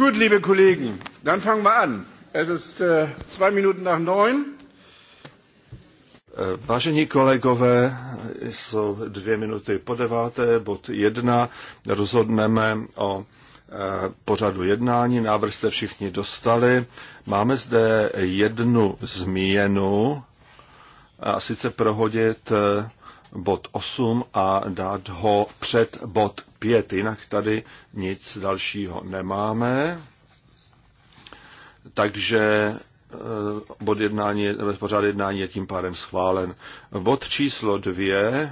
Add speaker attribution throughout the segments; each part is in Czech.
Speaker 1: Gut, liebe Kollegen, dann fangen wir an. Es ist äh, zwei Minuten nach neun. Äh, vážení kolegové, jsou dvě minuty po deváté, bod jedna. Rozhodneme o e, pořadu jednání. Návrh jste všichni dostali. Máme zde jednu změnu, a sice prohodit e, bod 8 a dát ho před bod 5, jinak tady nic dalšího nemáme. Takže eh, bod jednání, eh, pořád jednání je tím pádem schválen. Bod číslo 2, eh,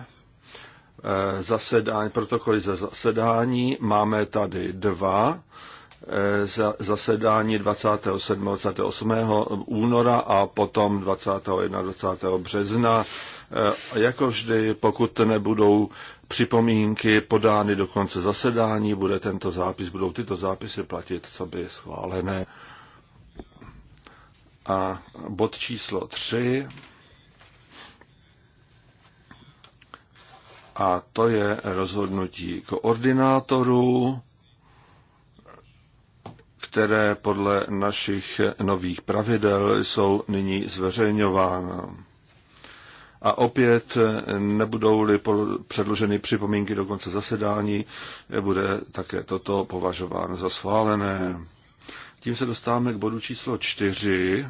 Speaker 1: zasedání, protokoly ze zasedání, máme tady dva. Eh, za zasedání 27. 28. února a potom 21. 20. března. Eh, jako vždy, pokud nebudou připomínky podány do konce zasedání, bude tento zápis, budou tyto zápisy platit, co by schválené. A bod číslo 3. A to je rozhodnutí koordinátorů které podle našich nových pravidel jsou nyní zveřejňována. A opět nebudou-li předloženy připomínky do konce zasedání, bude také toto považováno za schválené. Tím se dostáváme k bodu číslo čtyři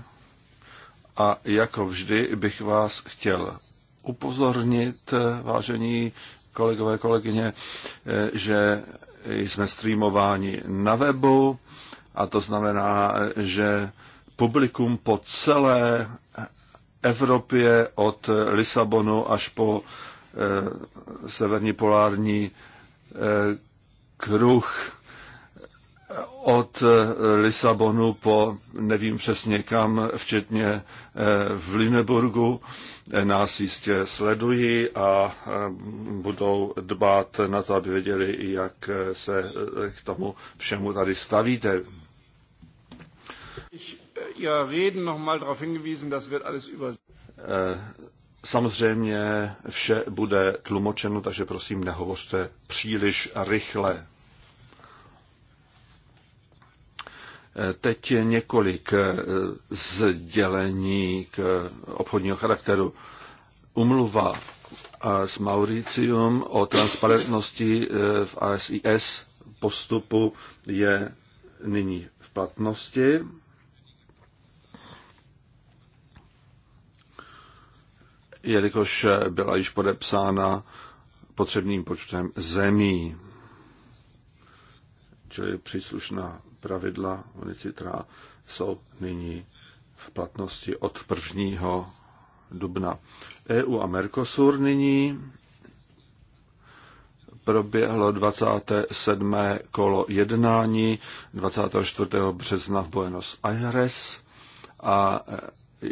Speaker 1: a jako vždy bych vás chtěl upozornit, vážení kolegové, kolegyně, že jsme streamováni na webu a to znamená, že publikum po celé Evropě od Lisabonu až po eh, severní polární eh, kruh od Lisabonu po nevím přesně kam, včetně eh, v Lineburgu. Nás jistě sledují a eh, budou dbát na to, aby věděli, jak eh, se k tomu všemu tady stavíte. Samozřejmě vše bude tlumočeno, takže prosím nehovořte příliš rychle. Teď je několik eh, sdělení k obchodního charakteru. Umluva eh, s Mauricium o transparentnosti eh, v ASIS postupu je nyní v platnosti. jelikož byla již podepsána potřebným počtem zemí. Čili příslušná pravidla unicitra jsou nyní v platnosti od 1. dubna. EU a Mercosur nyní proběhlo 27. kolo jednání 24. března v Buenos Aires a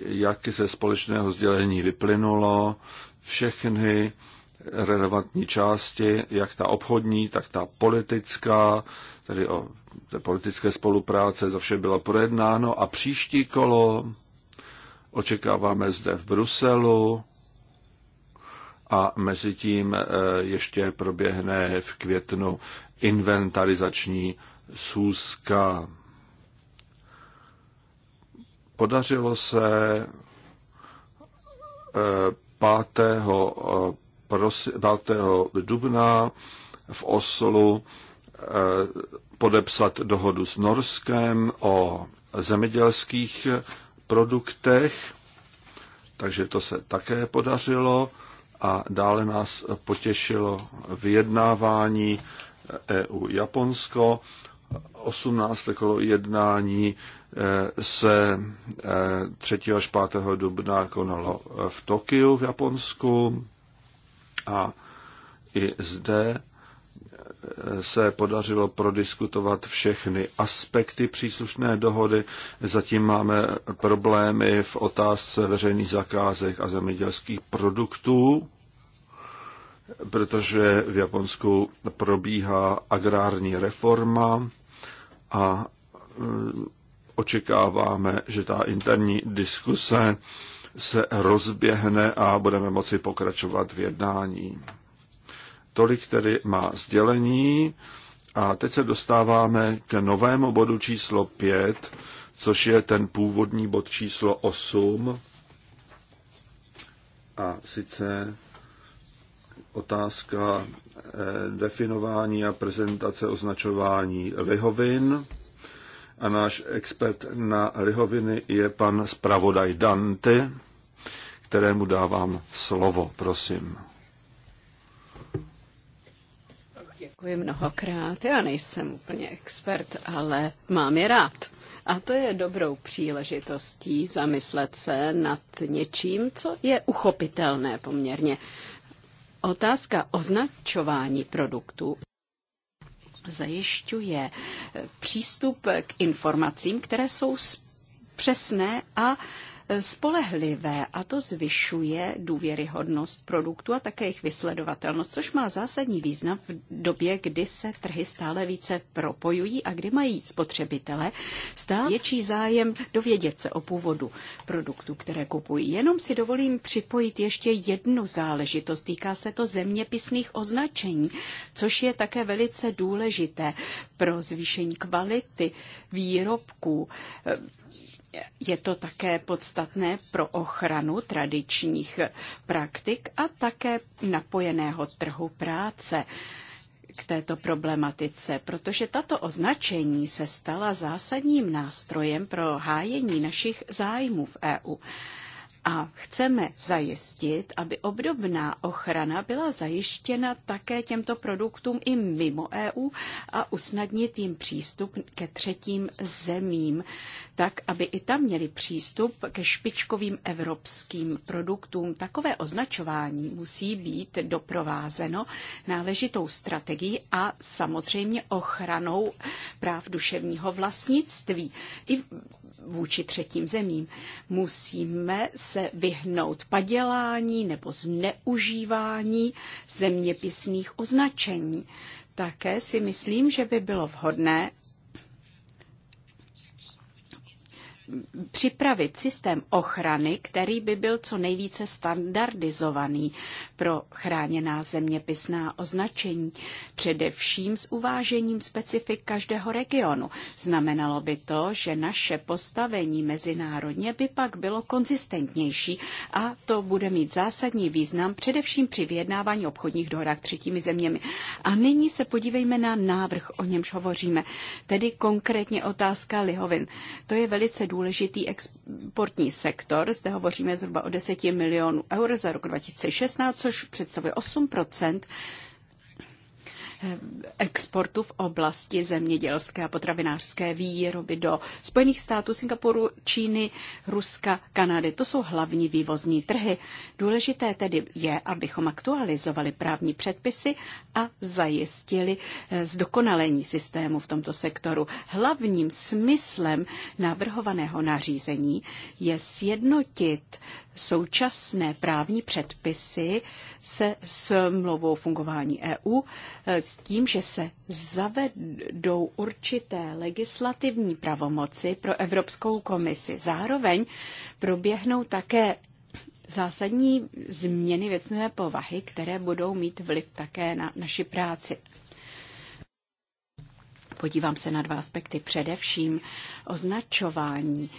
Speaker 1: jak se společného sdělení vyplynulo, všechny relevantní části, jak ta obchodní, tak ta politická, tedy o té politické spolupráce, to vše bylo projednáno a příští kolo očekáváme zde v Bruselu a mezi tím eh, ještě proběhne v květnu inventarizační sůzka. Podařilo se 5. Eh, dubna v Oslu eh, podepsat dohodu s Norskem o zemědělských produktech, takže to se také podařilo a dále nás potěšilo vyjednávání EU-Japonsko. 18. kolo jednání eh, se 3. Eh, až 5. dubna konalo v Tokiu v Japonsku. A i zde se podařilo prodiskutovat všechny aspekty příslušné dohody. Zatím máme problémy v otázce veřejných zakázek a zemědělských produktů, protože v Japonsku probíhá agrární reforma a e, očekáváme, že ta interní diskuse se rozběhne a budeme moci pokračovat v jednání. Tolik tedy má sdělení. A teď se dostáváme k novému bodu číslo 5, což je ten původní bod číslo 8. A sice otázka eh, definování a prezentace označování lihovin. A náš expert na lihoviny je pan zpravodaj Dante kterému dávám slovo. Prosím.
Speaker 2: Děkuji mnohokrát. Já nejsem úplně expert, ale mám je rád. A to je dobrou příležitostí zamyslet se nad něčím, co je uchopitelné poměrně. Otázka označování produktů zajišťuje přístup k informacím, které jsou přesné a spolehlivé a to zvyšuje důvěryhodnost produktu a také jejich vysledovatelnost, což má zásadní význam v době, kdy se trhy stále více propojují a kdy mají spotřebitele stále větší zájem dovědět se o původu produktu, které kupují. Jenom si dovolím připojit ještě jednu záležitost. Týká se to zeměpisných označení, což je také velice důležité pro zvýšení kvality výrobků je to také podstatné pro ochranu tradičních praktik a také napojeného trhu práce k této problematice, protože tato označení se stala zásadním nástrojem pro hájení našich zájmů v EU. A chceme zajistit, aby obdobná ochrana byla zajištěna také těmto produktům i mimo EU a usnadnit jim přístup ke třetím zemím, tak aby i tam měli přístup ke špičkovým evropským produktům. Takové označování musí být doprovázeno náležitou strategií a samozřejmě ochranou práv duševního vlastnictví. I vůči třetím zemím. Musíme se vyhnout padělání nebo zneužívání zeměpisných označení. Také si myslím, že by bylo vhodné připravit systém ochrany, který by byl co nejvíce standardizovaný pro chráněná zeměpisná označení, především s uvážením specifik každého regionu. Znamenalo by to, že naše postavení mezinárodně by pak bylo konzistentnější a to bude mít zásadní význam především při vyjednávání obchodních dohodách třetími zeměmi. A nyní se podívejme na návrh, o němž hovoříme, tedy konkrétně otázka lihovin. To je velice důležité důležitý exportní sektor. Zde hovoříme zhruba o 10 milionů eur za rok 2016, což představuje 8 exportu v oblasti zemědělské a potravinářské výroby do Spojených států, Singapuru, Číny, Ruska, Kanady. To jsou hlavní vývozní trhy. Důležité tedy je, abychom aktualizovali právní předpisy a zajistili eh, zdokonalení systému v tomto sektoru. Hlavním smyslem navrhovaného nařízení je sjednotit současné právní předpisy se smlouvou fungování EU eh, s tím, že se zavedou určité legislativní pravomoci pro Evropskou komisi. Zároveň proběhnou také zásadní změny věcné povahy, které budou mít vliv také na naši práci. Podívám se na dva aspekty. Především označování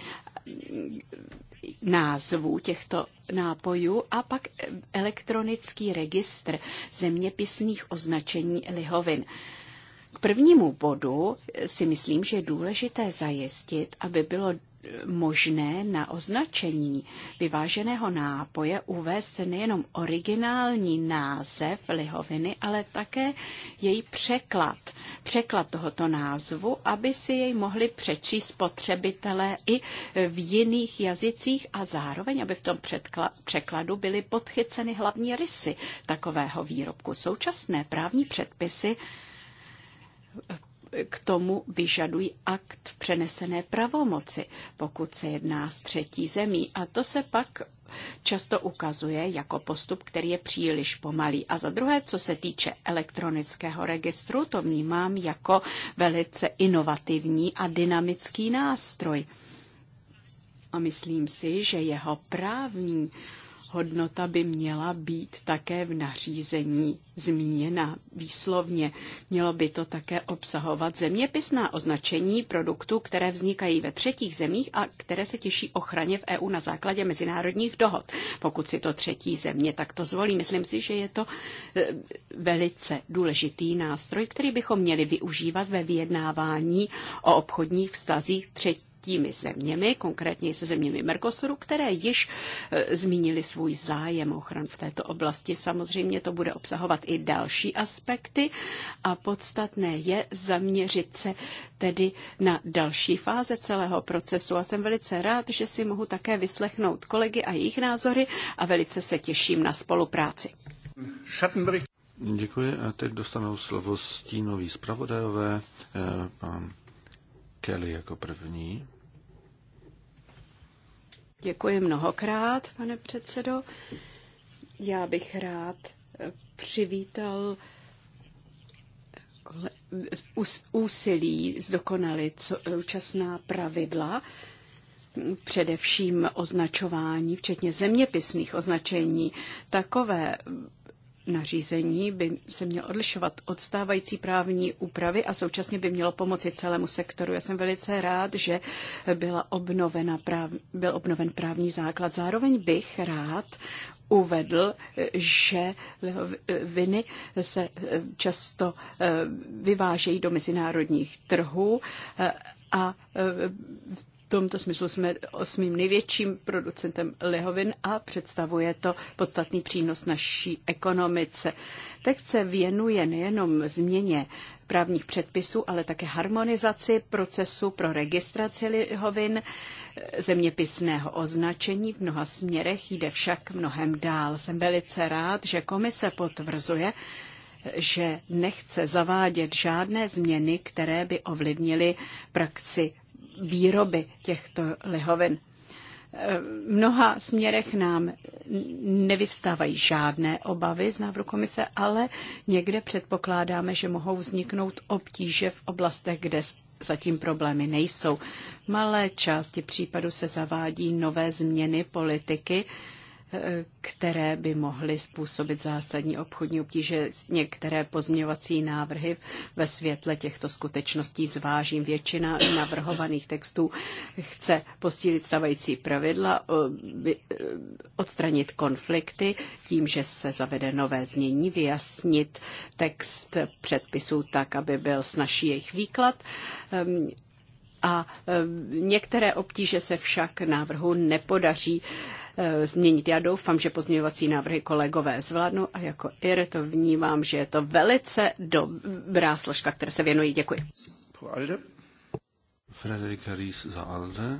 Speaker 2: názvů těchto nápojů a pak elektronický registr zeměpisných označení lihovin. K prvnímu bodu si myslím, že je důležité zajistit, aby bylo možné na označení vyváženého nápoje uvést nejenom originální název lihoviny, ale také její překlad. Překlad tohoto názvu, aby si jej mohli přečíst spotřebitelé i v jiných jazycích a zároveň, aby v tom překladu byly podchyceny hlavní rysy takového výrobku. Současné právní předpisy k tomu vyžadují akt přenesené pravomoci, pokud se jedná z třetí zemí. A to se pak často ukazuje jako postup, který je příliš pomalý. A za druhé, co se týče elektronického registru, to vnímám jako velice inovativní a dynamický nástroj. A myslím si, že jeho právní uh, hodnota by měla být také v nařízení zmíněna výslovně. Mělo by to také obsahovat zeměpisná označení produktů, které vznikají ve třetích zemích a které se těší ochraně v EU na základě mezinárodních dohod. Pokud si to třetí země takto zvolí, myslím si, že je to e, velice důležitý nástroj, který bychom měli využívat ve vyjednávání o obchodních vztazích třetí třetími zeměmi, konkrétně se zeměmi Mercosuru, které již e, zmínili svůj zájem ochran v této oblasti. Samozřejmě to bude obsahovat i další aspekty a podstatné je zaměřit se tedy na další fáze celého procesu. A jsem velice rád, že si mohu také vyslechnout kolegy a jejich názory a velice se těším na spolupráci.
Speaker 1: Děkuji a teď dostanou slovo stínový zpravodajové, e, pan Kelly jako první.
Speaker 2: Děkuji mnohokrát, pane předsedo. Já bych rád eh, přivítal eh, úsilí zdokonalit současná eh, pravidla, především označování, včetně zeměpisných označení. Takové nařízení by se měl odlišovat od stávající právní úpravy a současně by mělo pomoci celému sektoru. Já jsem velice rád, že byla obnovena práv, byl obnoven právní základ. Zároveň bych rád uvedl, že viny se často eh, vyvážejí do mezinárodních trhů eh, a eh, tomto smyslu jsme osmým největším producentem lihovin a představuje to podstatný přínos naší ekonomice. Text se věnuje nejenom změně právních předpisů, ale také harmonizaci procesu pro registraci lihovin, zeměpisného označení v mnoha směrech jde však mnohem dál. Jsem velice rád, že komise potvrzuje, že nechce zavádět žádné změny, které by ovlivnily praxi výroby těchto lihovin. V mnoha směrech nám nevyvstávají žádné obavy z návrhu komise, ale někde předpokládáme, že mohou vzniknout obtíže v oblastech, kde zatím problémy nejsou. V malé části případu se zavádí nové změny politiky, které by mohly způsobit zásadní obchodní obtíže. Některé pozměňovací návrhy ve světle těchto skutečností zvážím. Většina navrhovaných textů chce posílit stavající pravidla, e, odstranit konflikty tím, že se zavede nové znění, vyjasnit text předpisů tak, aby byl snažší jejich výklad. Ehm, a e, některé obtíže se však návrhu nepodaří Eh, změnit. Já doufám, že pozměňovací návrhy kolegové zvládnou a jako IR to vnímám, že je to velice dobrá složka, které se věnují. Děkuji.
Speaker 1: Frederika Ries za ALDE.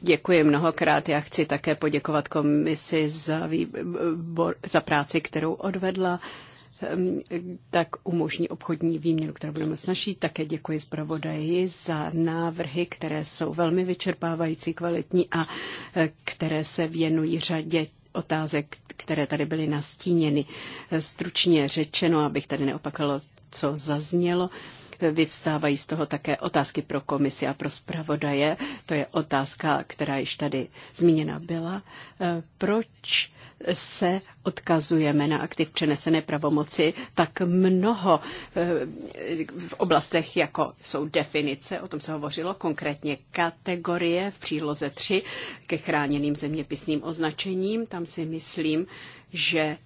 Speaker 2: Děkuji mnohokrát. Já chci také poděkovat komisi za, výbor, za práci, kterou odvedla tak umožní obchodní výměnu, kterou budeme snaží. Také děkuji zpravodaji za návrhy, které jsou velmi vyčerpávající, kvalitní a eh, které se věnují řadě otázek, které tady byly nastíněny. Eh, stručně řečeno, abych tady neopakalo, co zaznělo, eh, vyvstávají z toho také otázky pro komisi a pro zpravodaje. To je otázka, která již tady zmíněna byla. Proč se odkazujeme na aktiv přenesené pravomoci tak mnoho eh, v oblastech, jako jsou definice, o tom se hovořilo, konkrétně kategorie v příloze 3 ke chráněným zeměpisným označením. Tam si myslím, že eh,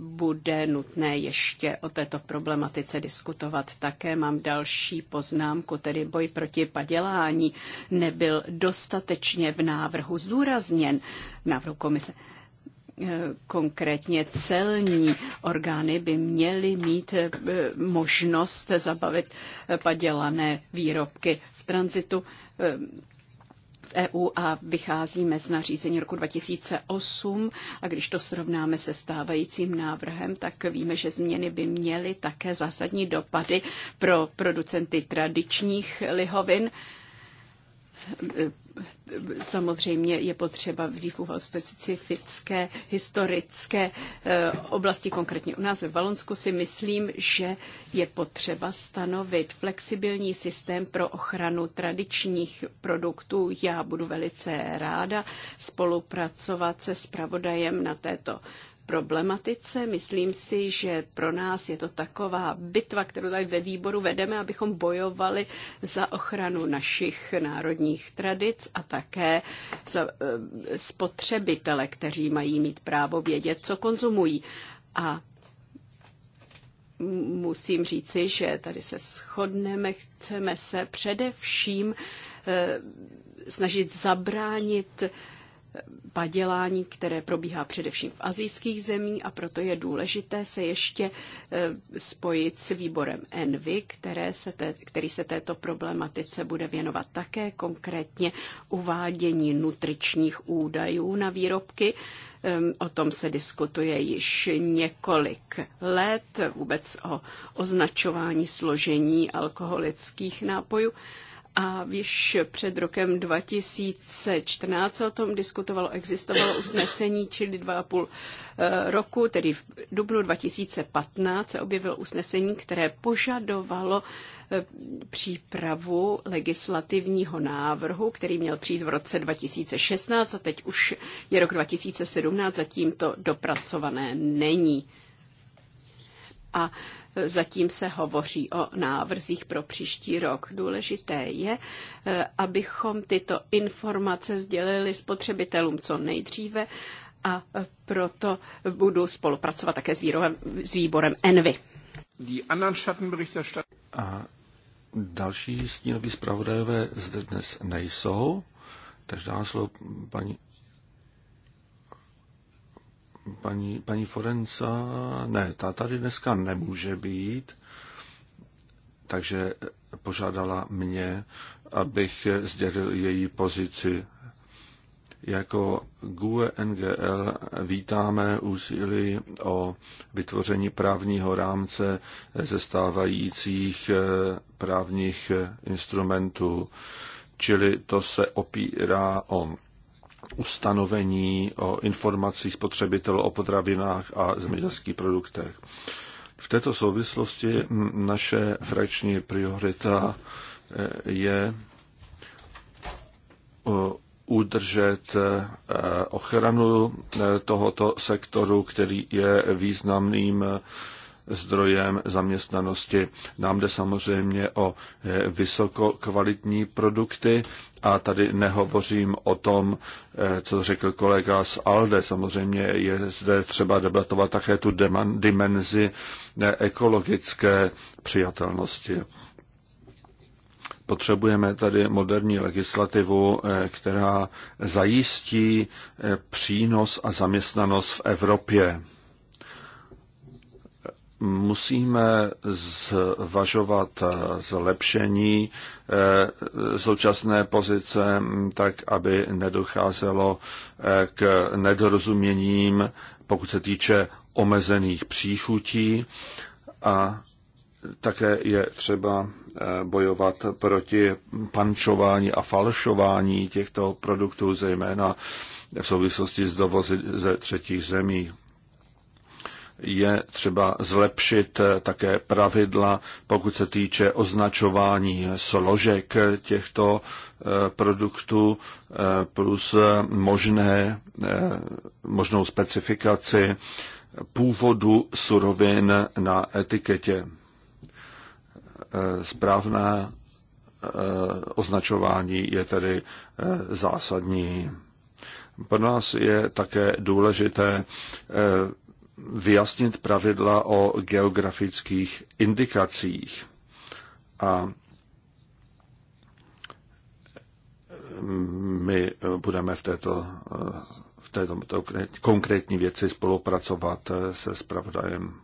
Speaker 2: bude nutné ještě o této problematice diskutovat. Také mám další poznámku, tedy boj proti padělání nebyl dostatečně v návrhu zdůrazněn návrhu komise. Eh, konkrétně celní orgány by měly mít eh, možnost zabavit eh, padělané výrobky v tranzitu v EU a vycházíme z nařízení roku 2008 a když to srovnáme se stávajícím návrhem, tak víme, že změny by měly také zásadní dopady pro producenty tradičních lihovin, Samozřejmě je potřeba vzít úvahu specifické historické eh, oblasti, konkrétně u nás ve Valonsku si myslím, že je potřeba stanovit flexibilní systém pro ochranu tradičních produktů. Já budu velice ráda spolupracovat se spravodajem na této problematice. Myslím si, že pro nás je to taková bitva, kterou tady ve výboru vedeme, abychom bojovali za ochranu našich národních tradic a také za eh, spotřebitele, kteří mají mít právo vědět, co konzumují. A musím říci, že tady se shodneme, chceme se především eh, snažit zabránit padělání, které probíhá především v azijských zemích a proto je důležité se ještě eh, spojit s výborem ENVY, které se te, který se této problematice bude věnovat také, konkrétně uvádění nutričních údajů na výrobky. Ehm, o tom se diskutuje již několik let, vůbec o označování složení alkoholických nápojů. A již před rokem 2014 o tom diskutovalo, existovalo usnesení, čili dva a půl eh, roku, tedy v dubnu 2015 se objevilo usnesení, které požadovalo eh, přípravu legislativního návrhu, který měl přijít v roce 2016 a teď už je rok 2017, zatím to dopracované není. A Zatím se hovoří o návrzích pro příští rok. Důležité je, eh, abychom tyto informace sdělili spotřebitelům co nejdříve a proto budu spolupracovat také s, výborem Envy.
Speaker 1: A další stínoví zpravodajové zde dnes nejsou, takže dám slovo paní paní, paní Forenca, ne, ta tady dneska nemůže být, takže požádala mě, abych sdělil její pozici. Jako GUE NGL vítáme úsilí o vytvoření právního rámce ze stávajících eh, právních eh, instrumentů, čili to se opírá o ustanovení o informací spotřebitelů o potravinách a zemědělských produktech. V této souvislosti naše frakční priorita eh, je eh, udržet eh, ochranu tohoto sektoru, který je významným zdrojem zaměstnanosti. Nám jde samozřejmě o vysokokvalitní produkty, a tady nehovořím o tom, eh, co řekl kolega z ALDE. Samozřejmě je zde třeba debatovat také tu dimenzi eh, ekologické přijatelnosti. Potřebujeme tady moderní legislativu, eh, která zajistí přínos a zaměstnanost v Evropě musíme zvažovat zlepšení eh, současné pozice, tak aby nedocházelo eh, k nedorozuměním, pokud se týče omezených příchutí a také je třeba eh, bojovat proti pančování a falšování těchto produktů, zejména v souvislosti s dovozy ze třetích zemí je třeba zlepšit eh, také pravidla, pokud se týče označování složek těchto eh, produktů eh, plus možné, možnou specifikaci původu surovin na etiketě. Správná označování je tedy zásadní. Pro nás je také důležité vyjasnit pravidla o geografických indikacích. A my budeme v této, v této konkrétní věci spolupracovat se spravodajem.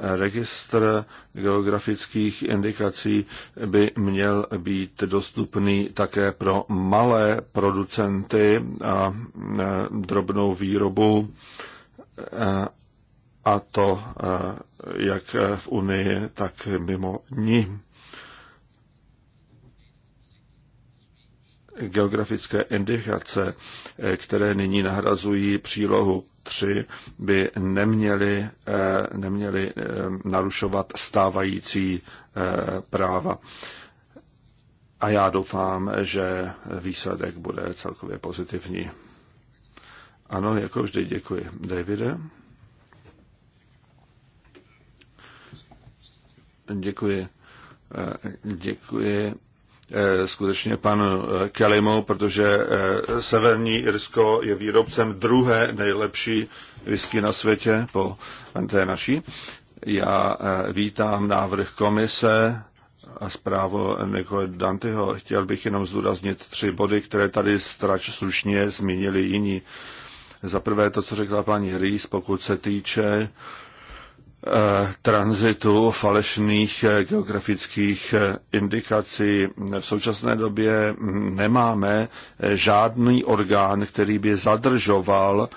Speaker 1: Registr geografických indikací by měl být dostupný také pro malé producenty a drobnou výrobu a to eh, jak v Unii, tak mimo ní. Geografické indikace, eh, které nyní nahrazují přílohu 3, by neměly, eh, neměly narušovat stávající práva. A já doufám, že výsledek bude celkově pozitivní. Ano, jako vždy děkuji. Davide? Děkuji. Eh, děkuji eh, skutečně panu eh, Kelimu, protože Severní Irsko je výrobcem druhé nejlepší whisky na světě po té naší. Já vítám návrh komise a zprávu Nikole Danteho. Chtěl bych jenom zdůraznit tři body, které tady strač slušně zmínili jiní. Za prvé to, co řekla paní Rýs, pokud se týče eh, tranzitu falešných eh, geografických eh, indikací. V současné době nemáme žádný orgán, který by zadržoval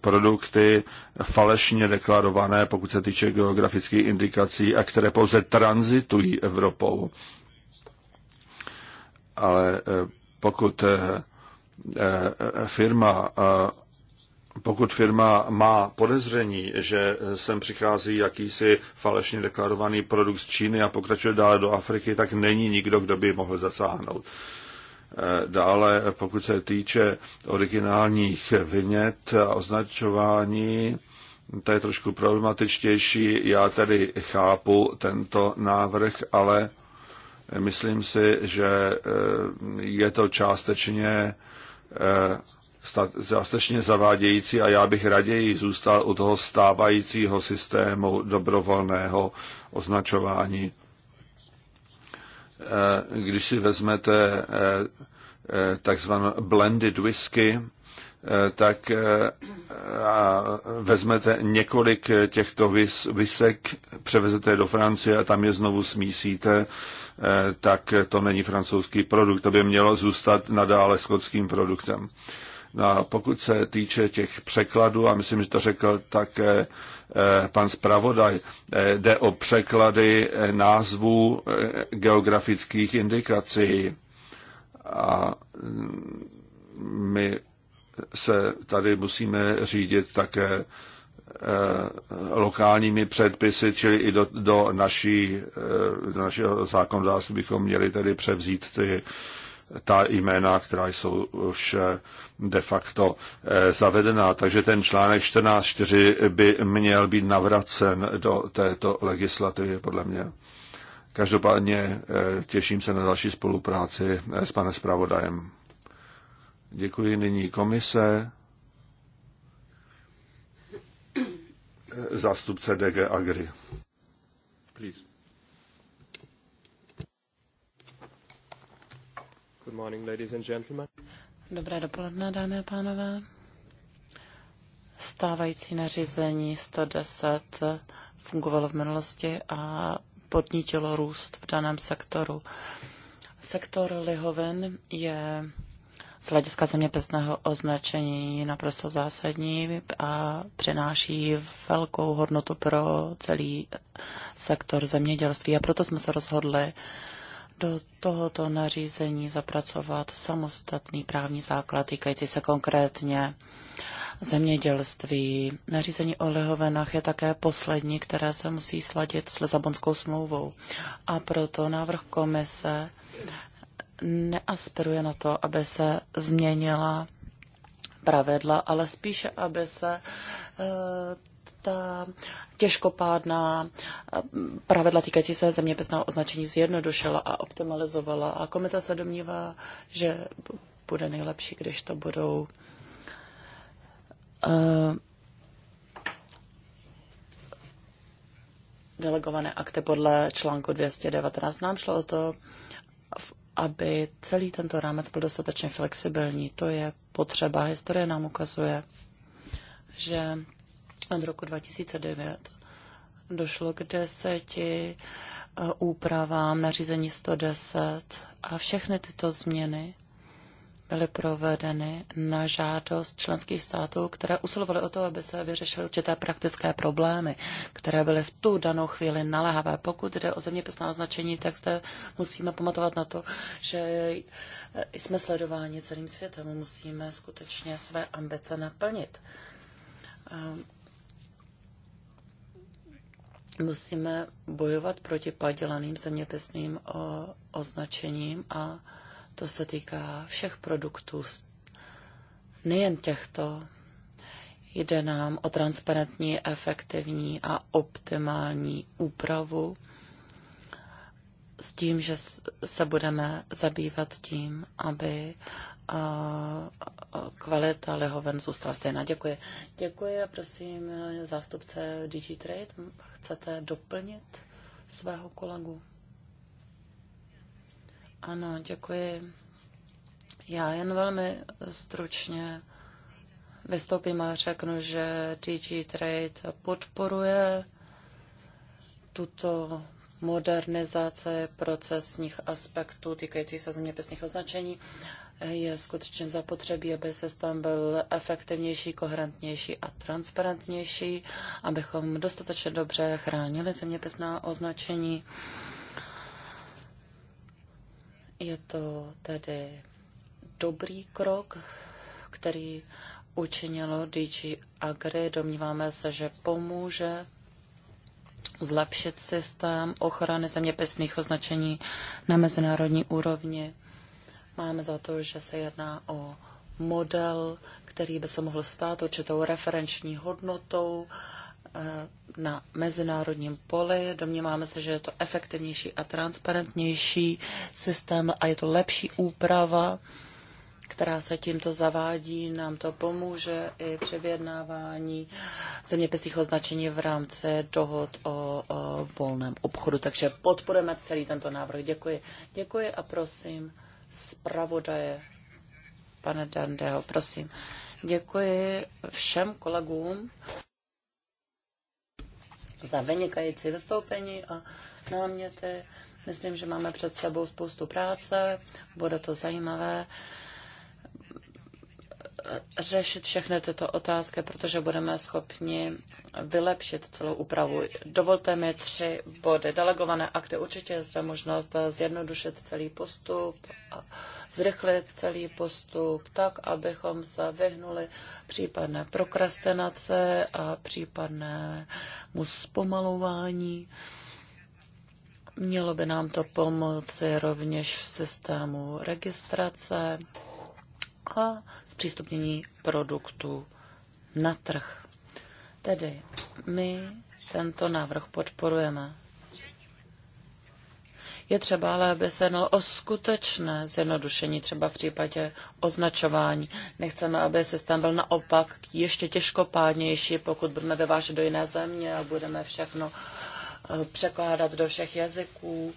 Speaker 1: produkty falešně deklarované, pokud se týče geografických indikací, a které pouze tranzitují Evropou. Ale pokud firma pokud firma má podezření, že eh, sem přichází jakýsi falešně deklarovaný produkt z Číny a pokračuje dále do Afriky, tak není nikdo, kdo by mohl zasáhnout. Eh, dále, eh, pokud se týče originálních vinět a označování, to je trošku problematičtější. Já tedy chápu tento návrh, ale myslím si, že je to částečně částečně zavádějící a já bych raději zůstal u toho stávajícího systému dobrovolného označování. E, když si vezmete e, e, takzvané blended whisky, tak vezmete několik těchto vis, visek, převezete je do Francie a tam je znovu smísíte, tak to není francouzský produkt. To by mělo zůstat nadále skotským produktem. No a pokud se týče těch překladů, a myslím, že to řekl také eh, pan zpravodaj, eh, jde o překlady eh, názvů geografických indikací. A mm, my se tady musíme řídit také lokálními předpisy, čili i do, do, naší, do našeho zákonodárství bychom měli tedy převzít ty ta jména, která jsou už eh, de facto eh, zavedená. Takže ten článek 14.4 by měl být navracen do této legislativy, podle mě. Každopádně eh, těším se na další spolupráci s panem zpravodajem. Děkuji nyní komise. Zástupce DG Agri. Please.
Speaker 2: Good morning, ladies and gentlemen.
Speaker 3: Dobré dopoledne, dámy a pánové. Stávající nařízení 110 fungovalo v minulosti a podnítilo růst v daném sektoru. Sektor lihoven je z hlediska zeměpisného označení naprosto zásadní a přináší velkou hodnotu pro celý sektor zemědělství. A proto jsme se rozhodli do tohoto nařízení zapracovat samostatný právní základ týkající se konkrétně zemědělství. Nařízení o lihovinách je také poslední, které se musí sladit s Lizabonskou smlouvou. A proto návrh komise neaspiruje na to, aby se změnila pravidla, ale spíše, aby se eh, ta těžkopádná pravidla týkající se zeměpisného označení zjednodušila a optimalizovala. A komise se domnívá, že bude nejlepší, když to budou uh, delegované akty podle článku 219. Nám šlo o to, aby celý tento rámec byl dostatečně flexibilní. To je potřeba. Historie nám ukazuje, že management roku 2009 došlo k deseti eh, úpravám nařízení 110 a všechny tyto změny byly provedeny na žádost členských států, které usilovaly o to, aby se vyřešily určité praktické problémy, které byly v tu danou chvíli naléhavé. Pokud jde o zeměpisná označení, tak zde musíme pamatovat na to, že jsme sledováni celým světem, musíme skutečně své ambice naplnit musíme bojovat proti padělaným zeměpisným označením a to se týká všech produktů, nejen těchto. Jde nám o transparentní, efektivní a optimální úpravu s tím, že se budeme zabývat tím, aby a kvalita lehoven zůstala stejná. Děkuji. Děkuji a prosím eh, zástupce DigiTrade, chcete doplnit svého kolegu? Ano, děkuji. Já jen velmi stručně vystoupím a řeknu, že DG Trade podporuje tuto modernizaci procesních aspektů týkající se zeměpisných označení je skutečně zapotřebí, aby systém byl efektivnější, koherentnější a transparentnější, abychom dostatečně dobře chránili zeměpisná označení. Je to tedy dobrý krok, který učinilo DG Agri. Domníváme se, že pomůže zlepšit systém ochrany zeměpisných označení na mezinárodní úrovni. Máme za to, že se jedná o model, který by se mohl stát určitou referenční hodnotou eh, na mezinárodním poli. Domníváme se, že je to efektivnější a transparentnější systém a je to lepší úprava, která se tímto zavádí. Nám to pomůže i při vyjednávání zeměpisných označení v rámci dohod o, o volném obchodu. Takže podporujeme celý tento návrh. Děkuji. Děkuji a prosím zpravodaje, pane Dandeho, prosím. Děkuji všem kolegům za vynikající vystoupení a náměty. Myslím, že máme před sebou spoustu práce, bude to zajímavé řešit všechny tyto otázky, protože budeme schopni vylepšit celou úpravu. Dovolte mi tři body. Delegované akty určitě je zde možnost zjednodušit celý postup, a zrychlit celý postup tak, abychom se vyhnuli případné prokrastinace a případnému zpomalování. Mělo by nám to pomoci rovněž v systému registrace a zpřístupnění produktů na trh. Tedy my tento návrh podporujeme. Je třeba ale, aby se jednalo o skutečné zjednodušení, třeba v případě označování. Nechceme, aby systém byl naopak ještě těžkopádnější, pokud budeme vyvážet do jiné země a budeme všechno eh, překládat do všech jazyků.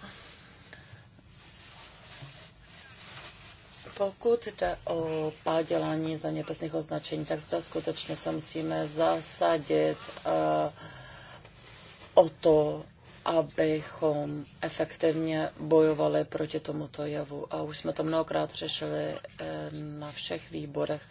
Speaker 3: Pokud jde o za zeměpisných označení, tak zda skutečně se musíme zasadit eh, o to, abychom efektivně bojovali proti tomuto jevu. A už jsme to mnohokrát řešili eh, na všech výborech.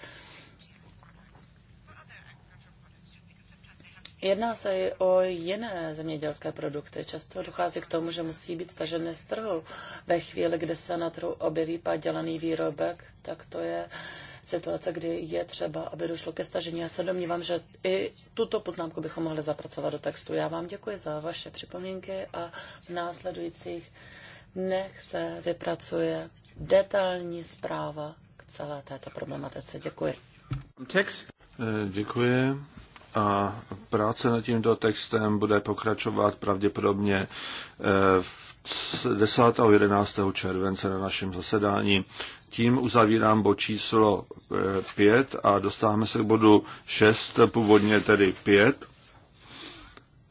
Speaker 3: Jedná se i o jiné zemědělské produkty. Často dochází k tomu, že musí být staženy z trhu. Ve chvíli, kdy se na trhu objeví padělaný výrobek, tak to je situace, kdy je třeba, aby došlo ke stažení. Já se domnívám, že i tuto poznámku bychom mohli zapracovat do textu. Já vám děkuji za vaše připomínky a v následujících dnech se vypracuje detailní zpráva k celé této problematice. Děkuji.
Speaker 1: Text. Eh, děkuji a práce nad tímto textem bude pokračovat pravděpodobně eh, v 10. a 11. července na našem zasedání. Tím uzavírám bod číslo 5 eh, a dostáváme se k bodu 6, původně tedy 5.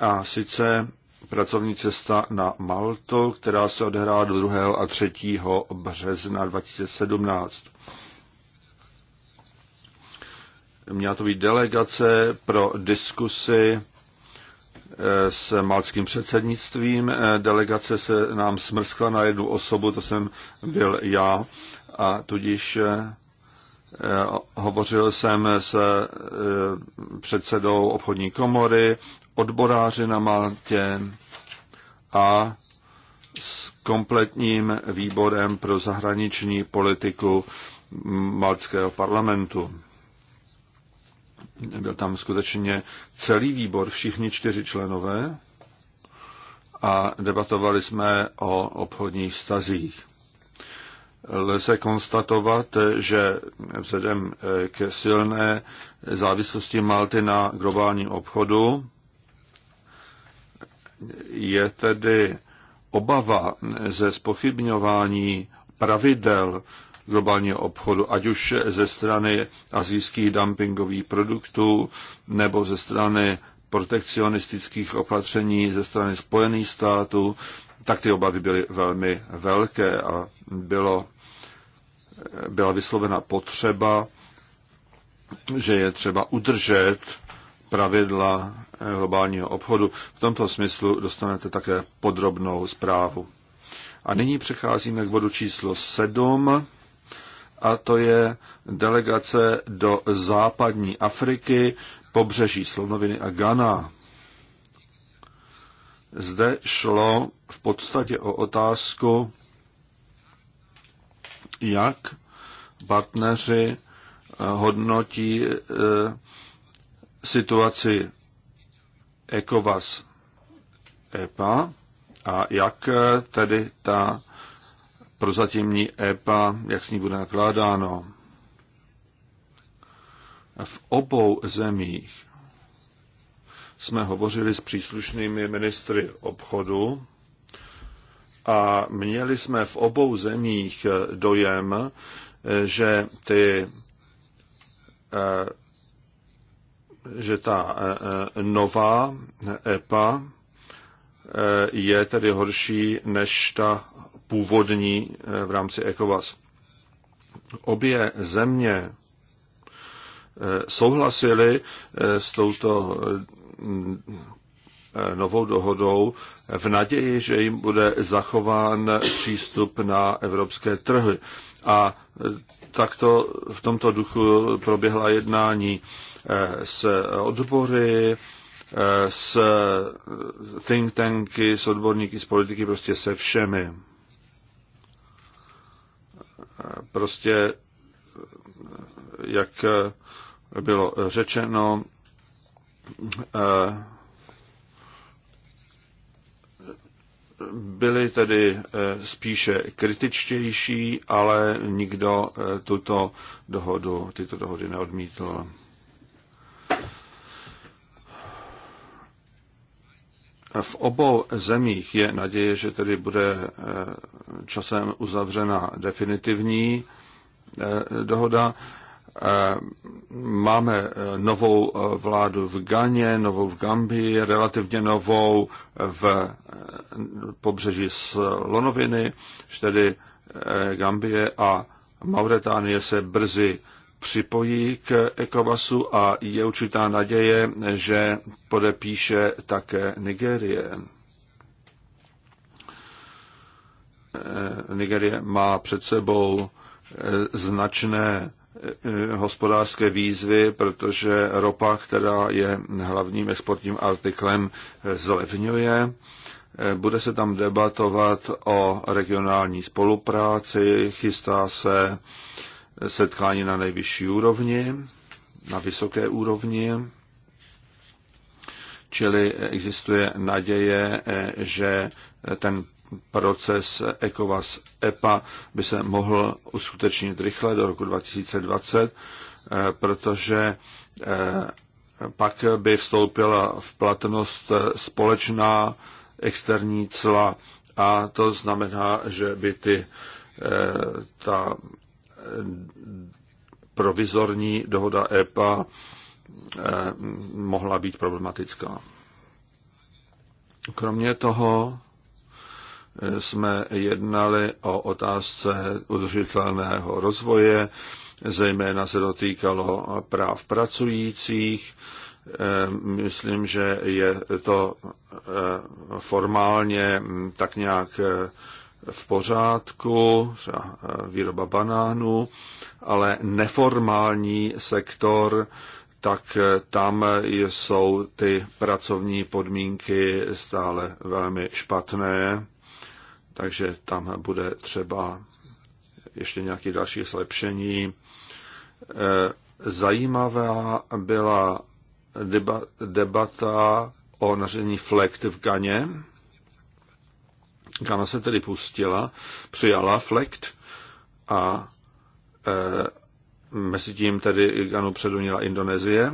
Speaker 1: A sice pracovní cesta na Malto, která se odehrála 2. a 3. března 2017. Měla to být delegace pro diskusy eh, s malckým předsednictvím. Eh, delegace se nám smrskla na jednu osobu, to jsem byl já, a tudíž eh, hovořil jsem s předsedou obchodní komory, odboráři na Maltě a s kompletním výborem pro zahraniční politiku malckého parlamentu. Byl tam skutečně celý výbor, všichni čtyři členové, a debatovali jsme o obchodních stazích. Lze konstatovat, že vzhledem ke silné závislosti Malty na globálním obchodu je tedy obava ze spochybňování pravidel globálního obchodu, ať už ze strany azijských dumpingových produktů nebo ze strany protekcionistických opatření ze strany Spojených států, tak ty obavy byly velmi velké a bylo, byla vyslovena potřeba, že je třeba udržet pravidla globálního obchodu. V tomto smyslu dostanete také podrobnou zprávu. A nyní přecházíme k bodu číslo 7 a to je delegace do západní Afriky, pobřeží Slonoviny a Ghana. Zde šlo v podstatě o otázku, jak partneři eh, hodnotí eh, situaci ECOVAS EPA a jak eh, tedy ta prozatímní EPA, jak s ní bude nakládáno. V obou zemích jsme hovořili s příslušnými ministry obchodu a měli jsme v obou zemích dojem, že ty eh, že ta eh, nová EPA eh, je tedy horší než ta původní eh, v rámci ECOWAS. Obě země eh, souhlasily eh, s touto novou dohodou v naději, že jim bude zachován přístup na evropské trhy. A takto v tomto duchu proběhla jednání s odbory, s think tanky, s odborníky z politiky, prostě se všemi prostě, jak bylo řečeno, byli tedy eh, spíše kritičtější, ale nikdo eh, tuto dohodu, tyto dohody neodmítl. V obou zemích je naděje, že tedy bude eh, časem uzavřena definitivní eh, dohoda. Eh, máme novou vládu v Ganě, novou v Gambii, relativně novou v pobřeží Slonoviny, tedy Gambie a Mauretánie se brzy připojí k ECOWASu a je určitá naděje, že podepíše také Nigérie. Eh, Nigérie má před sebou eh, značné eh, hospodářské výzvy, protože ropa, která je hlavním exportním artiklem, zlevňuje. Bude se tam debatovat o regionální spolupráci, chystá se setkání na nejvyšší úrovni, na vysoké úrovni, čili existuje naděje, eh, že ten proces ECOWAS EPA by se mohl uskutečnit rychle do roku 2020, eh, protože eh, pak by vstoupila v platnost společná externí cla a to znamená, že by ty, ta provizorní dohoda EPA eh, mohla být problematická. Kromě toho eh, jsme jednali o otázce udržitelného rozvoje, zejména se dotýkalo práv pracujících. Eh, myslím, že je to formálně mm, tak nějak v pořádku, třeba eh, výroba banánů, ale neformální sektor, tak eh, tam eh, jsou ty pracovní podmínky stále velmi špatné, takže tam bude třeba ještě nějaké další zlepšení. Zajímavá byla debata o naření flekt v Ganě, Ghana se tedy pustila, přijala flekt a e, mezi tím tedy Ghanu předunila Indonésie,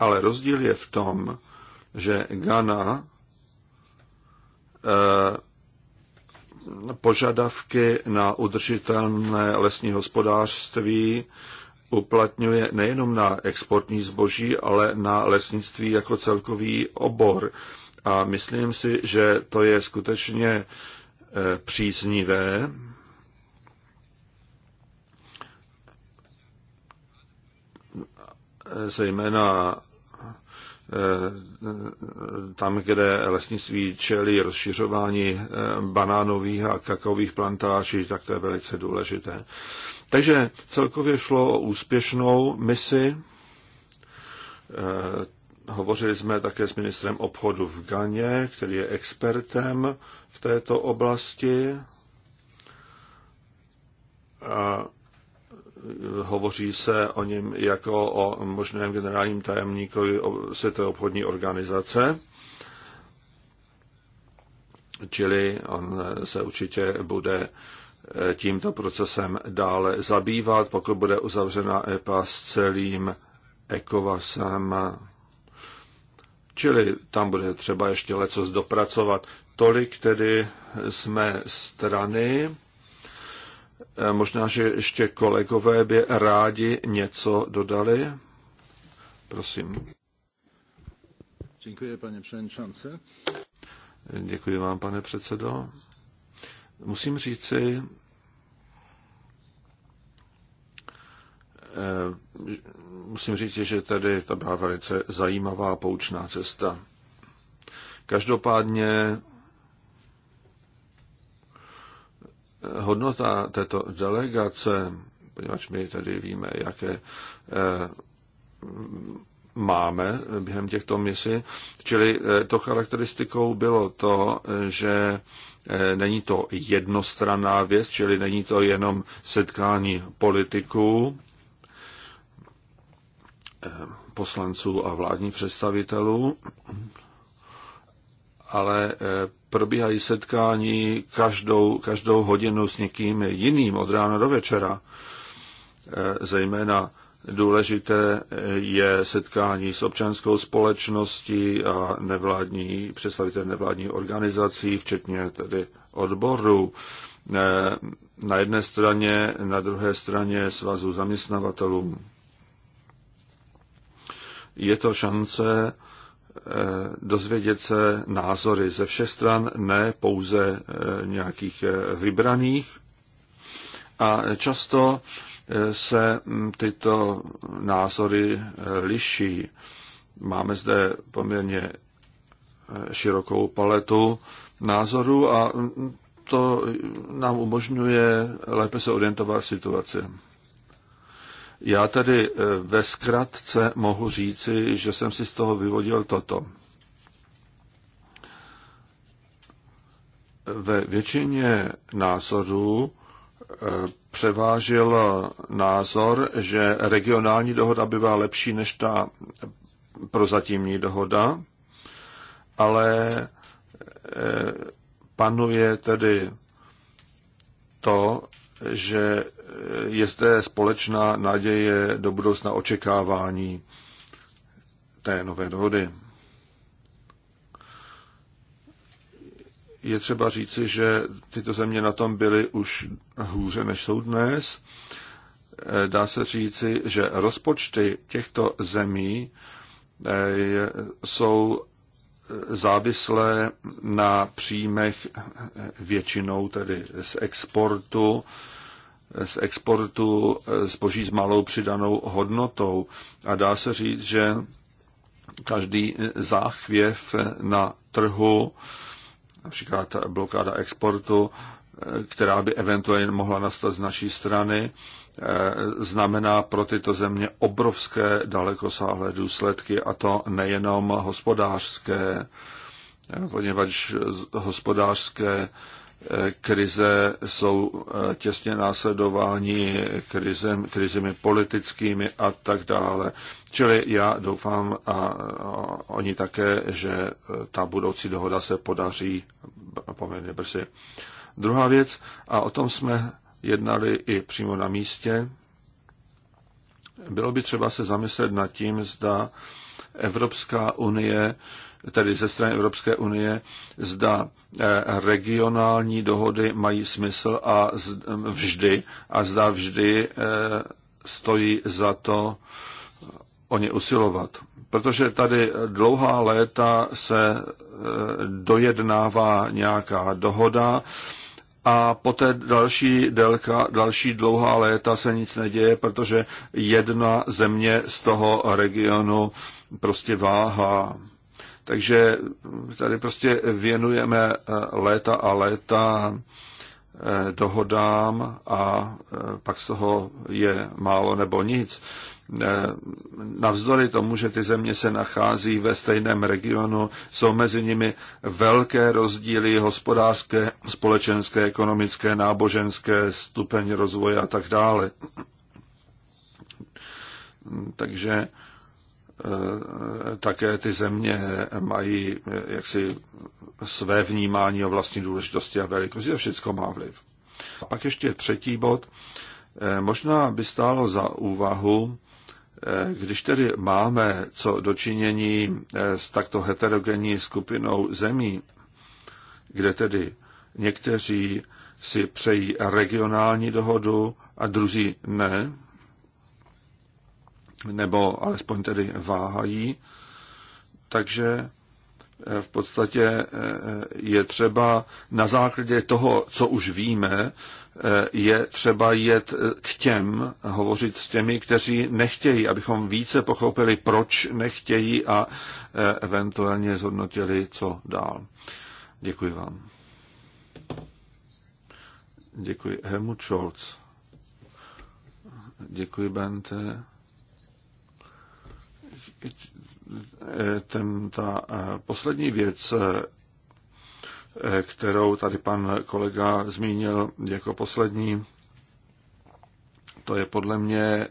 Speaker 1: ale rozdíl je v tom, že Ghana e, požadavky na udržitelné lesní hospodářství uplatňuje nejenom na exportní zboží, ale na lesnictví jako celkový obor. A myslím si, že to je skutečně e, příznivé. Zejména e, tam, kde lesnictví čelí rozšiřování e, banánových a kakových plantáží, tak to je velice důležité. Takže celkově šlo o úspěšnou misi. Hovořili jsme také s ministrem obchodu v Ganě, který je expertem v této oblasti. A hovoří se o něm jako o možném generálním tajemníkovi Světové obchodní organizace. Čili on se určitě bude e, tímto procesem dále zabývat, pokud bude uzavřena EPA s celým ECOVASem, Čili tam bude třeba ještě leco dopracovat. Tolik tedy jsme strany. E, možná, že ještě kolegové by rádi něco dodali. Prosím. Děkuji, pane předsedo. Děkuji vám, pane předsedo. Musím říci, e, musím říct, že tedy to byla velice zajímavá poučná cesta. Každopádně hodnota této delegace, poněvadž my tady víme, jaké eh, máme během těchto misí, čili eh, to charakteristikou bylo to, že eh, není to jednostranná věc, čili není to jenom setkání politiků, poslanců a vládních představitelů, ale eh, probíhají setkání každou, každou hodinu s někým jiným od rána do večera. Eh, zejména důležité eh, je setkání s občanskou společností a nevládní, představitel nevládních organizací, včetně tedy odborů. Na jedné straně, na druhé straně svazu zaměstnavatelů je to šance eh, dozvědět se názory ze všech stran, ne pouze eh, nějakých eh, vybraných. A často se mm, tyto názory liší. Máme zde poměrně širokou paletu názorů a mm, to nám umožňuje lépe se orientovat v situaci. Já tedy eh, ve zkratce mohu říci, že jsem si z toho vyvodil toto. Ve většině názorů eh, převážil názor, že regionální dohoda byla lepší než ta prozatímní dohoda, ale eh, panuje tedy to, že je zde společná naděje do budoucna očekávání té nové dohody. Je třeba říci, že tyto země na tom byly už hůře, než jsou dnes. Dá se říci, že rozpočty těchto zemí eh, jsou eh, závislé na příjmech eh, většinou tedy z exportu z exportu eh, zboží s malou přidanou hodnotou. A dá se říct, že každý eh, záchvěv eh, na trhu, například blokáda exportu, která by eventuálně mohla nastat z naší strany, znamená pro tyto země obrovské dalekosáhlé důsledky, a to nejenom hospodářské, poněvadž hospodářské krize jsou eh, těsně následováni krizem, krizemi politickými a tak dále. Čili já doufám a oni také, že eh, ta budoucí dohoda se podaří poměrně brzy. Druhá věc, a o tom jsme jednali i přímo na místě, bylo by třeba se zamyslet nad tím, zda Evropská unie tedy ze strany Evropské unie, zda eh, regionální dohody mají smysl a eh, vždy a zda vždy eh, stojí za to o ně usilovat. Protože tady dlouhá léta se dojednává nějaká dohoda, a poté další, délka, další dlouhá léta se nic neděje, protože jedna země z toho regionu prostě váhá. Takže tady prostě věnujeme eh, léta a léta eh, dohodám a eh, pak z toho je málo nebo nic. Navzdory tomu, že ty země se nachází ve stejném regionu, jsou mezi nimi velké rozdíly hospodářské, společenské, ekonomické, náboženské, stupeň rozvoje a tak dále. Takže Eh, také ty země mají eh, jaksi své vnímání o vlastní důležitosti a velikosti a všechno má vliv. A pak ještě třetí bod. Eh, možná by stálo za úvahu, když tedy máme co dočinění s takto heterogenní skupinou zemí, kde tedy někteří si přejí regionální dohodu a druzí ne, nebo alespoň tedy váhají. Takže eh, v podstatě eh, je třeba na základě toho, co už víme, eh, je třeba jet k těm, hovořit s těmi, kteří nechtějí, abychom více pochopili, proč nechtějí a eventuálně zhodnotili, co dál. Děkuji vám. Děkuji. Helmut Scholz. Děkuji, Bente ten, ta eh, poslední věc, eh, kterou tady pan kolega zmínil jako poslední, to je podle mě eh,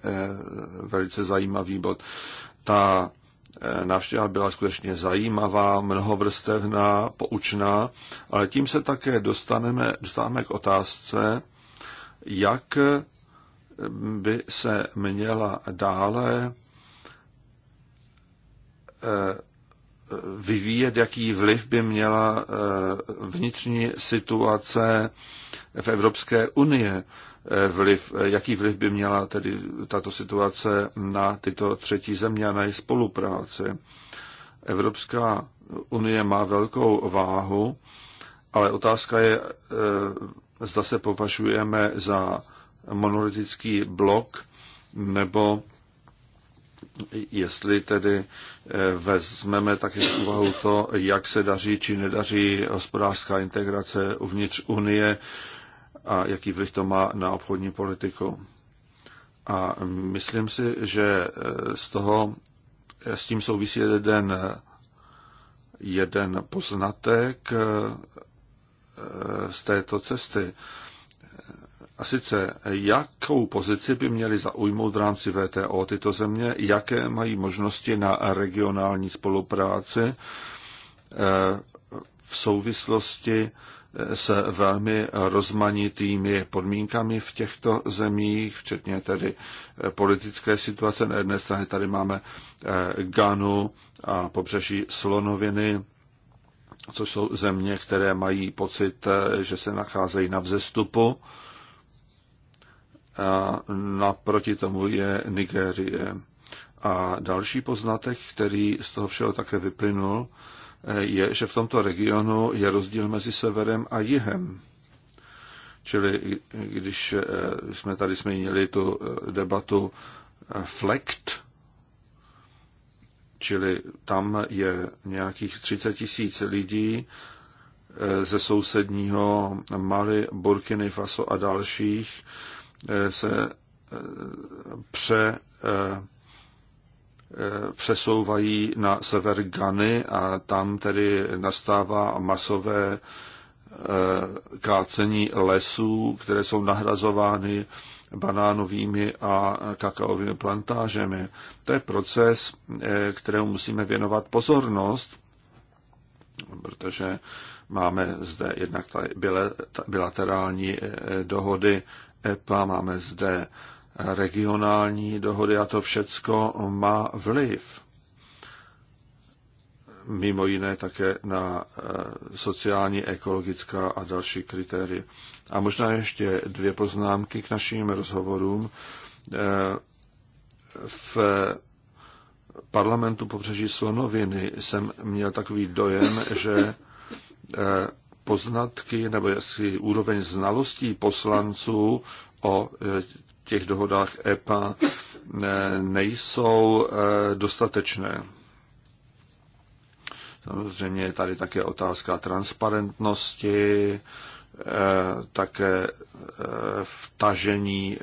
Speaker 1: velice zajímavý bod. Ta návštěva byla skutečně zajímavá, mnohovrstevná, poučná, ale tím se také dostaneme, dostáváme k otázce, jak by se měla dále Eh, vyvíjet, jaký vliv by měla eh, vnitřní situace v Evropské unie, eh, vliv, jaký vliv by měla tedy tato situace na tyto třetí země a na její spolupráci. Evropská unie má velkou váhu, ale otázka je, zda se považujeme za monolitický blok nebo jestli tedy eh, vezmeme také v úvahu to, jak se daří či nedaří hospodářská integrace uvnitř Unie a jaký vliv to má na obchodní politiku. A myslím si, že eh, z toho eh, s tím souvisí jeden, jeden poznatek z této cesty. A sice, jakou pozici by měly zaujmout v rámci VTO tyto země, jaké mají možnosti na regionální spolupráci eh, v souvislosti eh, se velmi rozmanitými podmínkami v těchto zemích, včetně tedy eh, politické situace. Na jedné straně tady máme Ganu a pobřeží Slonoviny, což jsou země, které mají pocit, že se nacházejí na vzestupu a naproti tomu je Nigérie. A další poznatek, který z toho všeho také vyplynul, je, že v tomto regionu je rozdíl mezi severem a jihem. Čili když eh, jsme tady změnili tu eh, debatu eh, FLECT, čili tam je nějakých 30 tisíc lidí ze sousedního Mali, Burkiny Faso a dalších, Eh, se eh, pře, eh, přesouvají na sever Gany a tam tedy nastává masové kácení lesů, které jsou nahrazovány banánovými a kakaovými plantážemi. To je proces, kterému musíme věnovat pozornost, protože máme zde jednak bilaterální dohody EPA, máme zde regionální dohody a to všecko má vliv. Mimo jiné také na e, sociální, ekologická a další kritéria. A možná ještě dvě poznámky k našim rozhovorům. E, v parlamentu pobřeží Slonoviny jsem měl takový dojem, že e, poznatky nebo jaksi úroveň znalostí poslanců o e, těch dohodách EPA e, nejsou e, dostatečné. Samozřejmě je tady také otázka transparentnosti, také vtažení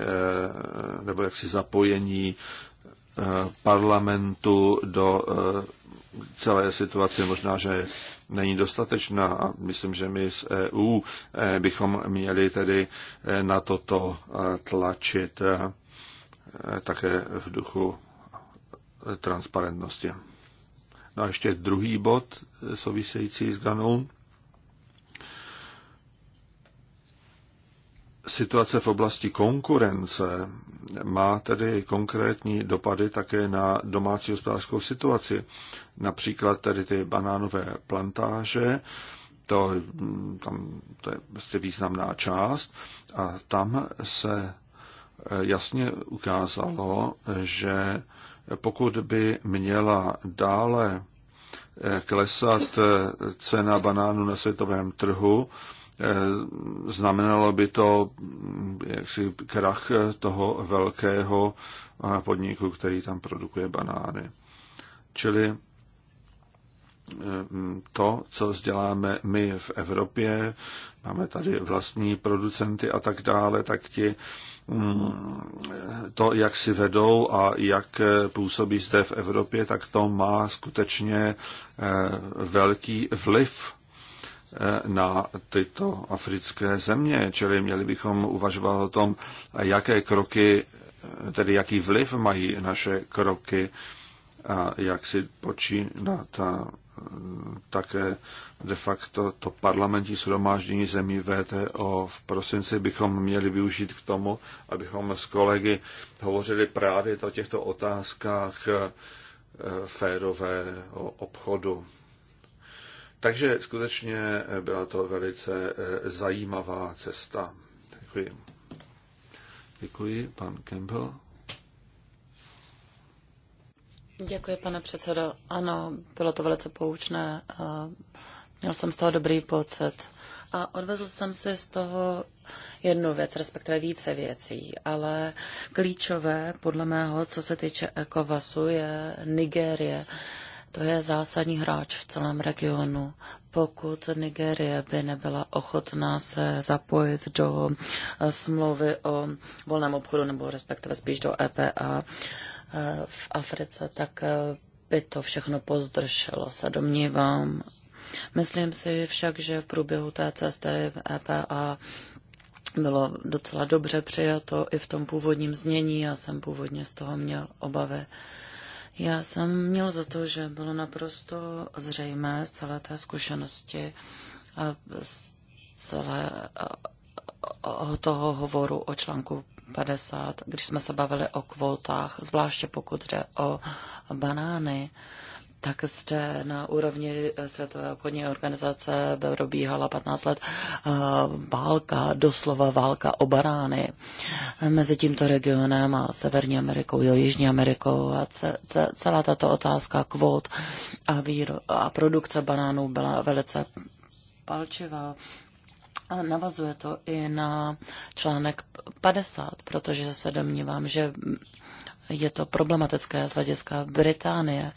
Speaker 1: nebo jaksi zapojení parlamentu do celé situace. Možná, že není dostatečná a myslím, že my z EU eh, bychom měli tedy eh, na toto eh, tlačit také v duchu transparentnosti. No a ještě druhý bod související s Ganou. Situace v oblasti konkurence má tedy konkrétní dopady také na domácí hospodářskou situaci. Například tedy ty banánové plantáže, to, tam, to je prostě významná část a tam se eh, jasně ukázalo, že pokud by měla dále eh, klesat eh, cena banánu na světovém trhu, Eh, znamenalo by to mm, jaksi krach eh, toho velkého eh, podniku, který tam produkuje banány. Čili mm, to, co vzděláme my v Evropě, máme tady vlastní producenty a tak dále, tak ti mm, to, jak si vedou a jak působí zde v Evropě, tak to má skutečně velký vliv na tyto africké země, čili měli bychom uvažovat o tom, jaké kroky, tedy jaký vliv mají naše kroky a jak si počínat a eh, také de facto to parlamentní shromáždění zemí VTO v prosinci bychom měli využít k tomu, abychom s kolegy hovořili právě o těchto otázkách eh, férového obchodu takže skutečně byla to velice eh, zajímavá cesta. Děkuji. Děkuji, pan Campbell.
Speaker 3: Děkuji, pane předsedo. Ano, bylo to velice poučné. měl jsem z toho dobrý pocit. A odvezl jsem si z toho jednu věc, respektive více věcí, ale klíčové, podle mého, co se týče ECOVASu, je Nigérie. To je zásadní hráč v celém regionu. Pokud Nigérie by nebyla ochotná se zapojit do eh, smlouvy o volném obchodu, nebo respektive spíš do EPA eh, v Africe, tak eh, by to všechno pozdrželo, se domnívám. Myslím si však, že v průběhu té cesty EPA bylo docela dobře přijato i v tom původním znění. Já jsem původně z toho měl obavy. Já jsem měl za to, že bylo naprosto zřejmé z celé té zkušenosti a z celé toho hovoru o článku 50, když jsme se bavili o kvótách, zvláště pokud jde o banány, tak zde na úrovni Světové obchodní organizace probíhala 15 let eh, válka, doslova válka o barány mezi tímto regionem a Severní Amerikou, jo, Jižní Amerikou a ce, ce, celá tato otázka kvót a, výro, a produkce banánů byla velice palčivá. A navazuje to i na článek 50, protože se domnívám, že je to problematické z hlediska Británie. Uh,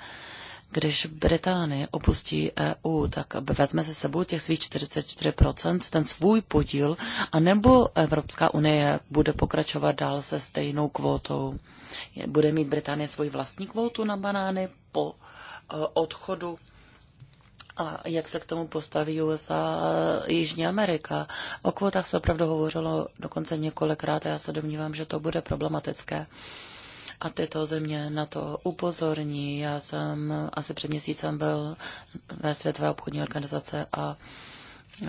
Speaker 3: když Británie opustí EU, tak vezme se sebou těch svých 44%, ten svůj podíl, anebo Evropská unie bude pokračovat dál se stejnou kvótou? Bude mít Británie svoji vlastní kvótu na banány po e, odchodu a jak se k tomu postaví USA Jižní Amerika. O kvotách se opravdu hovořilo dokonce několikrát a já se domnívám, že to bude problematické a tyto země na to upozorní. Já jsem asi před měsícem byl ve Světové obchodní organizace a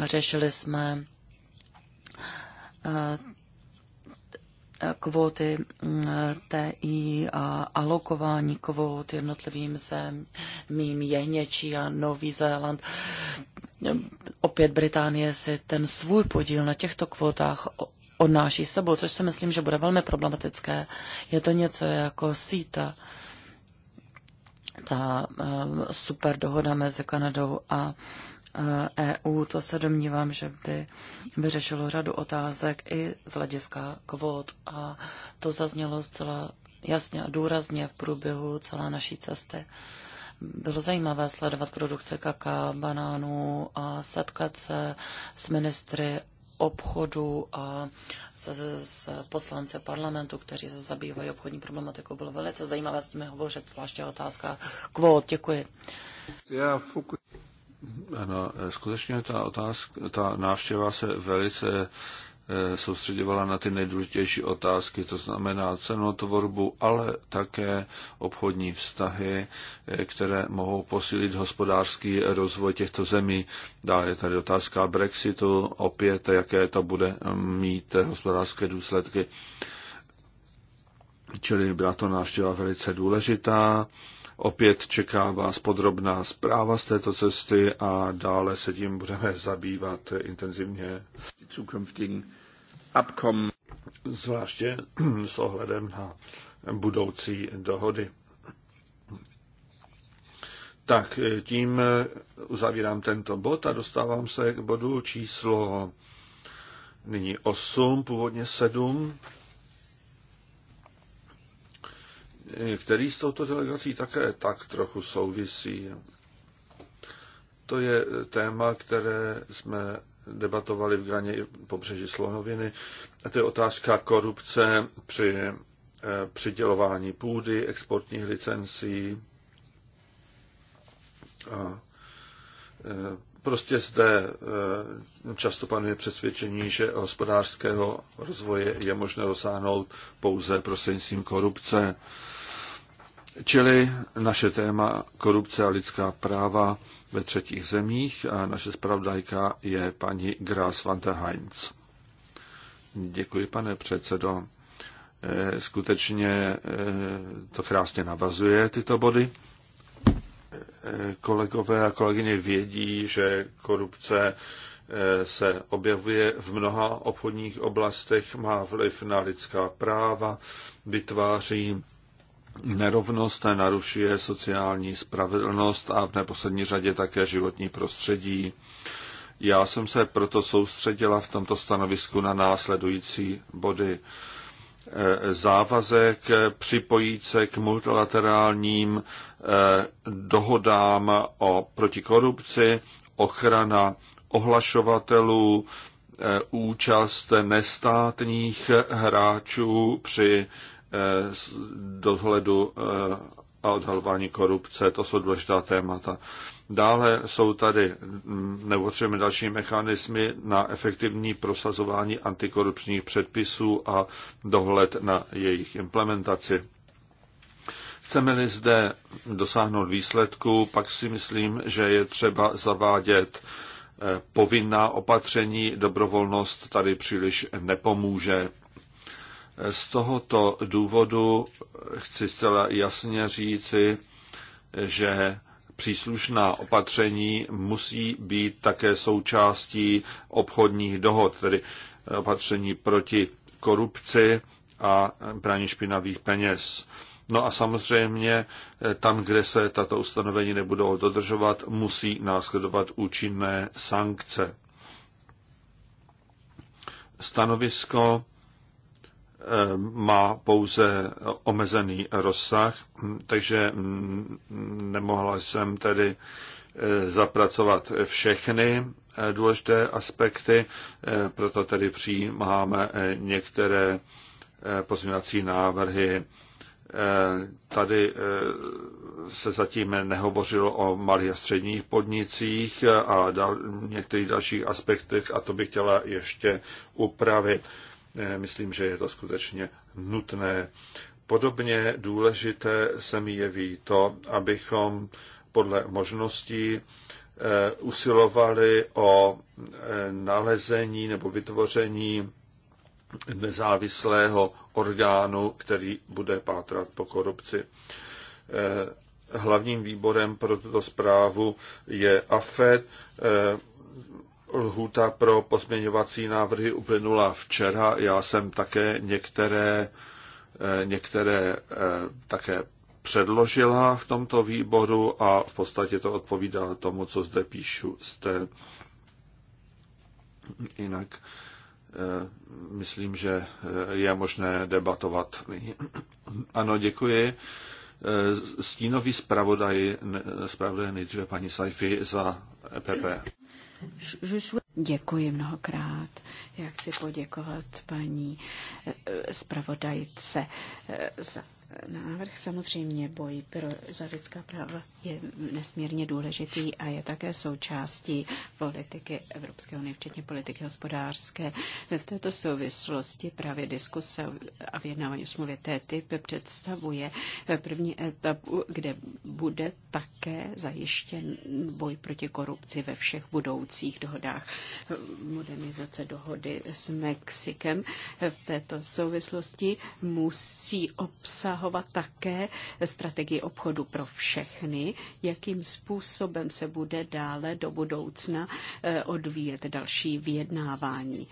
Speaker 3: řešili jsme eh, kvóty eh, TI a alokování kvót jednotlivým zemím něčí a Nový Zéland. Eh, opět Británie si ten svůj podíl na těchto kvótách odnáší sebou, což si myslím, že bude velmi problematické. Je to něco jako síta, ta eh, super dohoda mezi Kanadou a EU, eh, e to se domnívám, že by vyřešilo řadu otázek i z hlediska kvót a to zaznělo zcela jasně a důrazně v průběhu celé naší cesty. Bylo zajímavé sledovat produkce kaká, banánů a setkat se s ministry obchodu a s, s poslance parlamentu, kteří se zabývají obchodní problematikou. Bylo velice zajímavé s nimi hovořit, zvláště otázka kvót. Děkuji. Já fuku...
Speaker 1: Ano, skutečně ta otázka, ta návštěva se velice Eh, soustředovala na ty nejdůležitější otázky, to znamená cenotvorbu, ale také obchodní vztahy, eh, které mohou posílit hospodářský rozvoj těchto zemí. Dále je tady otázka Brexitu, opět, jaké to bude mm, mít hospodářské důsledky. Čili byla to návštěva velice důležitá. Opět čeká vás podrobná zpráva z této cesty a dále se tím budeme zabývat intenzivně. Abkommen. Zvláště s ohledem na budoucí dohody. Tak, tím uzavírám tento bod a dostávám se k bodu číslo nyní 8, původně 7, který s touto delegací také tak trochu souvisí. To je téma, které jsme debatovali v Graně i pobřeží Slonoviny. A to je otázka korupce při eh, přidělování půdy, exportních licencí. A eh, prostě zde eh, často panuje přesvědčení, že hospodářského rozvoje je možné dosáhnout pouze prostřednictvím korupce. Čili naše téma korupce a lidská práva ve třetích zemích a naše zpravodajka je paní Gras van der Heinz. Děkuji, pane předsedo. Eh, skutečně eh, to krásně navazuje tyto body. Eh, kolegové a kolegyně vědí, že korupce se objevuje v mnoha obchodních oblastech, má vliv na lidská práva, vytváří Nerovnost narušuje sociální spravedlnost a v neposlední řadě také životní prostředí. Já jsem se proto soustředila v tomto stanovisku na následující body. E, závazek připojit se k multilaterálním e, dohodám o protikorupci, ochrana ohlašovatelů, e, účast nestátních hráčů při Eh, dohledu eh, a odhalování korupce, to jsou důležitá témata. Dále jsou tady, mm, nebo další mechanismy na efektivní prosazování antikorupčních předpisů a dohled na jejich implementaci. Chceme-li zde dosáhnout výsledku, pak si myslím, že je třeba zavádět eh, povinná opatření, dobrovolnost tady příliš nepomůže. Z tohoto důvodu chci zcela jasně říci, že příslušná opatření musí být také součástí obchodních dohod, tedy opatření proti korupci a praní špinavých peněz. No a samozřejmě eh, tam, kde se tato ustanovení nebudou dodržovat, musí následovat účinné sankce. Stanovisko Eh, má pouze omezený rozsah, takže nemohla jsem tedy eh, zapracovat všechny eh, důležité aspekty, proto tedy přijímáme některé pozměňovací návrhy. Tady se zatím nehovořilo o malých a středních podnicích a dal, některých dalších aspektech a to bych chtěla ještě upravit. Eh, myslím, že je to skutečně nutné. Podobně důležité se mi jeví to, abychom podle možností eh, usilovali o eh, nalezení nebo vytvoření nezávislého orgánu, který bude pátrat po korupci. Hlavním výborem pro tuto zprávu je AFED. Lhůta pro pozměňovací návrhy uplynula včera. Já jsem také některé, eh, některé eh, také předložila v tomto výboru a v podstatě to odpovídá tomu, co zde píšu. Jste jinak eh, myslím, že je možné debatovat. Ano, děkuji. Stínový zpravodaj, zpravodaj nejdříve paní Saifi za EPP.
Speaker 2: Děkuji mnohokrát. Já chci poděkovat paní eh, zpravodajce eh, za návrh. Samozřejmě boj pro, za lidská práva je nesmírně důležitý a je také součástí politiky Evropské unie, včetně politiky hospodářské. V této souvislosti právě diskuse a vyjednávání té TTIP představuje první etapu, kde bude také zajištěn boj proti korupci ve všech budoucích dohodách. Modernizace dohody s Mexikem v této souvislosti musí obsahovat obsahovat také strategii obchodu pro všechny, jakým způsobem se bude dále do budoucna eh, odvíjet další vyjednávání.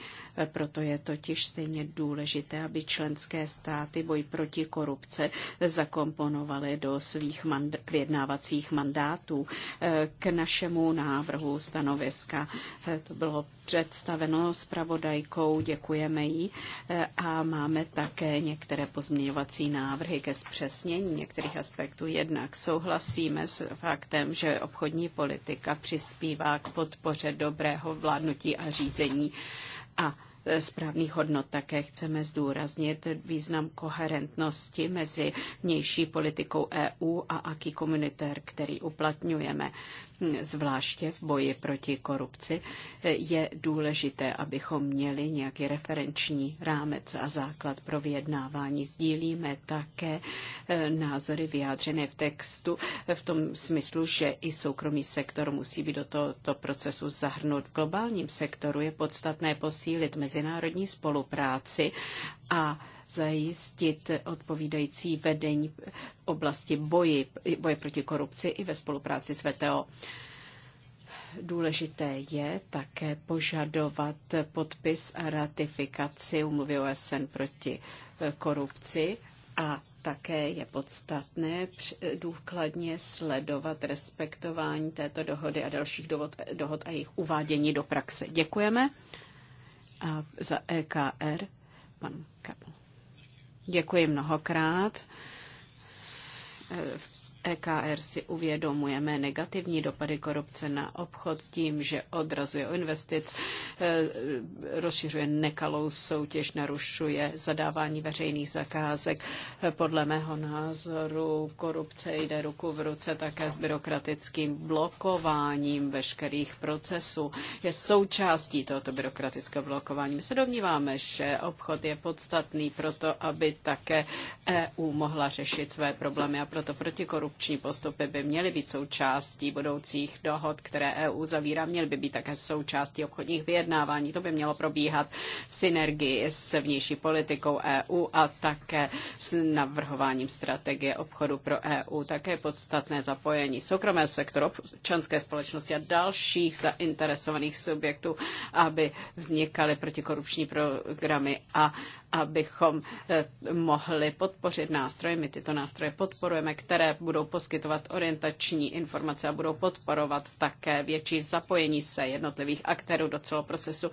Speaker 2: Proto je totiž stejně důležité, aby členské státy boj proti korupce zakomponovaly do svých mand- vyjednávacích mandátů. E, k našemu návrhu stanoviska e, to bylo představeno zpravodajkou, děkujeme jí e, a máme také některé pozměňovací návrhy ke zpřesnění některých aspektů. Jednak souhlasíme s faktem, že obchodní politika přispívá k podpoře dobrého vládnutí a řízení a správných hodnot. Také chceme zdůraznit význam koherentnosti mezi vnější politikou EU a aký komunitér, který uplatňujeme zvláště v boji proti korupci, je důležité, abychom měli nějaký referenční rámec a základ pro vyjednávání. Sdílíme také eh, názory vyjádřené v textu eh, v tom smyslu, že i soukromý sektor musí být do tohoto procesu zahrnut. V globálním sektoru je podstatné posílit mezinárodní spolupráci a zajistit odpovídající vedení oblasti boji, boje proti korupci i ve spolupráci s VTO. Důležité je také požadovat podpis a ratifikaci umluvy OSN proti eh, korupci a také je podstatné eh, důkladně sledovat respektování této dohody a dalších dohod, dohod a jejich uvádění do praxe. Děkujeme. A za EKR pan Kapl. Děkuji mnohokrát. EKR si uvědomujeme negativní dopady korupce na obchod s tím, že odrazuje o investic, e, rozšiřuje nekalou soutěž, narušuje zadávání veřejných zakázek. E, podle mého názoru korupce jde ruku v ruce také s byrokratickým blokováním veškerých procesů. Je součástí tohoto byrokratického blokování. My se domníváme, že obchod je podstatný proto, aby také EU mohla řešit své problémy a proto proti korupci Korupční postupy by měly být součástí budoucích dohod, které EU zavírá, měly by být také součástí obchodních vyjednávání. To by mělo probíhat v synergii s vnější politikou EU a také s navrhováním strategie obchodu pro EU. Také podstatné zapojení soukromé sektoru, občanské společnosti a dalších zainteresovaných subjektů, aby vznikaly protikorupční programy a abychom eh, mohli podpořit nástroje. My tyto nástroje podporujeme, které budou poskytovat orientační informace a budou podporovat také větší zapojení se jednotlivých aktérů do celého procesu.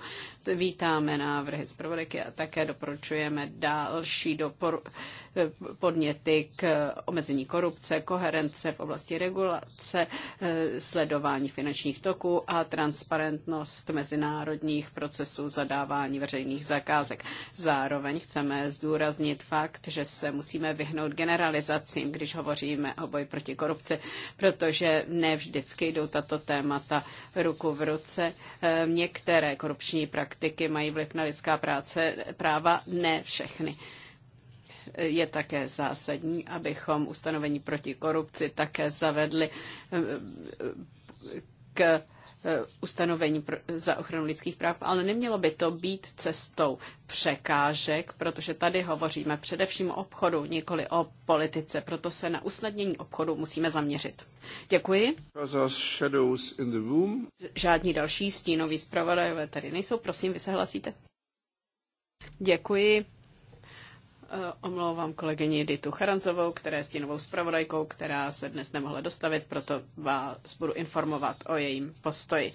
Speaker 2: Vítáme návrhy z provodek a také doporučujeme další dopor- eh, podněty k omezení korupce, koherence v oblasti regulace, eh, sledování finančních toků a transparentnost mezinárodních procesů zadávání veřejných zakázek. Zároveň Zároveň chceme zdůraznit fakt, že se musíme vyhnout generalizacím, když hovoříme o boji proti korupci, protože ne vždycky jdou tato témata ruku v ruce. Eh, Některé korupční praktiky mají vliv na lidská práce, práva, ne všechny je také zásadní, abychom ustanovení proti korupci také zavedli eh, k Eh, ustanovení za ochranu lidských práv, ale nemělo by to být cestou překážek, protože tady hovoříme především o obchodu, nikoli o politice, proto se na usnadnění obchodu musíme zaměřit. Děkuji. Žádní další stínoví zpravodajové tady nejsou, prosím, vy se hlasíte. Děkuji. Eh, omlouvám kolegyni Ditu Charanzovou, která je stínovou zpravodajkou, která se dnes nemohla dostavit, proto vás budu informovat o jejím postoji.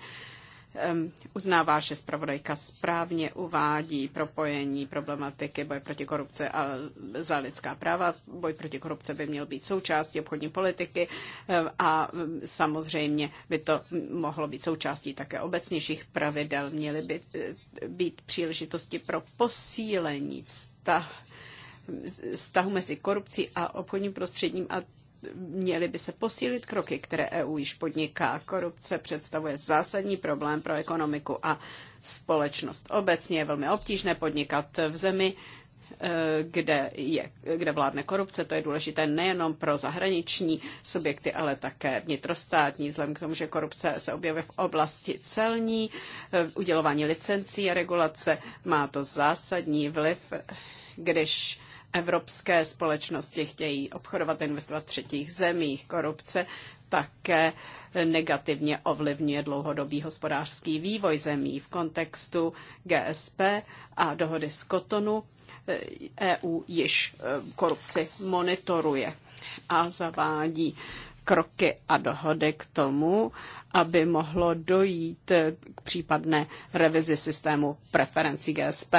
Speaker 2: Um, uznává, že zpravodajka správně uvádí propojení problematiky boje proti korupce a za lidská práva. Boj proti korupce by měl být součástí obchodní politiky a samozřejmě by to mohlo být součástí také obecnějších pravidel. Měly by eh, být příležitosti pro posílení vztah vztahu mezi korupcí a obchodním prostředím a měly by se posílit kroky, které EU již podniká. Korupce představuje zásadní problém pro ekonomiku a společnost. Obecně je velmi obtížné podnikat v zemi, eh, kde, je, kde vládne korupce. To je důležité nejenom pro zahraniční subjekty, ale také vnitrostátní, vzhledem k tomu, že korupce se objevuje v oblasti celní, eh, udělování licencí a regulace. Má to zásadní vliv, když evropské společnosti chtějí obchodovat, investovat v třetích zemích. Korupce také negativně ovlivňuje dlouhodobý hospodářský vývoj zemí v kontextu GSP a dohody z Kotonu. EU eh, e již eh, korupci monitoruje a zavádí kroky a dohody k tomu, aby mohlo dojít eh, k případné revizi systému preferencí GSP.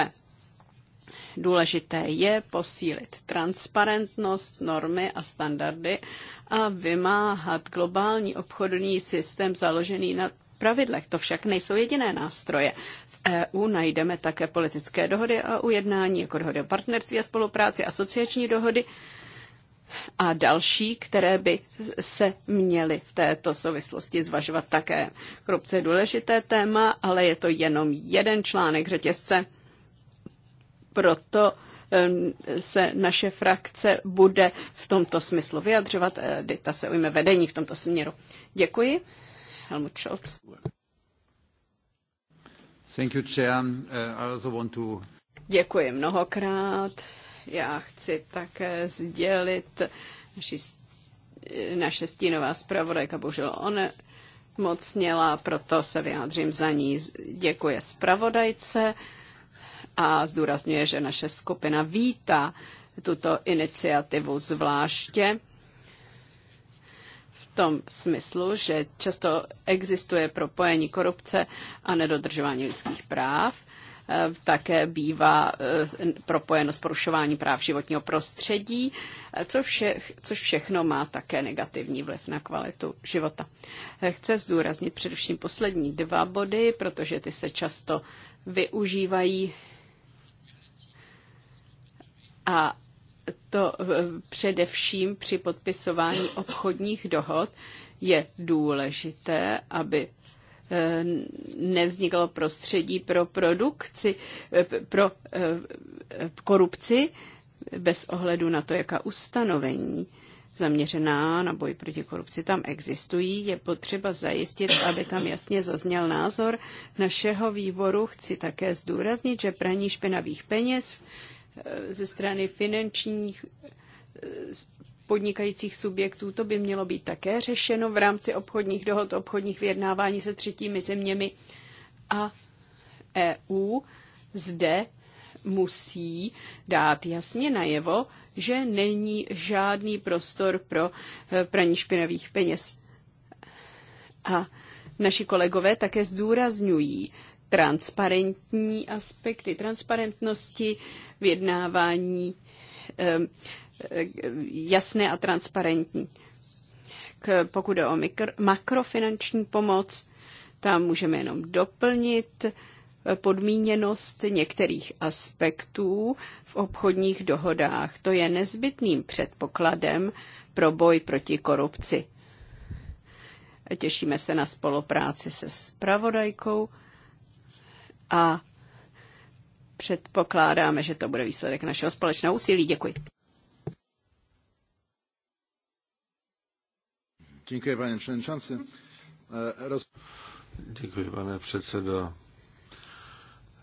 Speaker 2: Důležité je posílit transparentnost, normy a standardy a vymáhat globální obchodní systém založený na pravidlech. To však nejsou jediné nástroje. V EU najdeme také politické dohody a ujednání, jako dohody o partnerství a spolupráci, asociační dohody a další, které by se měly v této souvislosti zvažovat také. Korupce je důležité téma, ale je to jenom jeden článek řetězce proto se naše frakce bude v tomto smyslu vyjadřovat. Eh, dita se ujme vedení v tomto směru. Děkuji. Helmut Scholz.
Speaker 3: Thank you, Chair. Eh, I also want to...
Speaker 2: Děkuji mnohokrát. Já chci také sdělit naši, naše stínová zpravodajka, bohužel on mocněla, proto se vyjádřím za ní. Děkuji zpravodajce a zdůrazňuje, že naše skupina vítá tuto iniciativu zvláště v tom smyslu, že často existuje propojení korupce a nedodržování lidských práv také bývá eh, propojeno s porušování práv životního prostředí, což, vše, což všechno má také negativní vliv na kvalitu života. Chce zdůraznit především poslední dva body, protože ty se často využívají a to e, především při podpisování obchodních dohod je důležité, aby e, nevzniklo prostředí pro produkci, e, pro korupci bez ohledu na to, jaká ustanovení zaměřená na boj proti korupci tam existují. Je potřeba zajistit, aby tam jasně zazněl názor našeho výboru. Chci také zdůraznit, že praní špinavých peněz Eh, ze strany finančních eh, podnikajících subjektů. To by mělo být také řešeno v rámci obchodních dohod, obchodních vyjednávání se třetími zeměmi. A EU zde musí dát jasně najevo, že není žádný prostor pro eh, praní špinavých peněz. A naši kolegové také zdůrazňují, transparentní aspekty transparentnosti, vyjednávání ehm, eh, jasné a transparentní. K, pokud jde o mikro, makrofinanční pomoc, tam můžeme jenom doplnit eh, podmíněnost některých aspektů v obchodních dohodách. To je nezbytným předpokladem pro boj proti korupci. Těšíme se na spolupráci se spravodajkou a předpokládáme, že to bude výsledek našeho společného úsilí. Děkuji.
Speaker 1: Děkuji, pane předsedající. Roz... Děkuji, pane předsedo.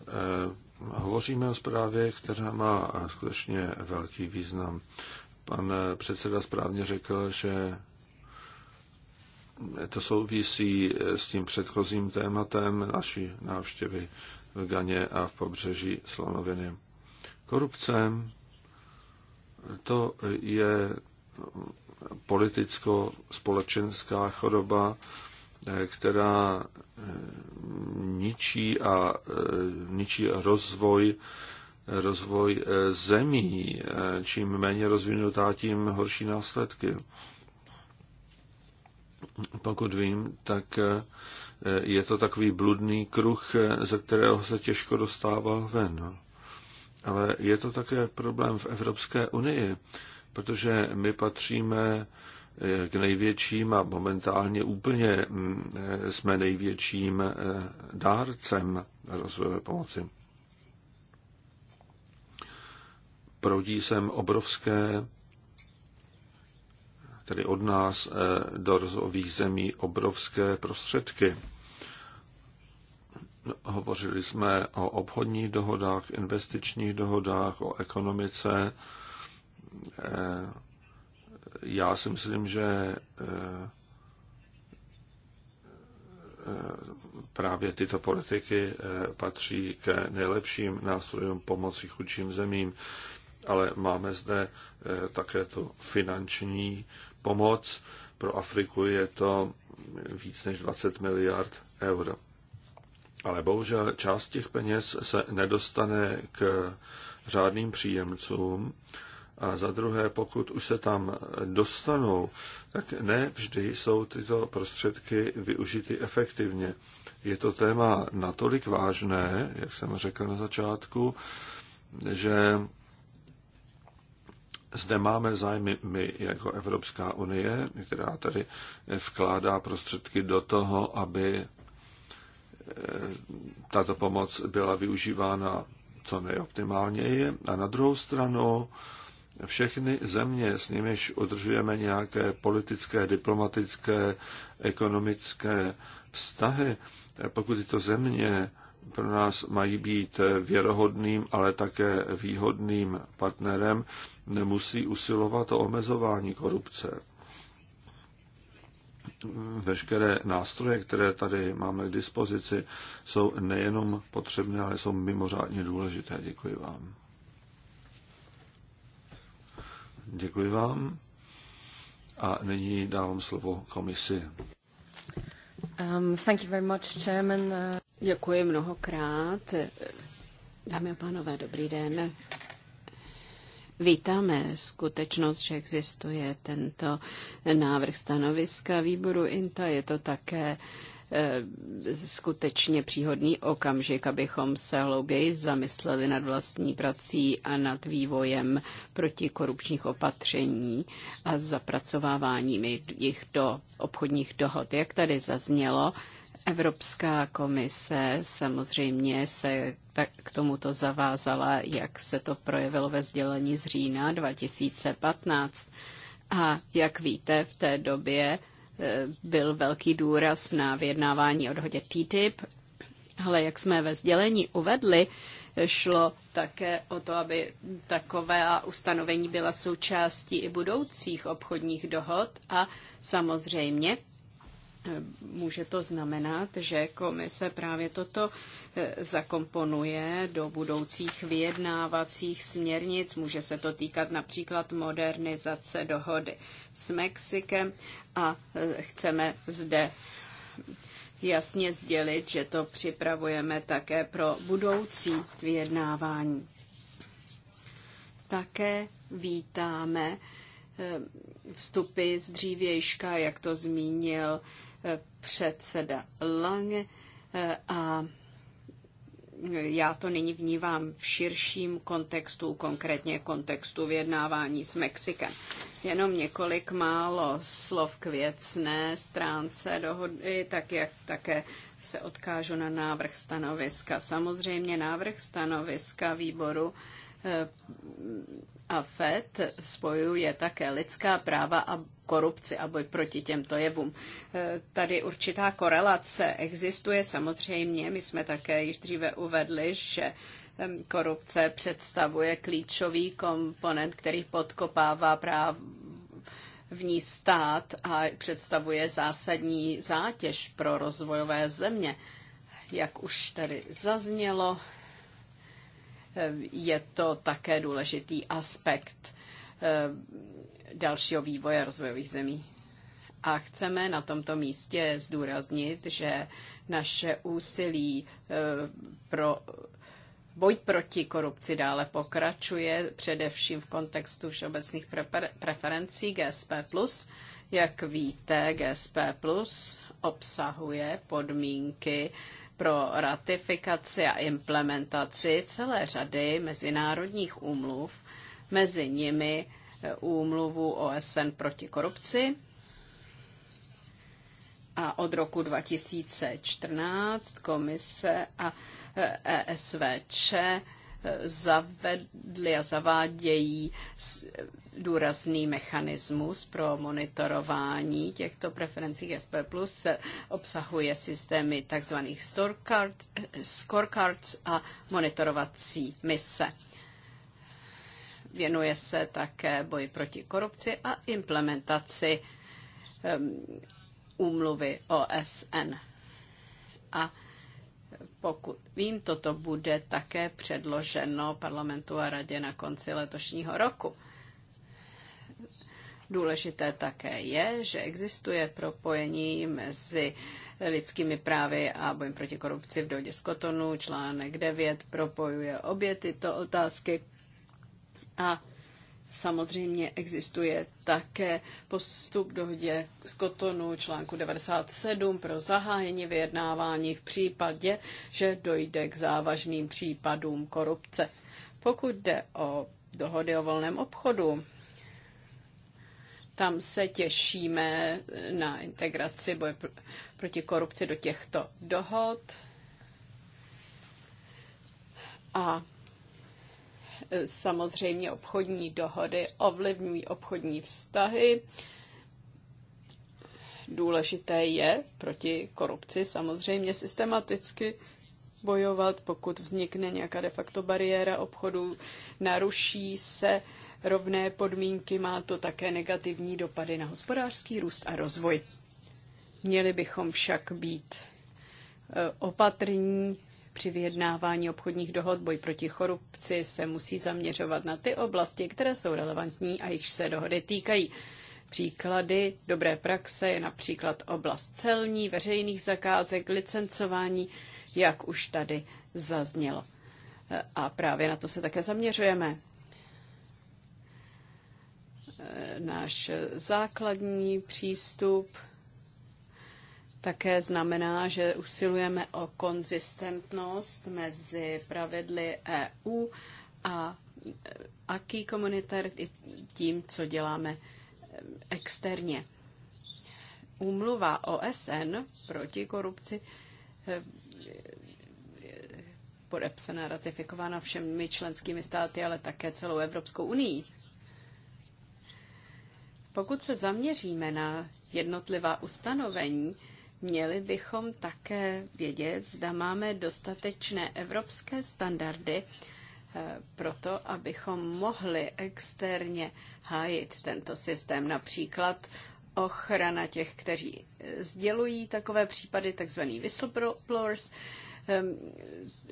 Speaker 1: Eh, hovoříme o zprávě, která má skutečně velký význam. Pan eh, předseda správně řekl, že to souvisí eh, s tím předchozím tématem naší návštěvy v Ganě a v pobřeží Slonoviny. Korupce to je politicko-společenská choroba, která ničí a ničí rozvoj rozvoj zemí. Čím méně rozvinutá, tím horší následky. Pokud vím, tak Eh, je to takový bludný kruh, eh, ze kterého se těžko dostává ven. Ale je to také problém v Evropské unii, protože my patříme eh, k největším a momentálně úplně mm, jsme největším dárcem rozvojové pomoci. Proudí sem obrovské tedy od nás eh, do rozvojových zemí obrovské prostředky. Hovořili jsme o obchodních dohodách, investičních dohodách, o ekonomice. Eh, já si myslím, že eh, právě tyto politiky patří k nejlepším nástrojům pomoci chudším zemím, ale máme zde také tu finanční pomoc. Pro Afriku je to víc než 20 miliard eur. Ale bohužel část těch peněz se nedostane k řádným příjemcům. A za druhé, pokud už se tam dostanou, tak ne vždy jsou tyto prostředky využity efektivně. Je to téma natolik vážné, jak jsem řekl na začátku, že zde máme zájmy my jako Evropská unie, která tady vkládá prostředky do toho, aby eh, tato pomoc byla využívána co nejoptimálněji. A na druhou stranu všechny země, s nimiž udržujeme nějaké politické, diplomatické, ekonomické vztahy, eh, pokud tyto země pro nás mají být věrohodným, ale také výhodným partnerem, nemusí usilovat o omezování korupce. Veškeré nástroje, které tady máme k dispozici, jsou nejenom potřebné, ale jsou mimořádně důležité. Děkuji vám. Děkuji vám. A nyní dávám slovo komisi.
Speaker 2: Um, thank you very much, Chairman. Uh, Děkuji mnohokrát. Dámy a pánové, dobrý den. Vítáme skutečnost, že existuje tento návrh stanoviska výboru INTA. Je to také eh, skutečně příhodný okamžik, abychom se hlouběji zamysleli nad vlastní prací a nad vývojem protikorupčních opatření a zapracováváním jich do obchodních dohod. Jak tady zaznělo, Evropská komise samozřejmě se tak k tomuto zavázala, jak se to projevilo ve sdělení z října 2015. A jak víte, v té době eh, byl velký důraz na vyjednávání o dohodě TTIP, ale jak jsme ve sdělení uvedli, šlo také o to, aby takové ustanovení byla součástí i budoucích obchodních dohod a samozřejmě Může to znamenat, že komise právě toto eh, zakomponuje do budoucích vyjednávacích směrnic. Může se to týkat například modernizace dohody s Mexikem a eh, chceme zde jasně sdělit, že to připravujeme také pro budoucí vyjednávání. Také vítáme eh, vstupy z dřívějška, jak to zmínil předseda Lange eh, a já to nyní vnívám v širším kontextu, konkrétně kontextu vyjednávání s Mexikem. Jenom několik málo slov k věcné stránce dohody, tak jak také se odkážu na návrh stanoviska. Samozřejmě návrh stanoviska výboru Eh, a FED spojuje také lidská práva a korupci a boj proti těmto jevům. Eh, tady určitá korelace existuje samozřejmě. My jsme také již dříve uvedli, že korupce představuje klíčový komponent, který podkopává práv v ní stát a představuje zásadní zátěž pro rozvojové země. Jak už tady zaznělo, je to také důležitý aspekt eh, dalšího vývoje rozvojových zemí. A chceme na tomto místě zdůraznit, že naše úsilí eh, pro boj proti korupci dále pokračuje, především v kontextu všeobecných preferencí GSP+. Jak víte, GSP obsahuje podmínky pro ratifikaci a implementaci celé řady mezinárodních úmluv, mezi nimi eh, úmluvu OSN proti korupci, a od roku 2014 komise a ESVČ eh, e zavedly a zavádějí důrazný mechanismus pro monitorování těchto preferencí SP+. Obsahuje systémy tzv. scorecards a monitorovací mise. Věnuje se také boji proti korupci a implementaci úmluvy OSN. A pokud vím, toto bude také předloženo parlamentu a radě na konci letošního roku. Důležité také je, že existuje propojení mezi lidskými právy a bojem proti korupci v dohodě z Kotonu. Článek 9 propojuje obě tyto otázky. A Samozřejmě existuje také postup dohodě z Kotonu článku 97 pro zahájení vyjednávání v případě, že dojde k závažným případům korupce. Pokud jde o dohody o volném obchodu, tam se těšíme na integraci boje proti korupci do těchto dohod. A Eh, samozřejmě obchodní dohody ovlivňují obchodní vztahy. Důležité je proti korupci samozřejmě systematicky bojovat, pokud vznikne nějaká de facto bariéra obchodu, naruší se rovné podmínky, má to také negativní dopady na hospodářský růst a rozvoj. Měli bychom však být eh, opatrní při vyjednávání obchodních dohod boj proti korupci se musí zaměřovat na ty oblasti, které jsou relevantní a již se dohody týkají. Příklady dobré praxe je například oblast celní, veřejných zakázek, licencování, jak už tady zaznělo. A právě na to se také zaměřujeme. Náš základní přístup také znamená, že usilujeme o konzistentnost mezi pravidly EU a eh, aký komunitár i tím, co děláme eh, externě. Úmluva OSN proti korupci podepsaná, eh, ratifikována všemi členskými státy, ale také celou Evropskou unii. Pokud se zaměříme na jednotlivá ustanovení, Měli bychom také vědět, zda máme dostatečné evropské standardy eh, pro to, abychom mohli externě hájit tento systém. Například ochrana těch, kteří eh, sdělují takové případy, takzvaný whistleblowers, ehm,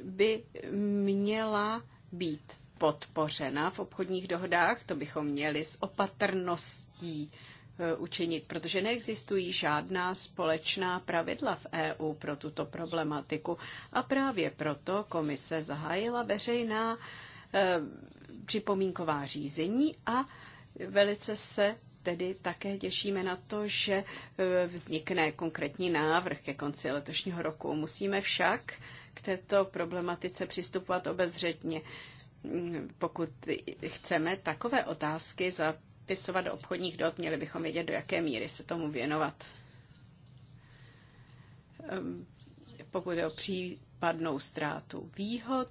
Speaker 2: by měla být podpořena v obchodních dohodách. To bychom měli s opatrností Eh, učinit, protože neexistují žádná společná pravidla v EU pro tuto problematiku. A právě proto komise zahájila veřejná eh, připomínková řízení a velice se tedy také těšíme na to, že eh, vznikne konkrétní návrh ke konci letošního roku. Musíme však k této problematice přistupovat obezřetně. Mm, pokud chceme takové otázky za zapisovat do obchodních dot, měli bychom vědět, do jaké míry se tomu věnovat. Ehm, pokud je o případnou ztrátu výhod,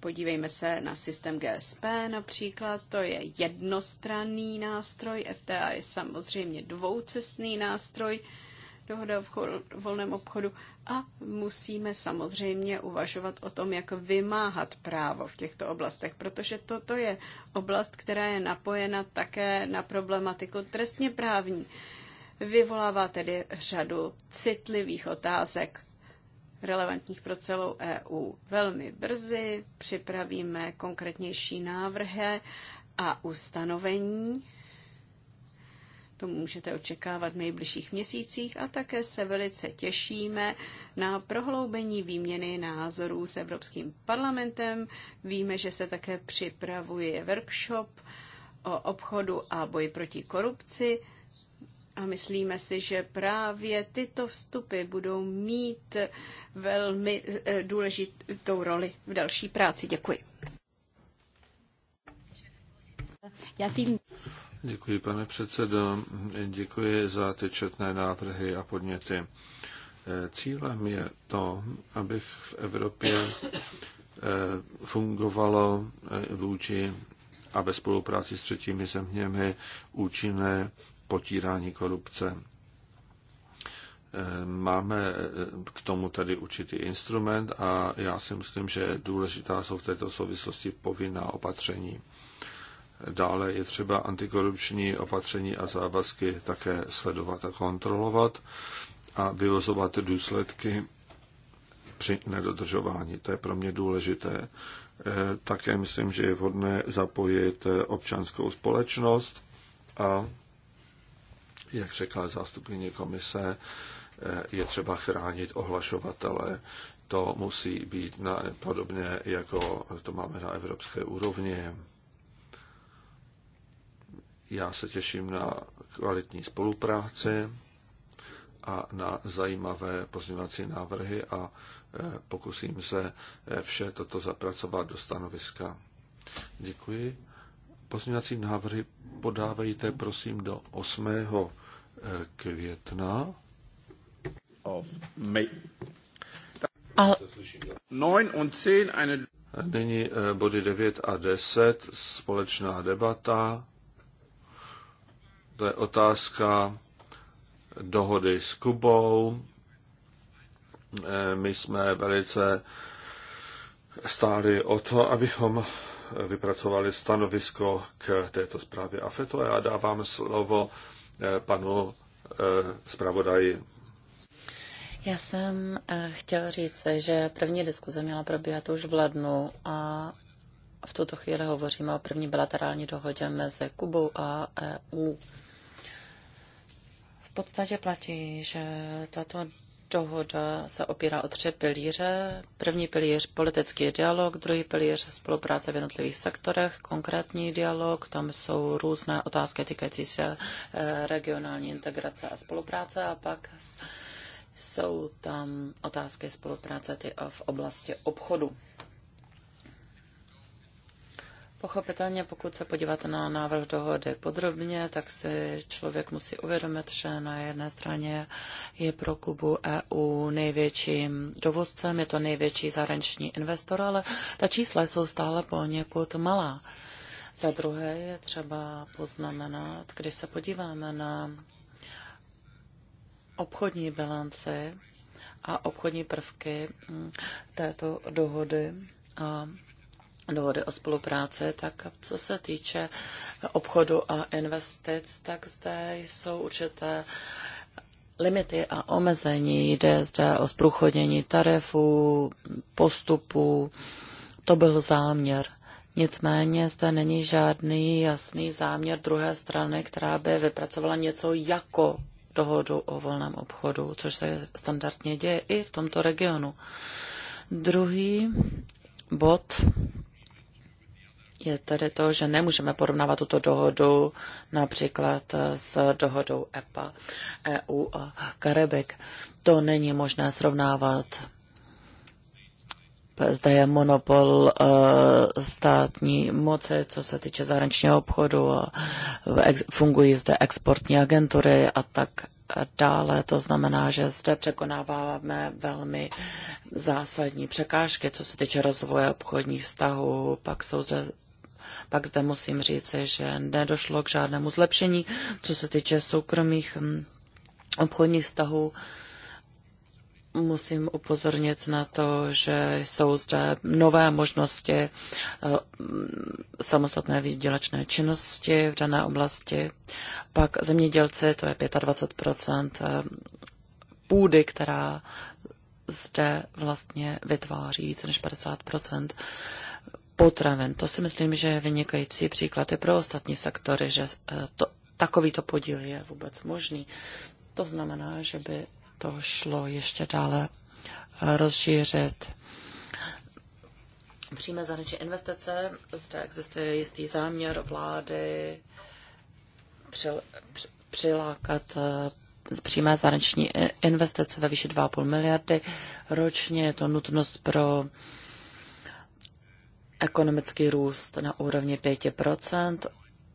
Speaker 2: podívejme se na systém GSP například, to je jednostranný nástroj, FTA je samozřejmě dvoucestný nástroj, dohoda o volném obchodu a musíme samozřejmě uvažovat o tom, jak vymáhat právo v těchto oblastech, protože toto je oblast, která je napojena také na problematiku trestně právní. Vyvolává tedy řadu citlivých otázek, relevantních pro celou EU. Velmi brzy připravíme konkrétnější návrhy a ustanovení to můžete očekávat v nejbližších měsících a také se velice těšíme na prohloubení výměny názorů s Evropským parlamentem. Víme, že se také připravuje workshop o obchodu a boji proti korupci. A myslíme si, že právě tyto vstupy budou mít velmi eh, důležitou roli v další práci. Děkuji. Já tím...
Speaker 1: Děkuji, pane předsedo. Děkuji za ty četné návrhy a podněty. Cílem je to, abych v Evropě eh, fungovalo eh, vůči a ve spolupráci s třetími zeměmi účinné potírání korupce. Eh, máme k tomu tady určitý instrument a já si myslím, že důležitá jsou v této souvislosti povinná opatření. Dále je třeba antikorupční opatření a závazky také sledovat a kontrolovat a vyvozovat důsledky při nedodržování. To je pro mě důležité. E, také myslím, že je vhodné zapojit občanskou společnost a, jak řekla zástupkyně komise, e, je třeba chránit ohlašovatele. To musí být na, podobně, jako to máme na evropské úrovni. Já se těším na kvalitní spolupráci a na zajímavé pozměňovací návrhy a e, pokusím se e, vše toto zapracovat do stanoviska. Děkuji. Pozměňovací návrhy podávejte prosím do 8. E, května. Of May. Ale... Nyní body 9 a 10, společná debata. To je otázka dohody s Kubou. Eh, my jsme velice stáli o to, abychom vypracovali stanovisko k této zprávě AFETO. Já dávám slovo eh, panu eh, zpravodaji.
Speaker 3: Já jsem chtěla říct, že první diskuze měla probíhat už v lednu a v tuto chvíli hovoříme o první bilaterální dohodě mezi Kubou a EU podstatě platí, že tato dohoda se opírá o tři pilíře. První pilíř politický dialog, druhý pilíř spolupráce v jednotlivých sektorech, konkrétní dialog, tam jsou různé otázky týkající se eh, regionální integrace a spolupráce a pak jsou tam otázky spolupráce ty v oblasti obchodu. Pochopitelně, pokud se podíváte na návrh dohody podrobně, tak si člověk musí uvědomit, že na jedné straně je pro Kubu EU největším dovozcem, je to největší zahraniční investor, ale ta čísla jsou stále poněkud malá. Za druhé je třeba poznamenat, když se podíváme na obchodní bilanci a obchodní prvky mm, této dohody a dohody o spolupráci, tak co se týče obchodu a investic, tak zde jsou určité limity a omezení. Jde zde o zprůchodnění tarifů, postupů. To byl záměr. Nicméně zde není žádný jasný záměr druhé strany, která by vypracovala něco jako dohodu o volném obchodu, což se standardně děje i v tomto regionu. Druhý bod je tedy to, že nemůžeme porovnávat tuto dohodu například s dohodou EPA, EU a Karibik. To není možné srovnávat. Zde je monopol uh, státní moci, co se týče zahraničního obchodu a fungují zde exportní agentury a tak dále. To znamená, že zde překonáváme velmi zásadní překážky, co se týče rozvoje obchodních vztahů. Pak jsou zde pak zde musím říct, že nedošlo k žádnému zlepšení, co se týče soukromých hm, obchodních vztahů musím upozornit na to, že jsou zde nové možnosti eh, hm, samostatné výdělečné činnosti v dané oblasti. Pak zemědělci, to je 25 eh, půdy, která zde vlastně vytváří více než 50 potraven. To si myslím, že je vynikající příklad i pro ostatní sektory, že eh, to, takovýto podíl je vůbec možný. To znamená, že by to šlo ještě dále eh, rozšířit. Přímé zahraniční investice, zde existuje jistý záměr vlády přil, přilákat eh, přímé zahraniční investice ve výši 2,5 miliardy ročně. Je to nutnost pro uh, ekonomický růst na úrovni 5%.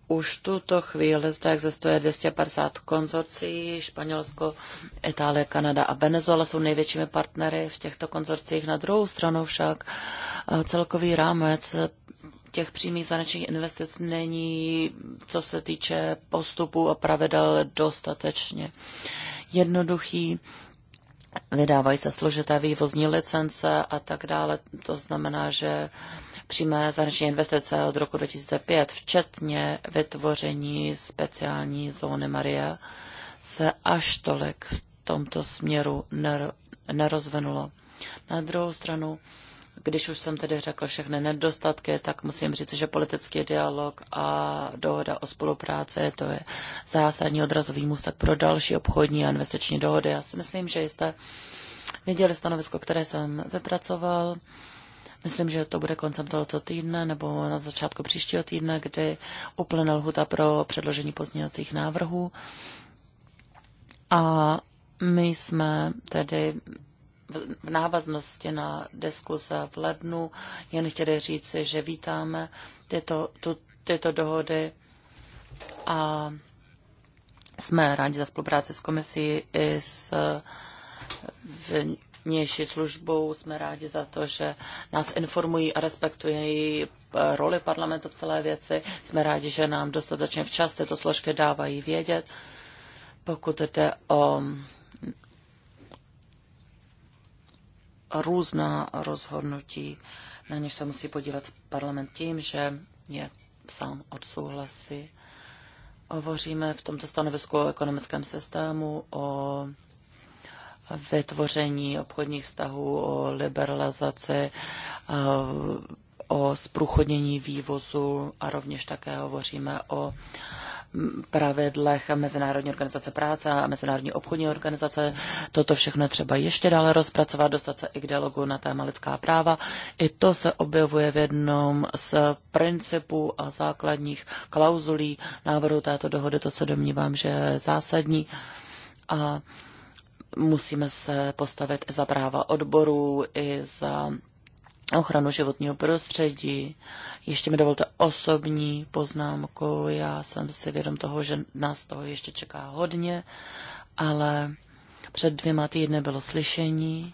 Speaker 3: Už tuto chvíli zde existuje 250 konzorcí. Španělsko, Itálie, Kanada a Venezuela jsou největšími partnery v těchto konzorcích. Na druhou stranu však eh, celkový rámec těch přímých zahraničních investic není, co se týče postupů a pravidel, dostatečně jednoduchý. Vydávají se složité vývozní licence a tak dále. To znamená, že přímé zahraniční investice od roku 2005, včetně vytvoření speciální zóny Maria, se až tolik v tomto směru nerozvinulo. Na druhou stranu, když už jsem tedy řekl všechny nedostatky, tak musím říct, že politický dialog a dohoda o spolupráci, to je zásadní odrazový můstek pro další obchodní a investiční dohody. Já si myslím, že jste viděli stanovisko, které jsem vypracoval. Myslím, že to bude koncem tohoto týdne nebo na začátku příštího týdne, kdy uplyne lhuta pro předložení pozměňovacích návrhů. A my jsme tedy v návaznosti na diskuze v lednu jen chtěli říci, že vítáme tyto, tu, tyto dohody a jsme rádi za spolupráci s komisí i s vnější službou. Jsme rádi za to, že nás informují a respektují roli parlamentu v celé věci. Jsme rádi, že nám dostatečně včas tyto složky dávají vědět. Pokud jde o různá rozhodnutí, na něž se musí podívat parlament tím, že je sám odsouhlasí. Hovoříme v tomto stanovisku o ekonomickém systému, o vytvoření obchodních vztahů, o liberalizaci, o zprůchodnění vývozu a rovněž také hovoříme o pravidlech Mezinárodní organizace práce a Mezinárodní obchodní organizace. Toto všechno třeba ještě dále rozpracovat, dostat se i k dialogu na téma lidská práva. I to se objevuje v jednom z principů a základních klauzulí návrhu této dohody. To se domnívám, že je zásadní. A musíme se postavit za práva odborů, i za ochranu životního prostředí. Ještě mi dovolte osobní poznámku. Já jsem si vědom toho, že nás toho ještě čeká hodně, ale před dvěma týdny bylo slyšení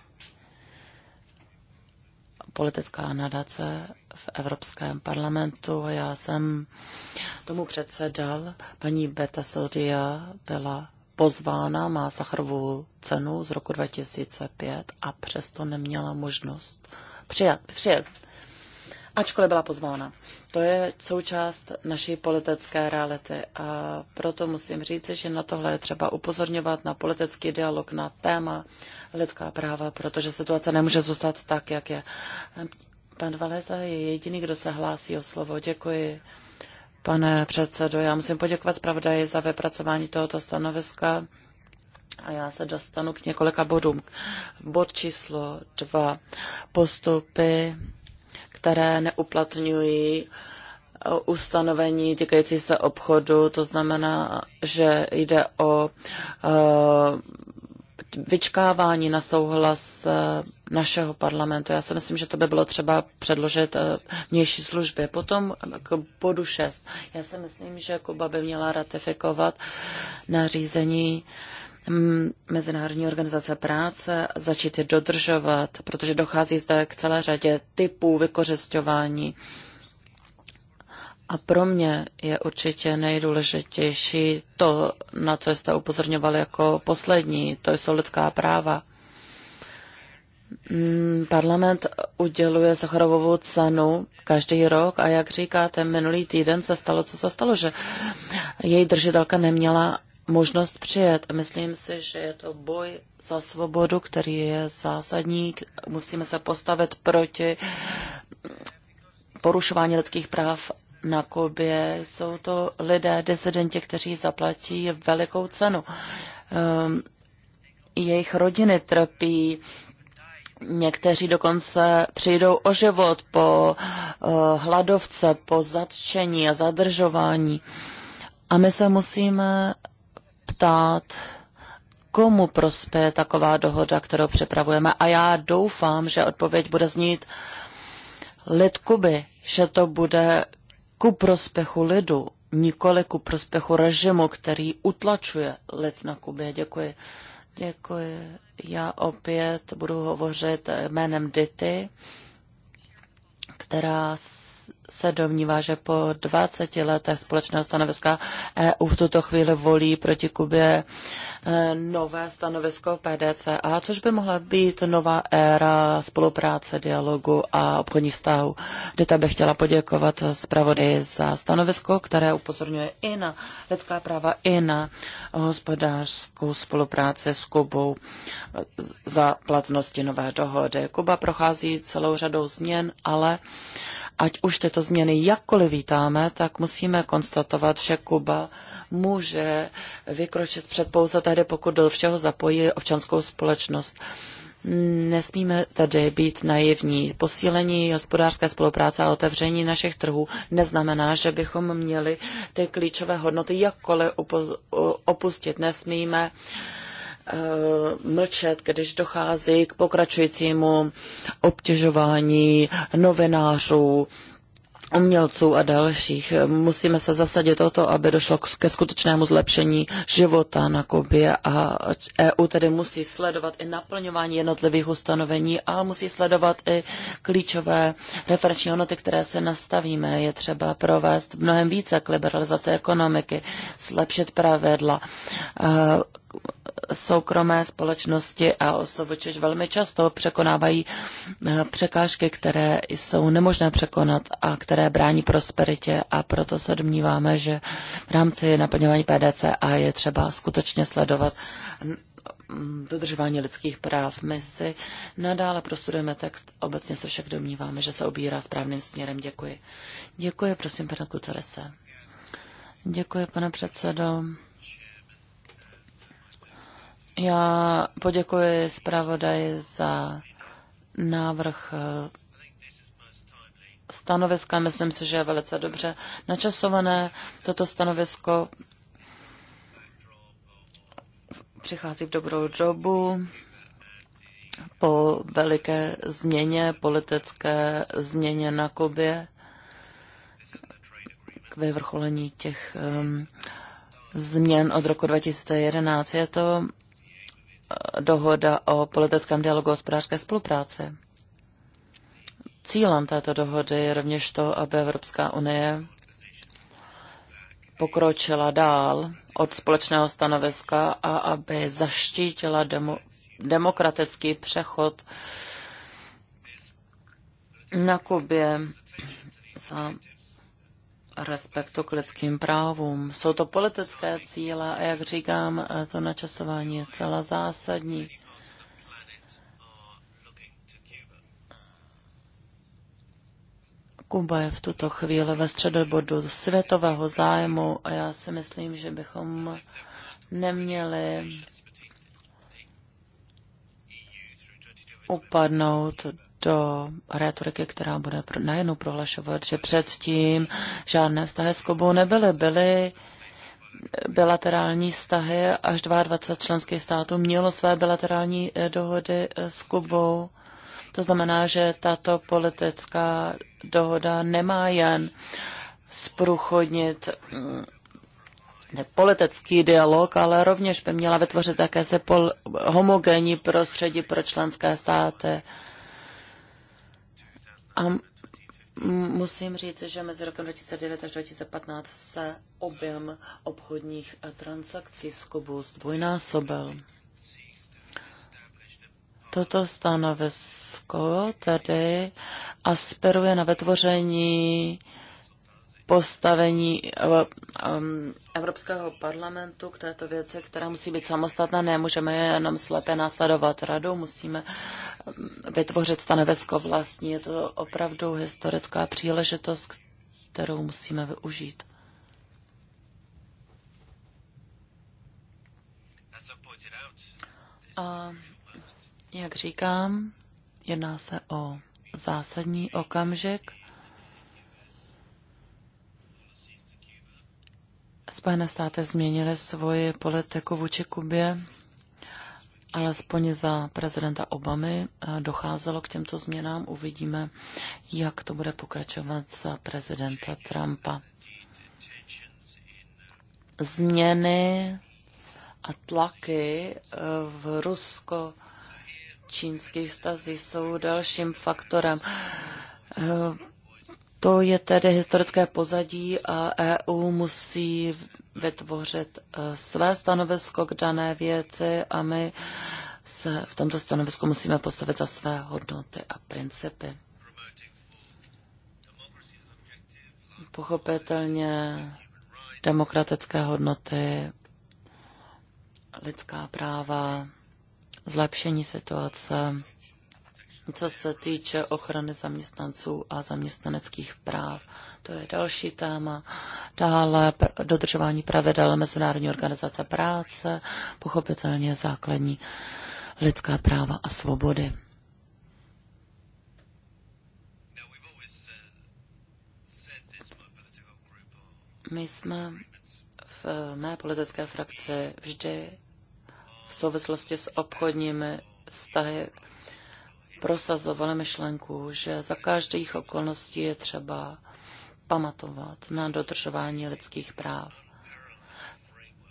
Speaker 3: politická nadace v Evropském parlamentu. Já jsem tomu předsedal. Paní Beta Sodia byla pozvána, má Sacharovou cenu z roku 2005 a přesto neměla možnost přijat, přijat. Ačkoliv byla pozvána. To je součást naší politické reality a proto musím říct, že na tohle je třeba upozorňovat na politický dialog, na téma lidská práva, protože situace nemůže zůstat tak, jak je. Pan Valeza je jediný, kdo se hlásí o slovo. Děkuji. Pane předsedo, já musím poděkovat zpravodaji za vypracování tohoto stanoviska a já se dostanu k několika bodům. Bod číslo dva. Postupy, které neuplatňují uh, ustanovení týkající se obchodu, to znamená, že jde o uh, vyčkávání na souhlas eh, našeho parlamentu. Já si myslím, že to by bylo třeba předložit eh, vnější službě. Potom k bodu 6. Já si myslím, že Kuba by měla ratifikovat nařízení mm, Mezinárodní organizace práce začít je dodržovat, protože dochází zde k celé řadě typů vykořišťování a pro mě je určitě nejdůležitější to, na co jste upozorňovali jako poslední, to jsou lidská práva. Mm, parlament uděluje Sacharovovu cenu každý rok a jak říkáte, minulý týden se stalo, co se stalo, že její držitelka neměla možnost přijet. Myslím si, že je to boj za svobodu, který je zásadní. Musíme se postavit proti porušování lidských práv na Kubě. Jsou to lidé, disidenti, kteří zaplatí velikou cenu. Ehm, jejich rodiny trpí, Někteří dokonce přijdou o život po eh, hladovce, po zatčení a zadržování. A my se musíme ptát, komu prospěje taková dohoda, kterou připravujeme. A já doufám, že odpověď bude znít lid Kuby, že to bude ku prospěchu lidu, nikoli ku prospěchu režimu, který utlačuje lid na Kubě. Děkuji. Děkuji. Já opět budu hovořit jménem Dity, která se domnívá, že po 20 letech společného stanoviska EU v tuto chvíli volí proti Kubě e, nové stanovisko PDC a což by mohla být nová éra spolupráce, dialogu a obchodních vztahů. Dita bych chtěla poděkovat zpravodaji za stanovisko, které upozorňuje i na lidská práva, i na hospodářskou spolupráci s Kubou za platnosti nové dohody. Kuba prochází celou řadou změn, ale ať už tyto tyto změny jakkoliv vítáme, tak musíme konstatovat, že Kuba může vykročit před pouze tehdy, pokud do všeho zapojí občanskou společnost. Nesmíme tedy být naivní. Posílení hospodářské spolupráce a otevření našich trhů neznamená, že bychom měli ty klíčové hodnoty jakkoliv opustit. Nesmíme eh, mlčet, když dochází k pokračujícímu obtěžování novinářů, umělců a dalších. Musíme se zasadit o to, aby došlo ke skutečnému zlepšení života na Kubě a EU tedy musí sledovat i naplňování jednotlivých ustanovení a musí sledovat i klíčové referenční hodnoty, které se nastavíme. Je třeba provést mnohem více k liberalizaci ekonomiky, zlepšit pravidla, soukromé společnosti a osobočež velmi často překonávají eh, překážky, které jsou nemožné překonat a které brání prosperitě a proto se domníváme, že v rámci naplňování a je třeba skutečně sledovat dodržování lidských práv. My si nadále prostudujeme text, obecně se však domníváme, že se obírá správným směrem. Děkuji. Děkuji, prosím, pana Kuterese. Děkuji, pane předsedo. Já poděkuji zpravodaji za návrh eh, stanoviska. Myslím si, že je velice dobře načasované. Toto stanovisko přichází v dobrou dobu po veliké změně, politické změně na Kubě k vyvrcholení těch um, změn od roku 2011. Je to dohoda o politickém dialogu hospodářské spolupráce. Cílem této dohody je rovněž to, aby Evropská unie pokročila dál od společného stanoviska a aby zaštítila demo, demokratický přechod na Kubě za respektu k lidským právům. Jsou to politické cíle a jak říkám, to načasování je celá zásadní. Kuba je v tuto chvíli ve středobodu světového zájmu a já si myslím, že bychom neměli upadnout do retoriky, která bude najednou prohlašovat, že předtím žádné vztahy s Kubou nebyly. Byly bilaterální vztahy, až 22 členských států mělo své bilaterální eh, dohody eh, s Kubou. To znamená, že tato politická dohoda nemá jen spruchodnit mm, politický dialog, ale rovněž by měla vytvořit také se pol- homogenní prostředí pro členské státy. A musím říct, že mezi rokem 2009 až 2015 se objem obchodních eh, transakcí z Kubu zdvojnásobil. Toto stanovisko tedy aspiruje na vytvoření postavení eh, Evropského parlamentu k této věci, která musí být samostatná. Nemůžeme jenom slepě následovat radu, musíme vytvořit stanovisko vlastní. Je to opravdu historická příležitost, kterou musíme využít. A jak říkám, jedná se o zásadní okamžik, Spojené státy změnily svoji politiku vůči Kubě, alespoň za prezidenta Obamy docházelo k těmto změnám. Uvidíme, jak to bude pokračovat za prezidenta Trumpa. Změny a tlaky eh, v Rusko čínských stazích jsou dalším faktorem. Eh, to je tedy historické pozadí a EU musí vytvořit eh, své stanovisko k dané věci a my se v tomto stanovisku musíme postavit za své hodnoty a principy. Pochopitelně demokratické hodnoty, lidská práva, zlepšení situace co se týče ochrany zaměstnanců a zaměstnaneckých práv. To je další téma. Dále dodržování pravidel Mezinárodní organizace práce, pochopitelně základní lidská práva a svobody. My jsme v mé politické frakci vždy v souvislosti s obchodními vztahy prosazovali myšlenku, že za každých okolností je třeba pamatovat na dodržování lidských práv.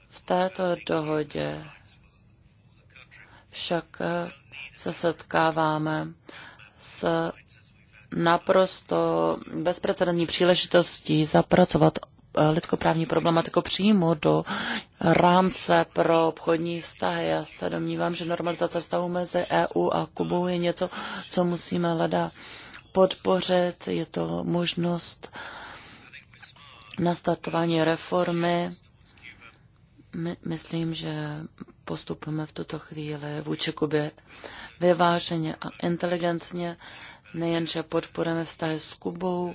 Speaker 3: V této dohodě však eh, se setkáváme s naprosto bezprecedentní příležitostí zapracovat Eh, lidskoprávní problematiku přímo do rámce pro obchodní vztahy. Já se domnívám, že normalizace vztahu mezi EU a Kubou je něco, co musíme leda podpořit. Je to možnost nastartování reformy. My, myslím, že postupujeme v tuto chvíli vůči Kubě vyváženě a inteligentně. Nejenže podporujeme vztahy s Kubou,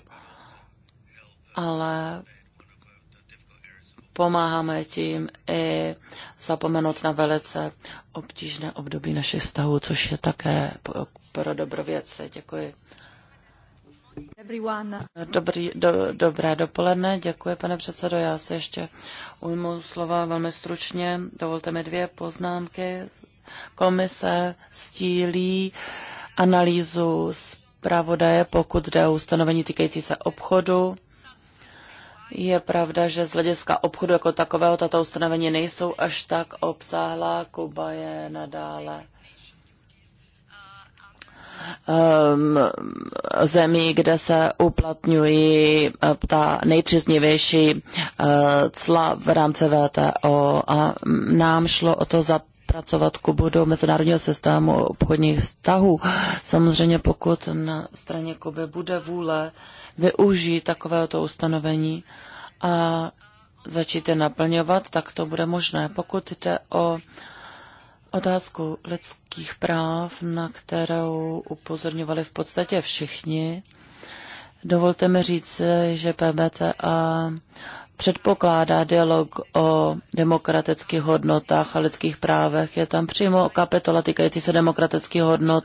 Speaker 3: ale pomáháme tím i zapomenout na velice obtížné období našich vztahů, což je také pro věce. Děkuji. Dobrý, do, dobré dopoledne, děkuji pane předsedo. Já se ještě ujmu slova velmi stručně. Dovolte mi dvě poznámky. Komise stílí analýzu zpravodaje, pokud jde o ustanovení týkající se obchodu je pravda, že z hlediska obchodu jako takového tato ustanovení nejsou až tak obsáhlá. Kuba je nadále ehm, zemí, kde se uplatňují eh, ta nejpříznivější eh, cla v rámci VTO a nám šlo o to za pracovat Kubu do mezinárodního systému obchodních vztahů. Samozřejmě pokud na straně Kuby bude vůle využít takovéto ustanovení a začít je naplňovat, tak to bude možné. Pokud jde o otázku lidských práv, na kterou upozorňovali v podstatě všichni, Dovolte mi říct, že a předpokládá dialog o demokratických hodnotách a lidských právech. Je tam přímo kapitola týkající se demokratických hodnot,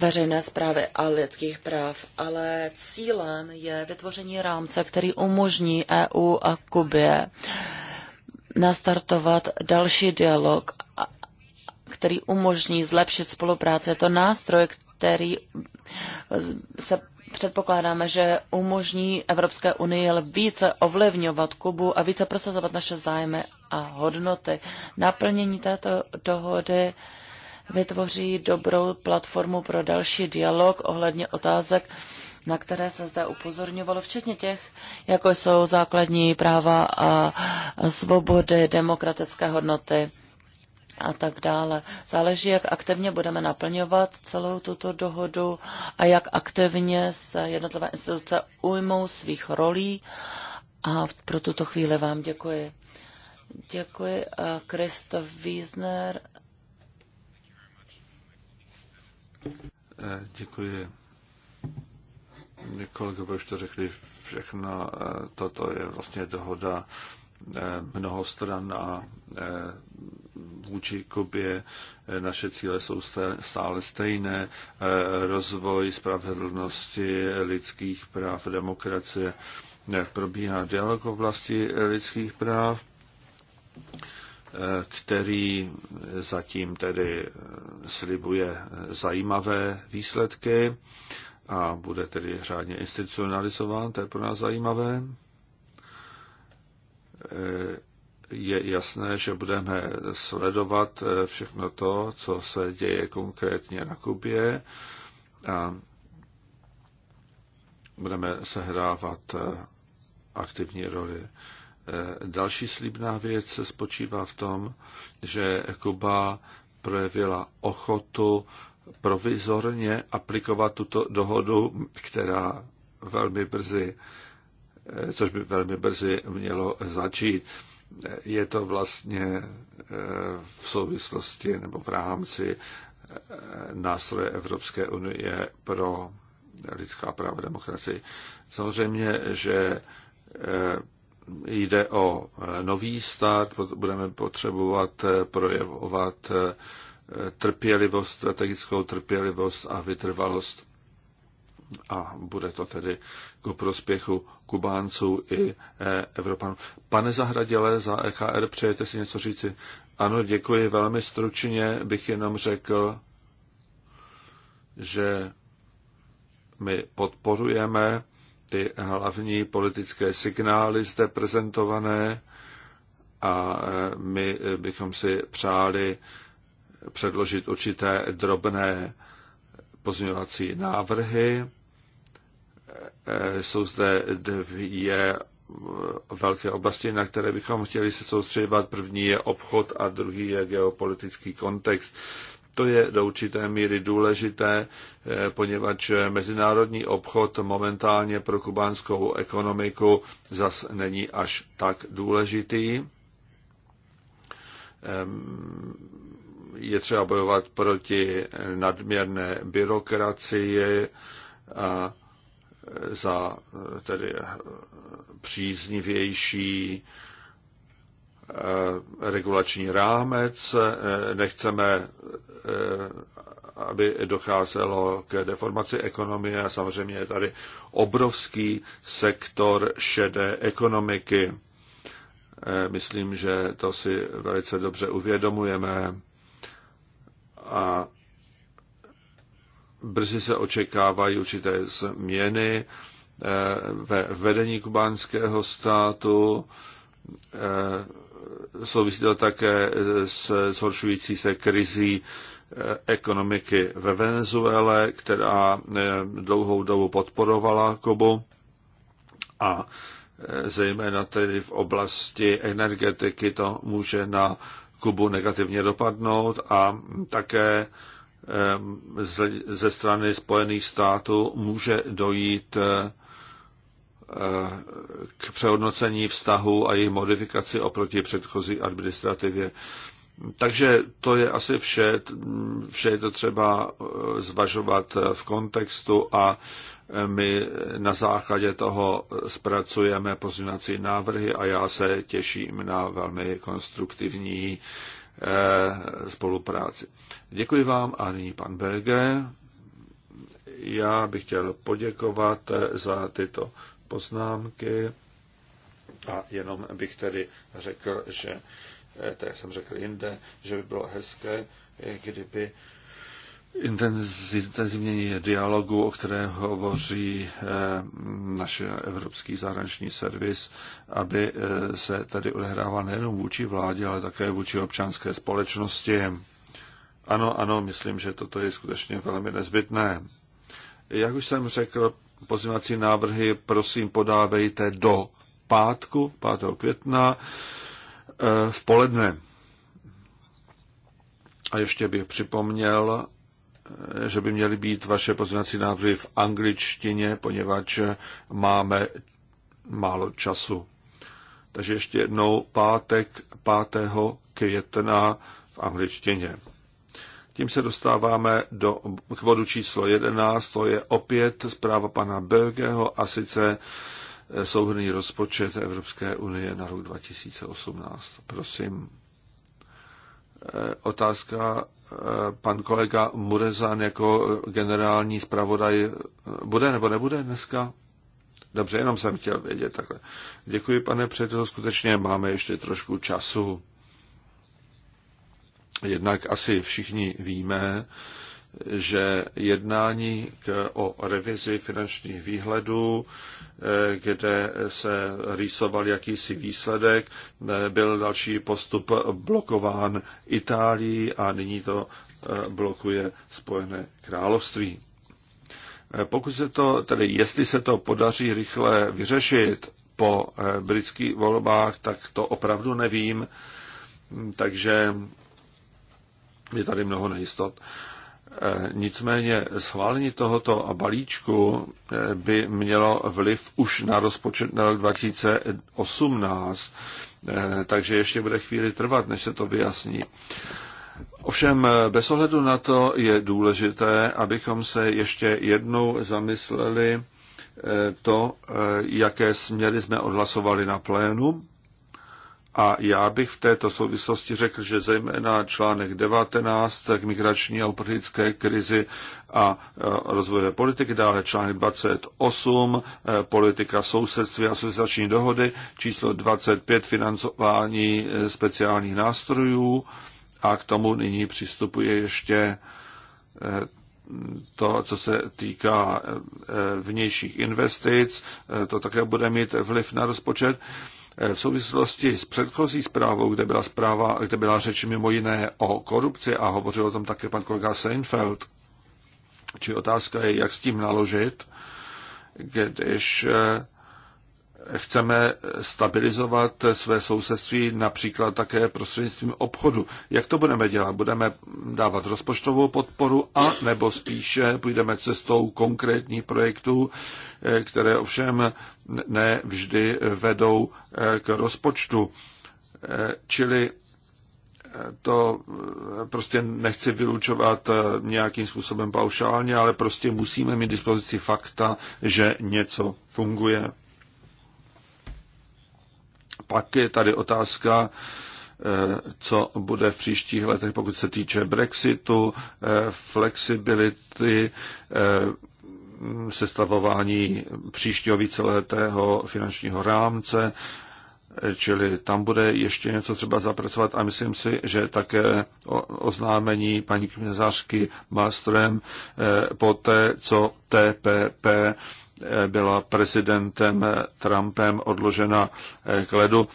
Speaker 3: veřejné zprávy a lidských práv, ale cílem je vytvoření rámce, který umožní EU a Kubě nastartovat další dialog, který umožní zlepšit spolupráci. Je to nástroj, který se předpokládáme, že umožní Evropské unii více ovlivňovat Kubu a více prosazovat naše zájmy a hodnoty. Naplnění této dohody vytvoří dobrou platformu pro další dialog ohledně otázek, na které se zde upozorňovalo, včetně těch, jako jsou základní práva a svobody, demokratické hodnoty a tak dále. Záleží, jak aktivně budeme naplňovat celou tuto dohodu a jak aktivně se jednotlivé instituce ujmou svých rolí. A pro tuto chvíli vám děkuji. Děkuji. Kristof Wiesner.
Speaker 1: Eh, děkuji. Kolegové už to řekli všechno. Eh, toto je vlastně dohoda eh, mnoho stran a vůči Kubě. E, naše cíle jsou stále stejné. E, rozvoj spravedlnosti, lidských práv, demokracie. E, probíhá dialog v oblasti lidských práv který zatím tedy slibuje zajímavé výsledky a bude tedy řádně institucionalizován, to je pro nás zajímavé je jasné, že budeme sledovat eh, všechno to, co se děje konkrétně na Kubě a budeme sehrávat eh, aktivní roli. Eh, další slibná věc se spočívá v tom, že Kuba projevila ochotu provizorně aplikovat tuto dohodu, která velmi brzy, což by velmi brzy mělo začít je to vlastně eh, v souvislosti nebo v rámci eh, nástroje Evropské unie pro lidská práva a demokracii. Samozřejmě, že eh, jde o nový stát, budeme potřebovat projevovat trpělivost, strategickou trpělivost a vytrvalost a bude to tedy ku prospěchu Kubánců i eh, Evropanů. Pane Zahraděle za EKR, přejete si něco říci? Ano, děkuji. Velmi stručně bych jenom řekl, že my podporujeme ty hlavní politické signály zde prezentované a eh, my bychom si přáli předložit určité drobné pozměňovací návrhy jsou zde dvě velké oblasti, na které bychom chtěli se soustředit. První je obchod a druhý je geopolitický kontext. To je do určité míry důležité, poněvadž mezinárodní obchod momentálně pro kubánskou ekonomiku zas není až tak důležitý. Ehm, je třeba bojovat proti nadměrné byrokracii a za eh, tedy eh, příznivější eh, regulační rámec, nechceme, aby docházelo k deformaci ekonomie a samozřejmě je tady obrovský sektor šedé ekonomiky. Myslím, že to si velice dobře uvědomujeme a brzy se očekávají určité změny eh, ve vedení kubánského státu. Eh, souvisí to také s zhoršující se krizí eh, ekonomiky ve Venezuele, která dlouhou dobu podporovala Kubu a zejména tedy v oblasti energetiky to může na Kubu negativně dopadnout a také Eh, ze strany Spojených států může dojít eh, k přehodnocení vztahu a jejich modifikaci oproti předchozí administrativě. Takže to je asi vše. Vše je to třeba eh, zvažovat v kontextu a my na základě toho zpracujeme pozměňovací návrhy a já se těším na velmi konstruktivní Eh, spolupráci. Děkuji vám a nyní pan Berger. Já bych chtěl poděkovat eh, za tyto poznámky a jenom bych tedy řekl, že, eh, to jsem řekl jinde, že by bylo hezké, kdyby intenzivnění dialogu, o které hovoří eh, naš Evropský zahraniční servis, aby eh, se tady odehrával nejenom vůči vládě, ale také vůči občanské společnosti. Ano, ano, myslím, že toto je skutečně velmi nezbytné. Jak už jsem řekl, pozivací návrhy prosím podávejte do pátku, 5. května, eh, v poledne. A ještě bych připomněl, že by měly být vaše pozměňovací návrhy v angličtině, poněvadž máme málo času. Takže ještě jednou pátek 5. května v angličtině. Tím se dostáváme do k bodu číslo 11, to je opět zpráva pana Belgého a sice eh, souhrný rozpočet Evropské unie na rok 2018. Prosím. Eh, otázka pan kolega Murezan jako generální zpravodaj eh, bude nebo nebude dneska? Dobře, jenom jsem chtěl vědět takhle. Děkuji, pane předsedo, skutečně máme ještě trošku času. Jednak asi všichni víme, že jednání k, o revizi finančních výhledů, eh, kde se rýsoval jakýsi výsledek, eh, byl další postup blokován Itálií a nyní to eh, blokuje Spojené království. Pokud se to, tedy jestli se to podaří rychle vyřešit po britských volbách, tak to opravdu nevím. Hm, takže je tady mnoho nejistot. Eh, nicméně schválení tohoto balíčku eh, by mělo vliv už na rozpočet na rok 2018, eh, takže ještě bude chvíli trvat, než se to vyjasní. Ovšem, bez ohledu na to je důležité, abychom se ještě jednou zamysleli to, jaké směry jsme odhlasovali na plénu a já bych v této souvislosti řekl, že zejména článek 19 k migrační a uprchlické krizi a e, rozvojové politiky, dále článek 28 e, politika sousedství a sociální dohody, číslo 25 financování e, speciálních nástrojů a k tomu nyní přistupuje ještě to, co se týká vnějších investic, to také bude mít vliv na rozpočet v souvislosti s předchozí zprávou, kde byla, zpráva, kde byla řeč mimo jiné o korupci a hovořil o tom také pan kolega Seinfeld, či otázka je, jak s tím naložit, když eh, chceme stabilizovat své sousedství například také prostřednictvím obchodu. Jak to budeme dělat? Budeme dávat rozpočtovou podporu a nebo spíše půjdeme cestou konkrétních projektů, které ovšem ne vždy vedou eh, k rozpočtu. Eh, čili eh, to prostě nechci vylučovat nějakým způsobem paušálně, ale prostě musíme mít dispozici fakta, že něco funguje. Pak je tady otázka, co bude v příštích letech, pokud se týče Brexitu, flexibility, sestavování příštího víceletého finančního rámce, čili tam bude ještě něco třeba zapracovat a myslím si, že také oznámení paní komisařky Malström eh, po té, co TPP eh, byla prezidentem Trumpem odložena eh, k ledu,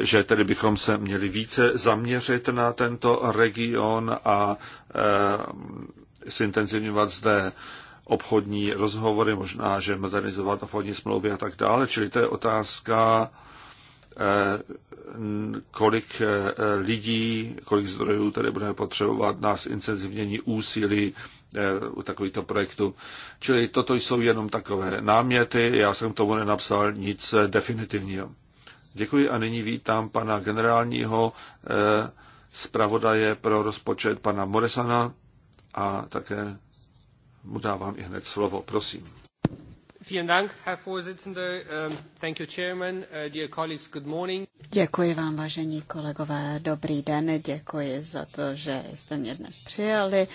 Speaker 1: že tedy bychom se měli více zaměřit na tento region a zintenzivňovat zde obchodní rozhovory, možná, že modernizovat obchodní smlouvy a tak dále. Čili to je otázka, eh, kolik eh, lidí, kolik zdrojů tady budeme potřebovat na intenzivnění úsilí eh, u takovýchto projektu. Čili toto jsou jenom takové náměty, já jsem tomu nenapsal nic definitivního. Děkuji a nyní vítám pana generálního zpravodaje pro rozpočet, pana Moresana a také mu dávám i hned slovo. Prosím. Ähm, äh,
Speaker 2: děkuji vám, vážení kolegové. Dobrý den, děkuji za to, že jste mě dnes přijali.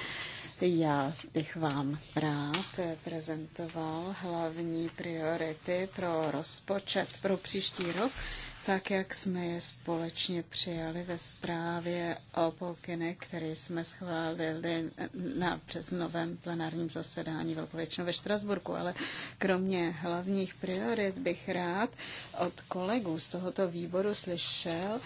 Speaker 2: Já bych vám rád prezentoval hlavní priority pro rozpočet pro příští rok tak jak jsme je společně přijali ve zprávě o pokyny, které jsme schválili na březnovém plenárním zasedání velkovětšinou ve Štrasburku. Ale kromě hlavních priorit bych rád od kolegů z tohoto výboru slyšel,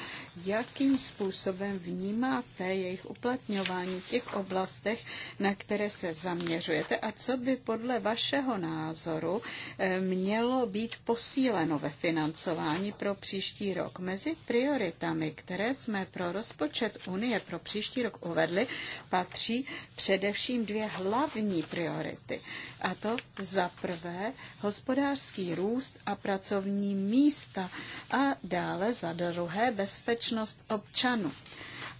Speaker 2: jakým způsobem vnímáte jejich uplatňování v těch oblastech, na které se zaměřujete a co by podle vašeho názoru eh, mělo být posíleno ve financování pro příští příští rok. Mezi prioritami, které jsme pro rozpočet Unie pro příští rok uvedli, patří především dvě hlavní priority. A to za prvé hospodářský růst a pracovní místa a dále za druhé bezpečnost občanů.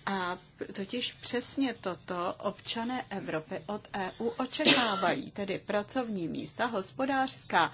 Speaker 2: A totiž přesně toto občané Evropy od EU očekávají, tedy pracovní místa, hospodářská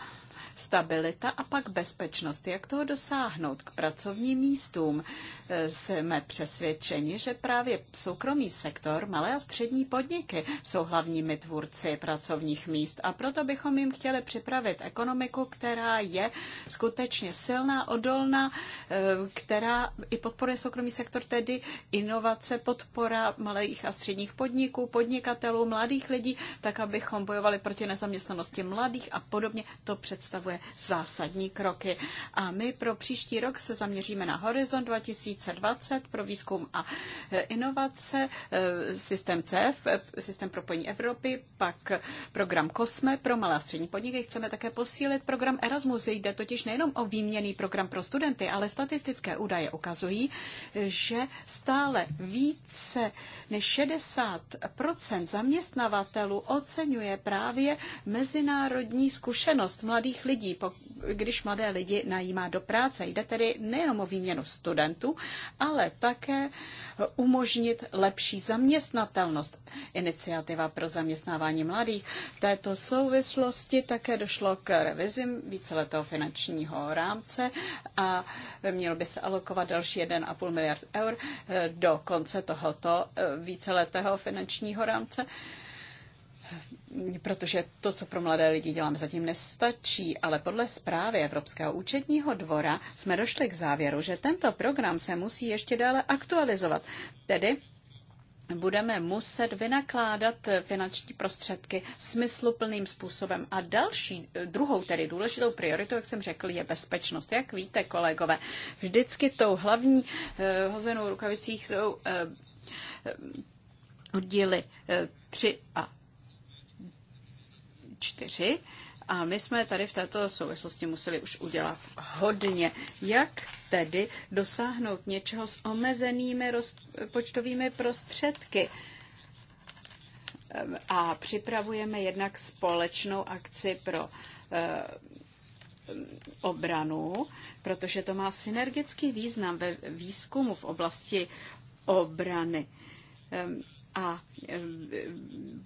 Speaker 2: stabilita a pak bezpečnost. Jak toho dosáhnout k pracovním místům? E, jsme přesvědčeni, že právě soukromý sektor, malé a střední podniky jsou hlavními tvůrci pracovních míst a proto bychom jim chtěli připravit ekonomiku, která je skutečně silná, odolná, e, která i podporuje soukromý sektor, tedy inovace, podpora malých a středních podniků, podnikatelů, mladých lidí, tak abychom bojovali proti nezaměstnanosti mladých a podobně. To představuje představuje zásadní kroky. A my pro příští rok se zaměříme na Horizon 2020 pro výzkum a e, inovace, e, systém CF, e, systém propojení Evropy, pak program COSME pro malé a střední podniky. Chceme také posílit program Erasmus. Jde totiž nejenom o výměný program pro studenty, ale statistické údaje ukazují, že stále více než 60 zaměstnavatelů oceňuje právě mezinárodní zkušenost mladých lidí lidí, když mladé lidi najímá do práce. Jde tedy nejenom o výměnu studentů, ale také umožnit lepší zaměstnatelnost. Iniciativa pro zaměstnávání mladých. V této souvislosti také došlo k revizi víceletého finančního rámce a měl by se alokovat další 1,5 miliard eur eh, do konce tohoto eh, víceletého finančního rámce protože to, co pro mladé lidi děláme, zatím nestačí, ale podle zprávy Evropského účetního dvora jsme došli k závěru, že tento program se musí ještě dále aktualizovat. Tedy budeme muset vynakládat finanční prostředky smysluplným způsobem. A další, druhou tedy důležitou prioritou, jak jsem řekl, je bezpečnost. Jak víte, kolegové, vždycky tou hlavní eh, hozenou rukavicích jsou eh, eh oddíly 3 eh, a čtyři. A my jsme tady v této souvislosti museli už udělat hodně. Jak tedy dosáhnout něčeho s omezenými rozpočtovými prostředky? A připravujeme jednak společnou akci pro eh, obranu, protože to má synergický význam ve výzkumu v oblasti obrany. Ehm, a e,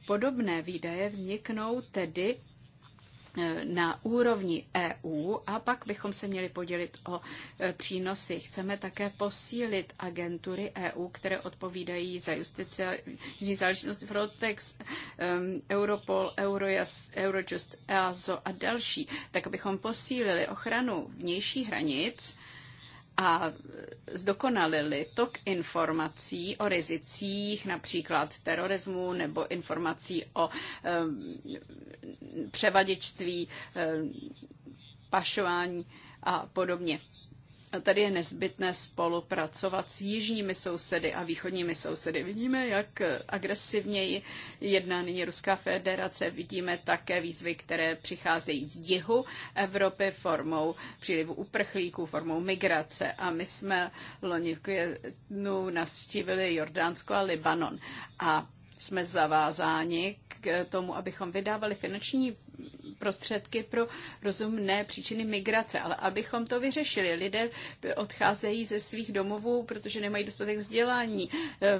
Speaker 2: podobné výdaje vzniknou tedy e, na úrovni EU a pak bychom se měli podělit o e, přínosy. Chceme také posílit agentury EU, které odpovídají za justici, záležitost Frontex, Europol, Eurojas, Eurojust, EASO a další, tak abychom posílili ochranu vnějších hranic a zdokonalili tok informací o rizicích, například terorismu nebo informací o převaděčství, pašování a podobně. Tady je nezbytné spolupracovat s jižními sousedy a východními sousedy. Vidíme, jak agresivněji jedná nyní Ruská federace. Vidíme také výzvy, které přicházejí z jihu Evropy formou přílivu uprchlíků, formou migrace. A my jsme loni v květnu navštívili Jordánsko a Libanon. A jsme zavázáni k tomu, abychom vydávali finanční prostředky pro rozumné příčiny migrace. Ale abychom to vyřešili, lidé odcházejí ze svých domovů, protože nemají dostatek vzdělání, eh,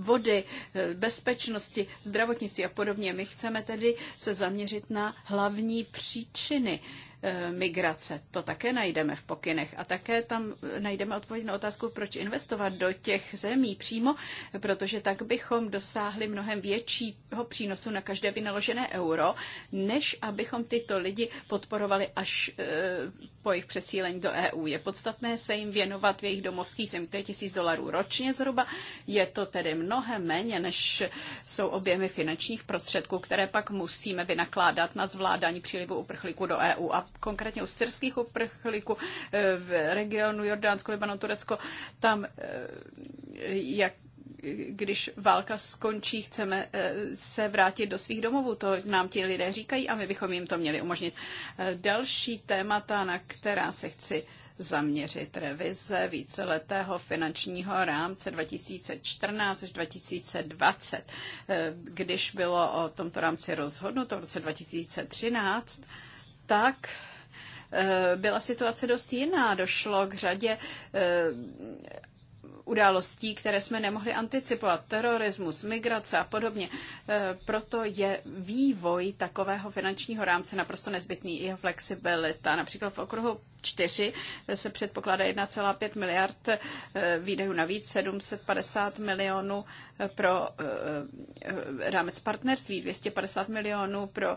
Speaker 2: vody, eh, bezpečnosti, zdravotnictví a podobně. My chceme tedy se zaměřit na hlavní příčiny E, migrace. To také najdeme v pokynech. A také tam najdeme odpověď na otázku, proč investovat do těch zemí přímo, protože tak bychom dosáhli mnohem většího přínosu na každé vynaložené euro, než abychom tyto lidi podporovali až e, po jejich přesílení do EU. Je podstatné se jim věnovat v jejich domovských zemích. To je tisíc dolarů ročně zhruba. Je to tedy mnohem méně, než jsou objemy finančních prostředků, které pak musíme vynakládat na zvládání přílivu uprchlíků do EU. A konkrétně u syrských uprchlíků eh, v regionu Jordánsko, Libanon, Turecko, tam eh, jak když válka skončí, chceme eh, se vrátit do svých domovů. To nám ti lidé říkají a my bychom jim to měli umožnit. Další témata, na která se chci zaměřit revize víceletého finančního rámce 2014 až 2020. Když bylo o tomto rámci rozhodnuto v roce 2013, tak eh, byla situace dost jiná. Došlo k řadě eh, událostí, které jsme nemohli anticipovat, terorismus, migrace a podobně. Eh, proto je vývoj takového finančního rámce naprosto nezbytný, jeho flexibilita. Například v okruhu 4 se předpokládá 1,5 miliard eh, výdajů navíc, 750 eh, eh, milionů pro rámec partnerství, 250 milionů pro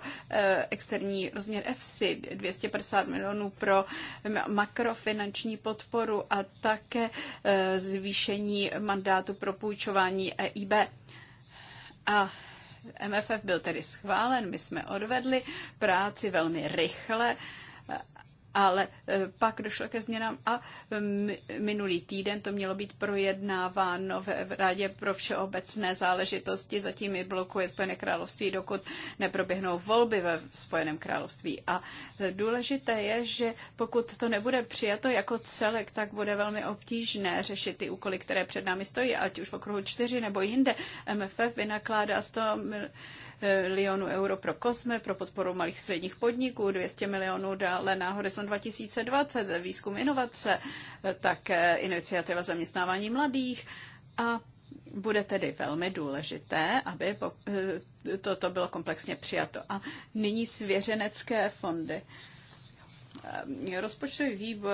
Speaker 2: externí rozměr EFSI, 250 milionů pro makrofinanční podporu a také zvýšení mandátu pro půjčování EIB. A MFF byl tedy schválen, my jsme odvedli práci velmi rychle ale eh, pak došlo ke změnám a eh, minulý týden to mělo být projednáváno v Radě pro všeobecné záležitosti, zatím i blokuje Spojené království, dokud neproběhnou volby ve Spojeném království. A eh, důležité je, že pokud to nebude přijato jako celek, tak bude velmi obtížné řešit ty úkoly, které před námi stojí, ať už v okruhu čtyři nebo jinde. MFF vynakládá 100 mil- milionů euro pro Kosme, pro podporu malých středních podniků, 200 milionů dále na Horizon 2020, výzkum inovace, také iniciativa zaměstnávání mladých a bude tedy velmi důležité, aby eh, toto bylo komplexně přijato. A nyní svěřenecké fondy. Eh, rozpočtový výbor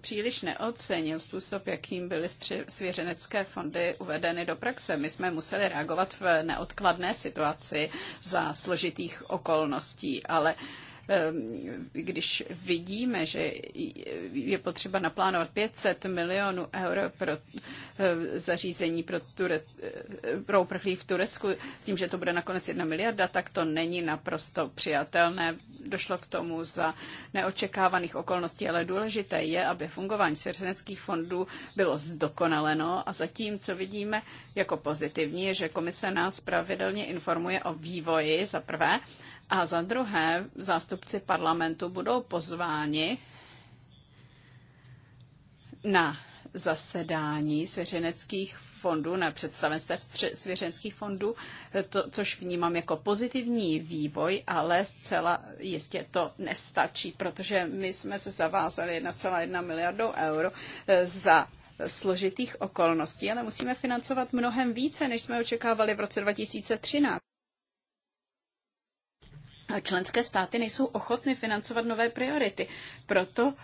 Speaker 2: příliš neocenil způsob, jakým byly svěřenecké fondy uvedeny do praxe. My jsme museli reagovat v neodkladné situaci za složitých okolností, ale uh, Ehm, když vidíme, že je potřeba naplánovat 500 milionů euro pro ehm, zařízení pro, Ture, ehm, pro uprchlí v Turecku, tím, že to bude nakonec jedna miliarda, tak to není naprosto přijatelné. Došlo k tomu za neočekávaných okolností, ale důležité je, aby fungování svěřeneckých fondů bylo zdokonaleno a zatím, co vidíme jako pozitivní, je, že komise nás pravidelně informuje o vývoji za prvé a za druhé, zástupci parlamentu budou pozváni na zasedání svěřeneckých fondů, na představenstev svěřeneckých fondů, to, což vnímám jako pozitivní vývoj, ale zcela jistě to nestačí, protože my jsme se zavázali 1,1 miliardou euro eh, za složitých okolností, ale musíme financovat mnohem více, než jsme očekávali v roce 2013 členské státy nejsou ochotny financovat nové priority. Proto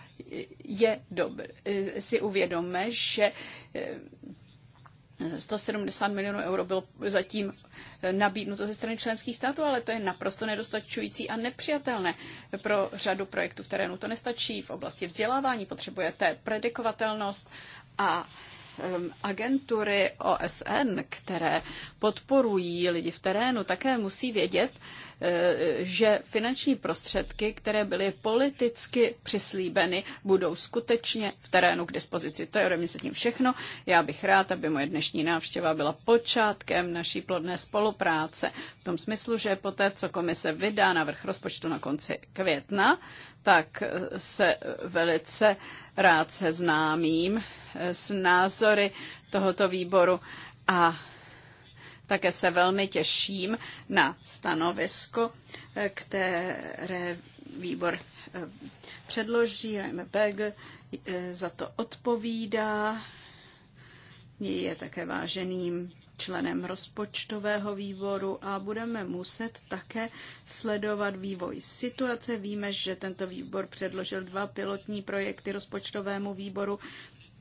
Speaker 2: je dobré, si uvědomme, že 170 eh, milionů euro bylo zatím eh, nabídnuto ze strany členských států, ale to je naprosto nedostačující a nepřijatelné pro řadu projektů v terénu. To nestačí v oblasti vzdělávání, potřebujete predikovatelnost a ehm, agentury OSN, které podporují lidi v terénu, také musí vědět, Eh, že finanční prostředky, které byly politicky přislíbeny, budou skutečně v terénu k dispozici. To je ode mě zatím všechno. Já bych rád, aby moje dnešní návštěva byla počátkem naší plodné spolupráce. V tom smyslu, že poté, co komise vydá návrh rozpočtu na konci května, tak se velice rád seznámím eh, s názory tohoto výboru a také se velmi těším na stanovisko, eh, které výbor eh, předloží. Beg eh, za to odpovídá. Je také váženým členem rozpočtového výboru a budeme muset také sledovat vývoj situace. Víme, že tento výbor předložil dva pilotní projekty rozpočtovému výboru.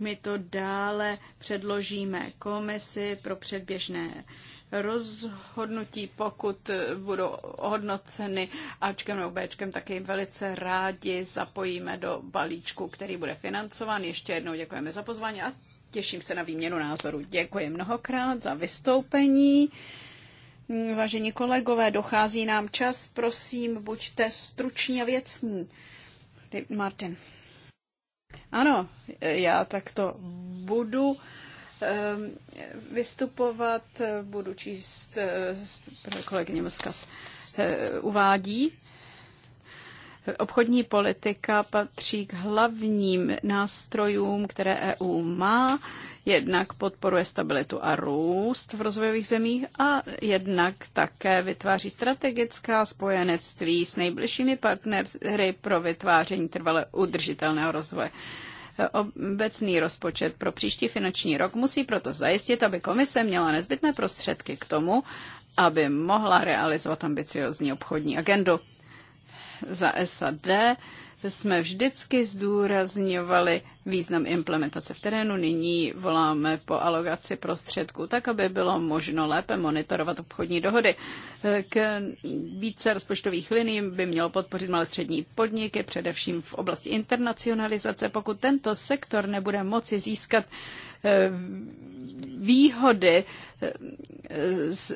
Speaker 2: My to dále předložíme komisi pro předběžné rozhodnutí, pokud budou ohodnoceny Ačkem nebo Bčkem, tak je velice rádi zapojíme do balíčku, který bude financován. Ještě jednou děkujeme za pozvání a těším se na výměnu názoru. Děkuji mnohokrát za vystoupení. Vážení kolegové, dochází nám čas. Prosím, buďte struční a věcní. Martin. Ano, já takto budu. Ehm, vystupovat. Eh, budu číst eh, kolegyně Moskas eh, uvádí. Obchodní politika patří k hlavním nástrojům, které EU má. Jednak podporuje stabilitu a růst v rozvojových zemích a jednak také vytváří strategická spojenectví s nejbližšími partnery pro vytváření trvale udržitelného rozvoje. Obecný rozpočet pro příští finanční rok musí proto zajistit, aby komise měla nezbytné prostředky k tomu, aby mohla realizovat ambiciozní obchodní agendu. Za SAD jsme vždycky zdůrazňovali význam implementace v terénu. Nyní voláme po alokaci prostředků, tak aby bylo možno lépe monitorovat obchodní dohody. K více rozpočtových liní by mělo podpořit malé střední podniky, především v oblasti internacionalizace. Pokud tento sektor nebude moci získat eh, výhody eh, z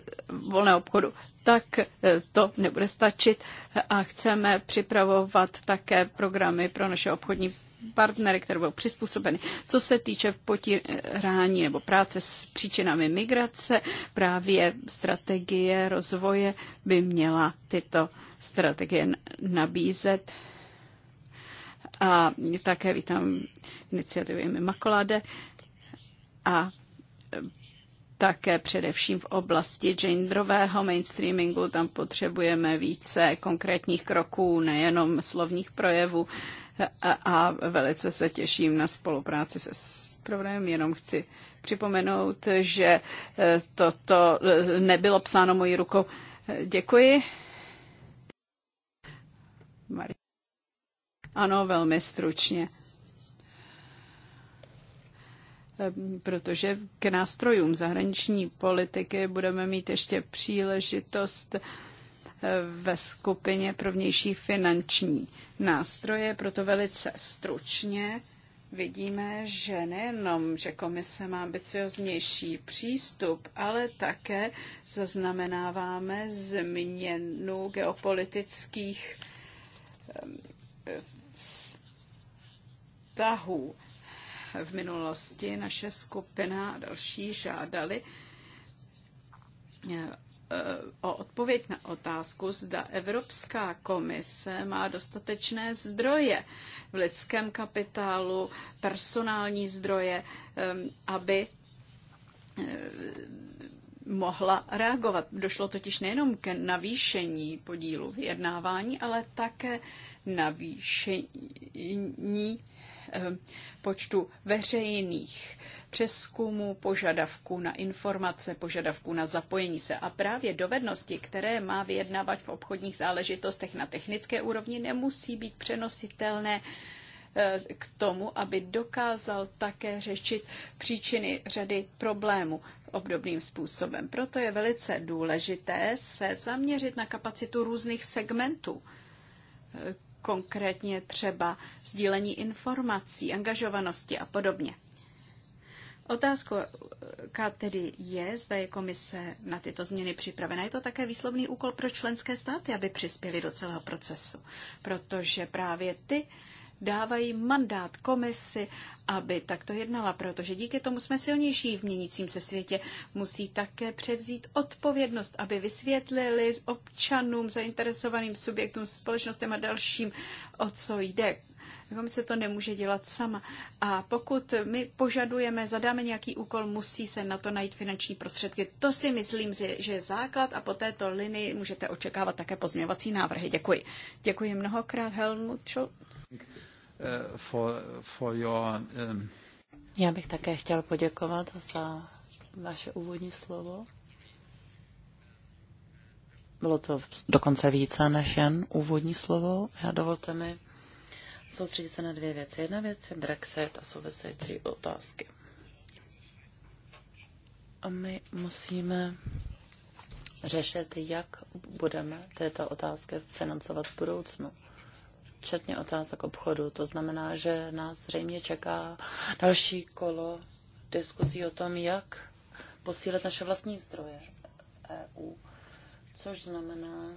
Speaker 2: volného obchodu, tak e, to nebude stačit a chceme připravovat také programy pro naše obchodní partnery, které budou přizpůsobeny. Co se týče potírání nebo práce s příčinami migrace, právě strategie rozvoje by měla tyto strategie nabízet. A také vítám iniciativy Makolade a také především v oblasti genderového mainstreamingu. Tam potřebujeme více konkrétních kroků, nejenom slovních projevů. A velice se těším na spolupráci se zpravodajem. Jenom chci připomenout, že e, toto e, nebylo psáno mojí rukou. Děkuji. Ano, velmi stručně. Ehm, protože k nástrojům zahraniční politiky budeme mít ještě příležitost eh, ve skupině pro vnější finanční nástroje, proto velice stručně vidíme, že nejenom, že komise má ambicioznější přístup, ale také zaznamenáváme změnu geopolitických ehm, vztahů v minulosti naše skupina a další žádali eh, o odpověď na otázku, zda Evropská komise má dostatečné zdroje v lidském kapitálu, personální zdroje, eh, aby eh, mohla reagovat. Došlo totiž nejenom ke navýšení podílu vyjednávání, ale také navýšení Eh, počtu veřejných přeskumu, požadavků na informace, požadavků na zapojení se. A právě dovednosti, které má vyjednávat v obchodních záležitostech na technické úrovni, nemusí být přenositelné eh, k tomu, aby dokázal také řešit příčiny řady problémů obdobným způsobem. Proto je velice důležité se zaměřit na kapacitu různých segmentů konkrétně třeba sdílení informací, angažovanosti a podobně. Otázka tedy je, zda je komise na tyto změny připravena. Je to také výslovný úkol pro členské státy, aby přispěli do celého procesu, protože právě ty dávají mandát komisi, aby takto jednala, protože díky tomu jsme silnější v měnícím se světě. Musí také převzít odpovědnost, aby vysvětlili občanům, zainteresovaným subjektům, společnostem a dalším, o co jde. Komise to nemůže dělat sama. A pokud my požadujeme, zadáme nějaký úkol, musí se na to najít finanční prostředky. To si myslím, že je základ a po této linii můžete očekávat také pozměňovací návrhy. Děkuji. Děkuji mnohokrát, Helmut
Speaker 1: Eh, for, for your... Um...
Speaker 2: Já bych také chtěl poděkovat za vaše
Speaker 3: úvodní slovo. Bylo to dokonce více než jen úvodní slovo. Já dovolte mi soustředit se na dvě věci. Jedna věc je Brexit a související otázky. A my musíme řešit, jak budeme této otázky financovat v budoucnu včetně otázek obchodu. To znamená, že nás zřejmě čeká další kolo diskuzí o tom, jak posílit naše vlastní zdroje EU, což znamená,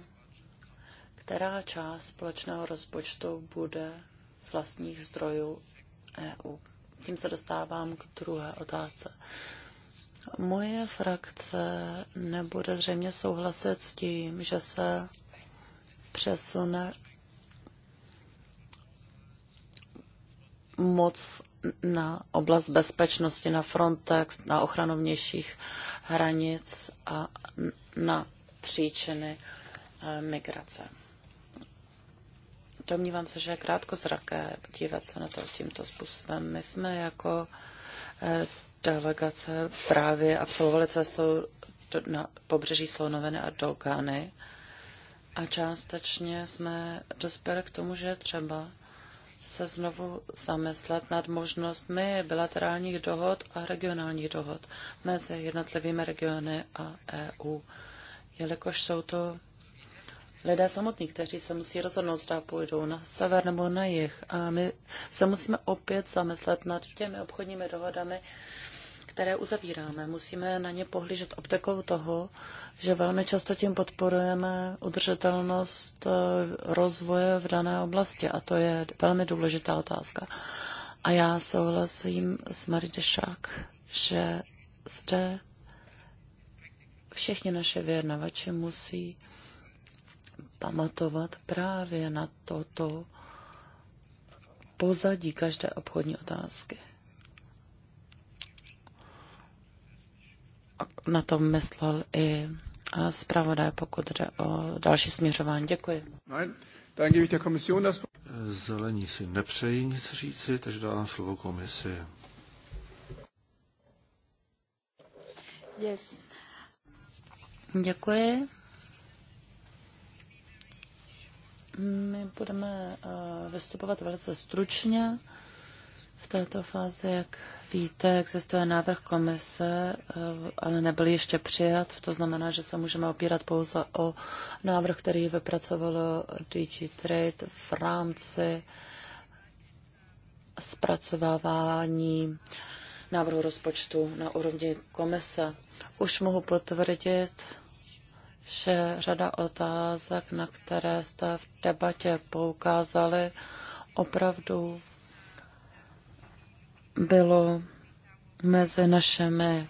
Speaker 3: která část společného rozpočtu bude z vlastních zdrojů EU. Tím se dostávám k druhé otázce. Moje frakce nebude zřejmě souhlasit s tím, že se přesune moc na oblast bezpečnosti, na Frontex, na ochranu vnějších hranic a na příčiny eh, migrace. Domnívám se, že je krátkozraké dívat se na to tímto způsobem. My jsme jako eh, delegace právě absolvovali cestu do, na pobřeží Slonoviny a do a částečně jsme dospěli k tomu, že třeba se znovu zamyslet nad možnostmi bilaterálních dohod a regionálních dohod mezi jednotlivými regiony a EU, jelikož jsou to lidé samotní, kteří se musí rozhodnout, zda půjdou na sever nebo na jih. A my se musíme opět zamyslet nad těmi obchodními dohodami, které uzavíráme. Musíme na ně pohlížet optikou toho, že velmi často tím podporujeme udržitelnost eh, rozvoje v dané oblasti a to je velmi důležitá otázka. A já souhlasím s Marie Dešák, že zde všichni naše vyjednavači musí pamatovat právě na toto pozadí každé obchodní otázky. na tom myslel i eh, zpravodaj, pokud jde o další směřování.
Speaker 1: Děkuji. Zelení si nepřejí nic říci, takže dávám slovo komisi.
Speaker 3: Yes. Děkuji. My budeme eh, vystupovat velice stručně v této fázi, jak víte, existuje návrh komise, eh, ale nebyl ještě přijat. To znamená, že se můžeme opírat pouze o návrh, který vypracovalo DG Trade v rámci zpracovávání návrhu rozpočtu na úrovni komise. Už mohu potvrdit, že řada otázek, na které jste v debatě poukázali, opravdu bylo mezi našimi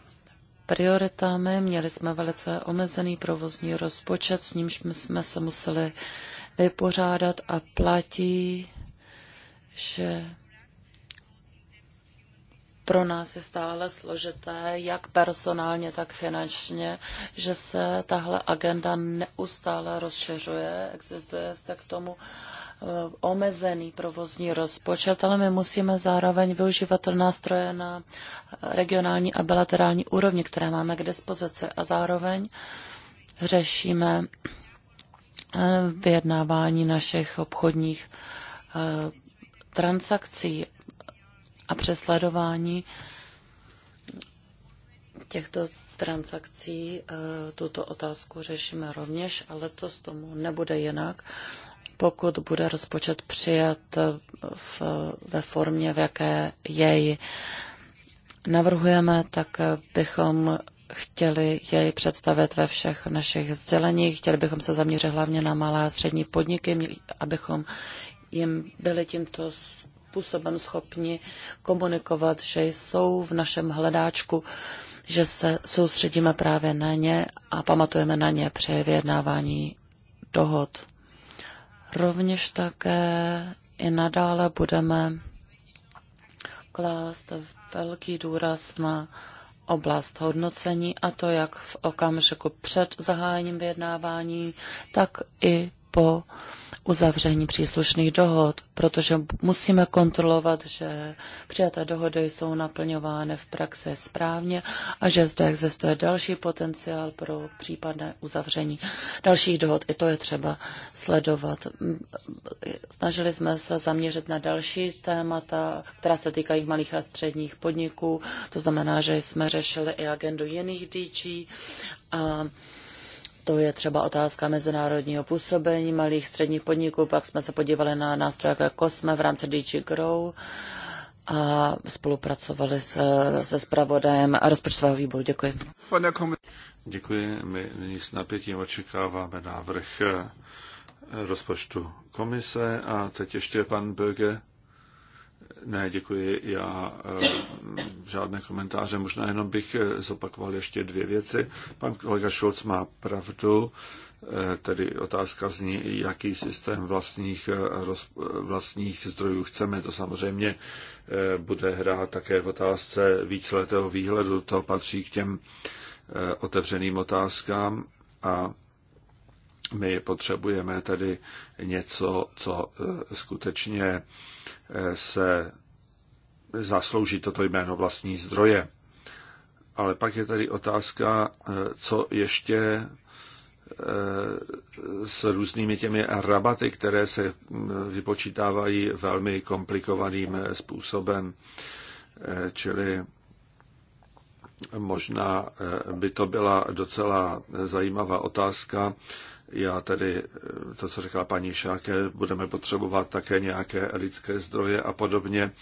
Speaker 3: prioritami. Měli jsme velice omezený provozní rozpočet, s nímž jsme se museli vypořádat a platí, že pro nás je stále složité, jak personálně, tak finančně, že se tahle agenda neustále rozšiřuje. Existuje zde k tomu uh, Eh, omezený provozní rozpočet, ale my musíme zároveň využívat nástroje na regionální a bilaterální úrovni, které máme k dispozici a zároveň řešíme eh, vyjednávání našich obchodních eh, transakcí a přesledování těchto transakcí tuto otázku řešíme rovněž, ale to z tomu nebude jinak pokud bude rozpočet přijat v, ve formě, v jaké jej navrhujeme, tak bychom chtěli jej představit ve všech našich sděleních. Chtěli bychom se zaměřit hlavně na malé a střední podniky, abychom jim byli tímto způsobem schopni komunikovat, že jsou v našem hledáčku, že se soustředíme právě na ně a pamatujeme na ně při vyjednávání dohod. Rovněž také i nadále budeme klást velký důraz na oblast hodnocení, a to jak v okamžiku před zahájením vyjednávání, tak i po uzavření příslušných dohod, protože musíme kontrolovat, že přijaté dohody jsou naplňovány v praxi správně a že zde existuje další potenciál pro případné uzavření dalších dohod. I to je třeba sledovat. Snažili jsme se zaměřit na další témata, která se týkají malých a středních podniků. To znamená, že jsme řešili i agendu jiných DG. A to je třeba otázka mezinárodního působení malých středních podniků, pak jsme se podívali na nástroje jako Kosme v rámci DG Grow a spolupracovali se, se zpravodajem a rozpočtového výboru. Děkuji.
Speaker 1: Děkuji. My nyní s napětím očekáváme návrh rozpočtu komise a teď ještě pan Böge ne, děkuji. Já eh, žádné komentáře. Možná jenom bych eh, zopakoval ještě dvě věci. Pan kolega Schulz má pravdu. Eh, tedy otázka zní, jaký systém vlastních, vlastních zdrojů chceme. To samozřejmě bude hrát také v otázce víceletého výhledu. To patří k těm otevřeným otázkám. A my potřebujeme tedy něco, co e, skutečně e, se zaslouží toto jméno vlastní zdroje. Ale pak je tady otázka, e, co ještě s různými těmi rabaty, které se vypočítávají velmi komplikovaným způsobem. Čili možná by to byla docela zajímavá otázka, já tedy, eh, to, co řekla paní Šáke, budeme potřebovat také nějaké lidské zdroje a podobně.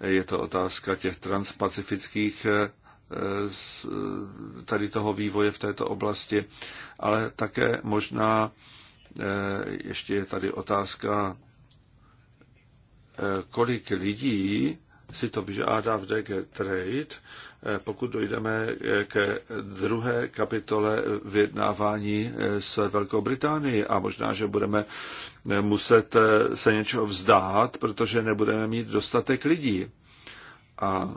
Speaker 1: Je to otázka těch transpacifických eh, eh, tady toho vývoje v této oblasti, ale také možná ještě je tady otázka, kolik lidí si to vyžádá v DG Trade, pokud dojdeme eh, ke druhé kapitole vyjednávání eh, s Velkou Británií a možná, že budeme eh, muset se něčeho vzdát, protože nebudeme mít dostatek lidí. A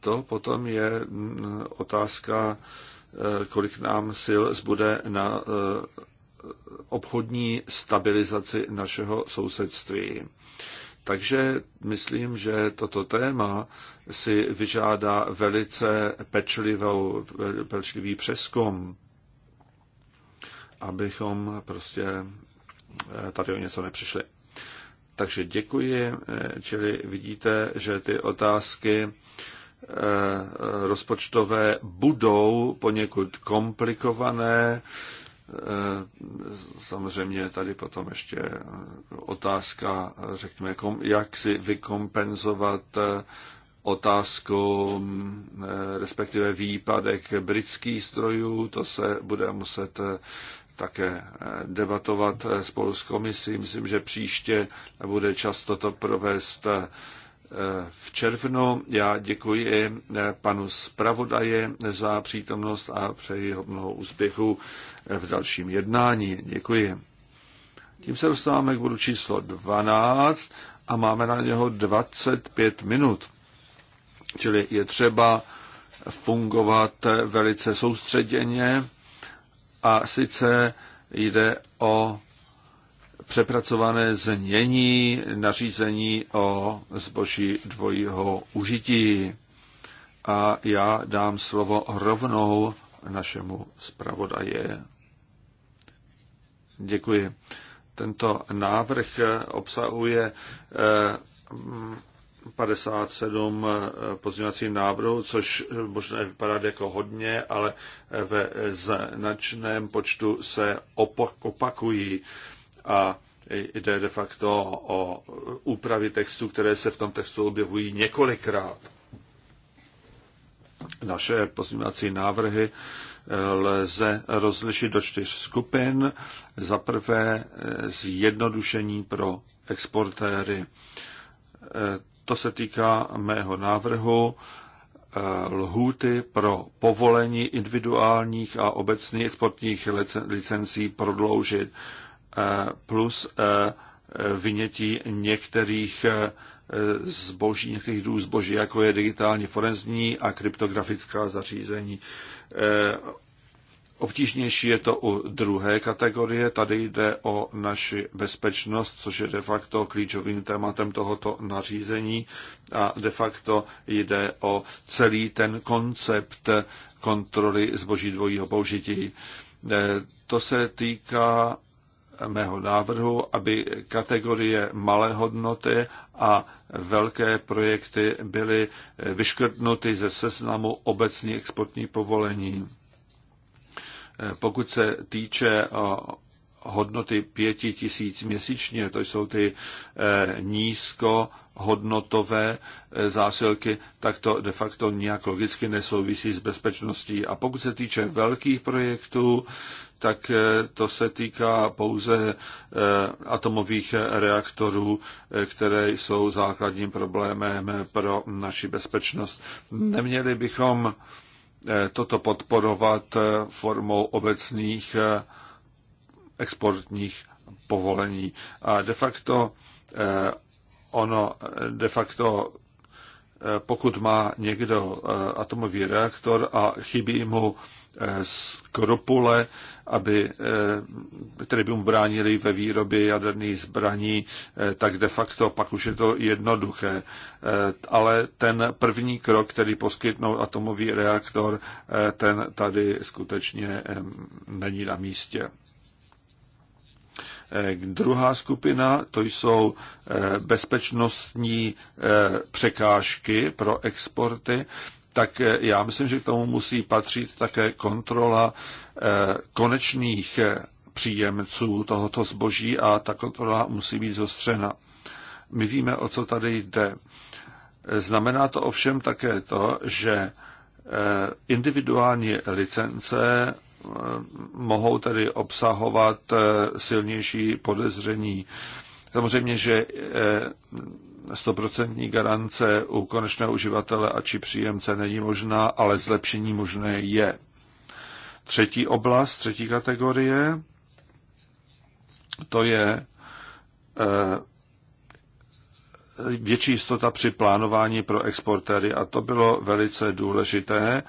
Speaker 1: to potom je mm, otázka, kolik nám sil zbude na obchodní stabilizaci našeho sousedství. Takže myslím, že toto téma si vyžádá velice pečlivou, pečlivý přeskum, abychom prostě eh, tady o něco nepřišli. Takže děkuji, eh, čili vidíte, že ty otázky eh, rozpočtové budou poněkud komplikované, Eh, samozřejmě tady potom ještě eh, otázka, eh, řekněme, jak si vykompenzovat otázku, mm, respektive výpadek britských strojů, to se bude muset také debatovat spolu s komisí. Myslím, že příště bude často to provést v červnu. Já děkuji eh, panu zpravodaji za přítomnost a přeji ho mnoho úspěchů eh, v dalším jednání. Děkuji. Tím se dostáváme k bodu číslo 12 a máme na něho 25 minut. Čili je třeba fungovat velice soustředěně a sice jde o přepracované znění nařízení o zboží dvojího užití. A já dám slovo rovnou našemu zpravodaje. Děkuji. Tento návrh obsahuje 57 eh, eh, pozměňovacích návrhů, což možná vypadá jako hodně, ale eh, ve značném počtu se opakují a jde de facto o úpravy textu, které se v tom textu objevují několikrát. Naše pozměňovací návrhy eh, lze rozlišit do čtyř skupin. Za prvé eh, zjednodušení pro exportéry. Eh, to se týká mého návrhu lhůty pro povolení individuálních a obecných exportních licencí prodloužit E, plus e, e, vynětí některých zboží, některých druhů zboží, jako je digitální forenzní a kryptografická zařízení. Obtížnější je to u druhé kategorie. Tady jde o naši bezpečnost, což je de facto klíčovým tématem tohoto nařízení a de facto jde o celý ten koncept kontroly zboží dvojího použití. To se týká mého návrhu, aby kategorie malé hodnoty a velké projekty byly vyškrtnuty ze seznamu obecní exportní povolení. Pokud se týče hodnoty pěti tisíc měsíčně, to jsou ty e, nízko hodnotové e, zásilky, tak to de facto nijak logicky nesouvisí s bezpečností. A pokud se týče velkých projektů, tak eh, to se týká pouze eh, atomových reaktorů, eh, které jsou základním problémem pro naši bezpečnost. Neměli bychom toto podporovat formou obecných exportních povolení. A de facto ono de facto Eh, pokud má někdo eh, atomový reaktor a chybí mu eh, skrupule, aby, které by mu bránili ve výrobě jaderných zbraní, tak de facto pak už je to jednoduché. Ale ten první krok, který poskytnou atomový reaktor, ten tady skutečně není na místě. Eh, druhá skupina to jsou eh, bezpečnostní eh, překážky pro exporty, tak já myslím, že k tomu musí patřit také kontrola konečných příjemců tohoto zboží a ta kontrola musí být zostřena. My víme, o co tady jde. Znamená to ovšem také to, že individuální licence mohou tedy obsahovat eh, silnější podezření. Samozřejmě, že eh, stoprocentní garance u konečného uživatele a či příjemce není možná, ale zlepšení možné je. Třetí oblast, třetí kategorie, to je eh, větší jistota při plánování pro exportéry a to bylo velice důležité,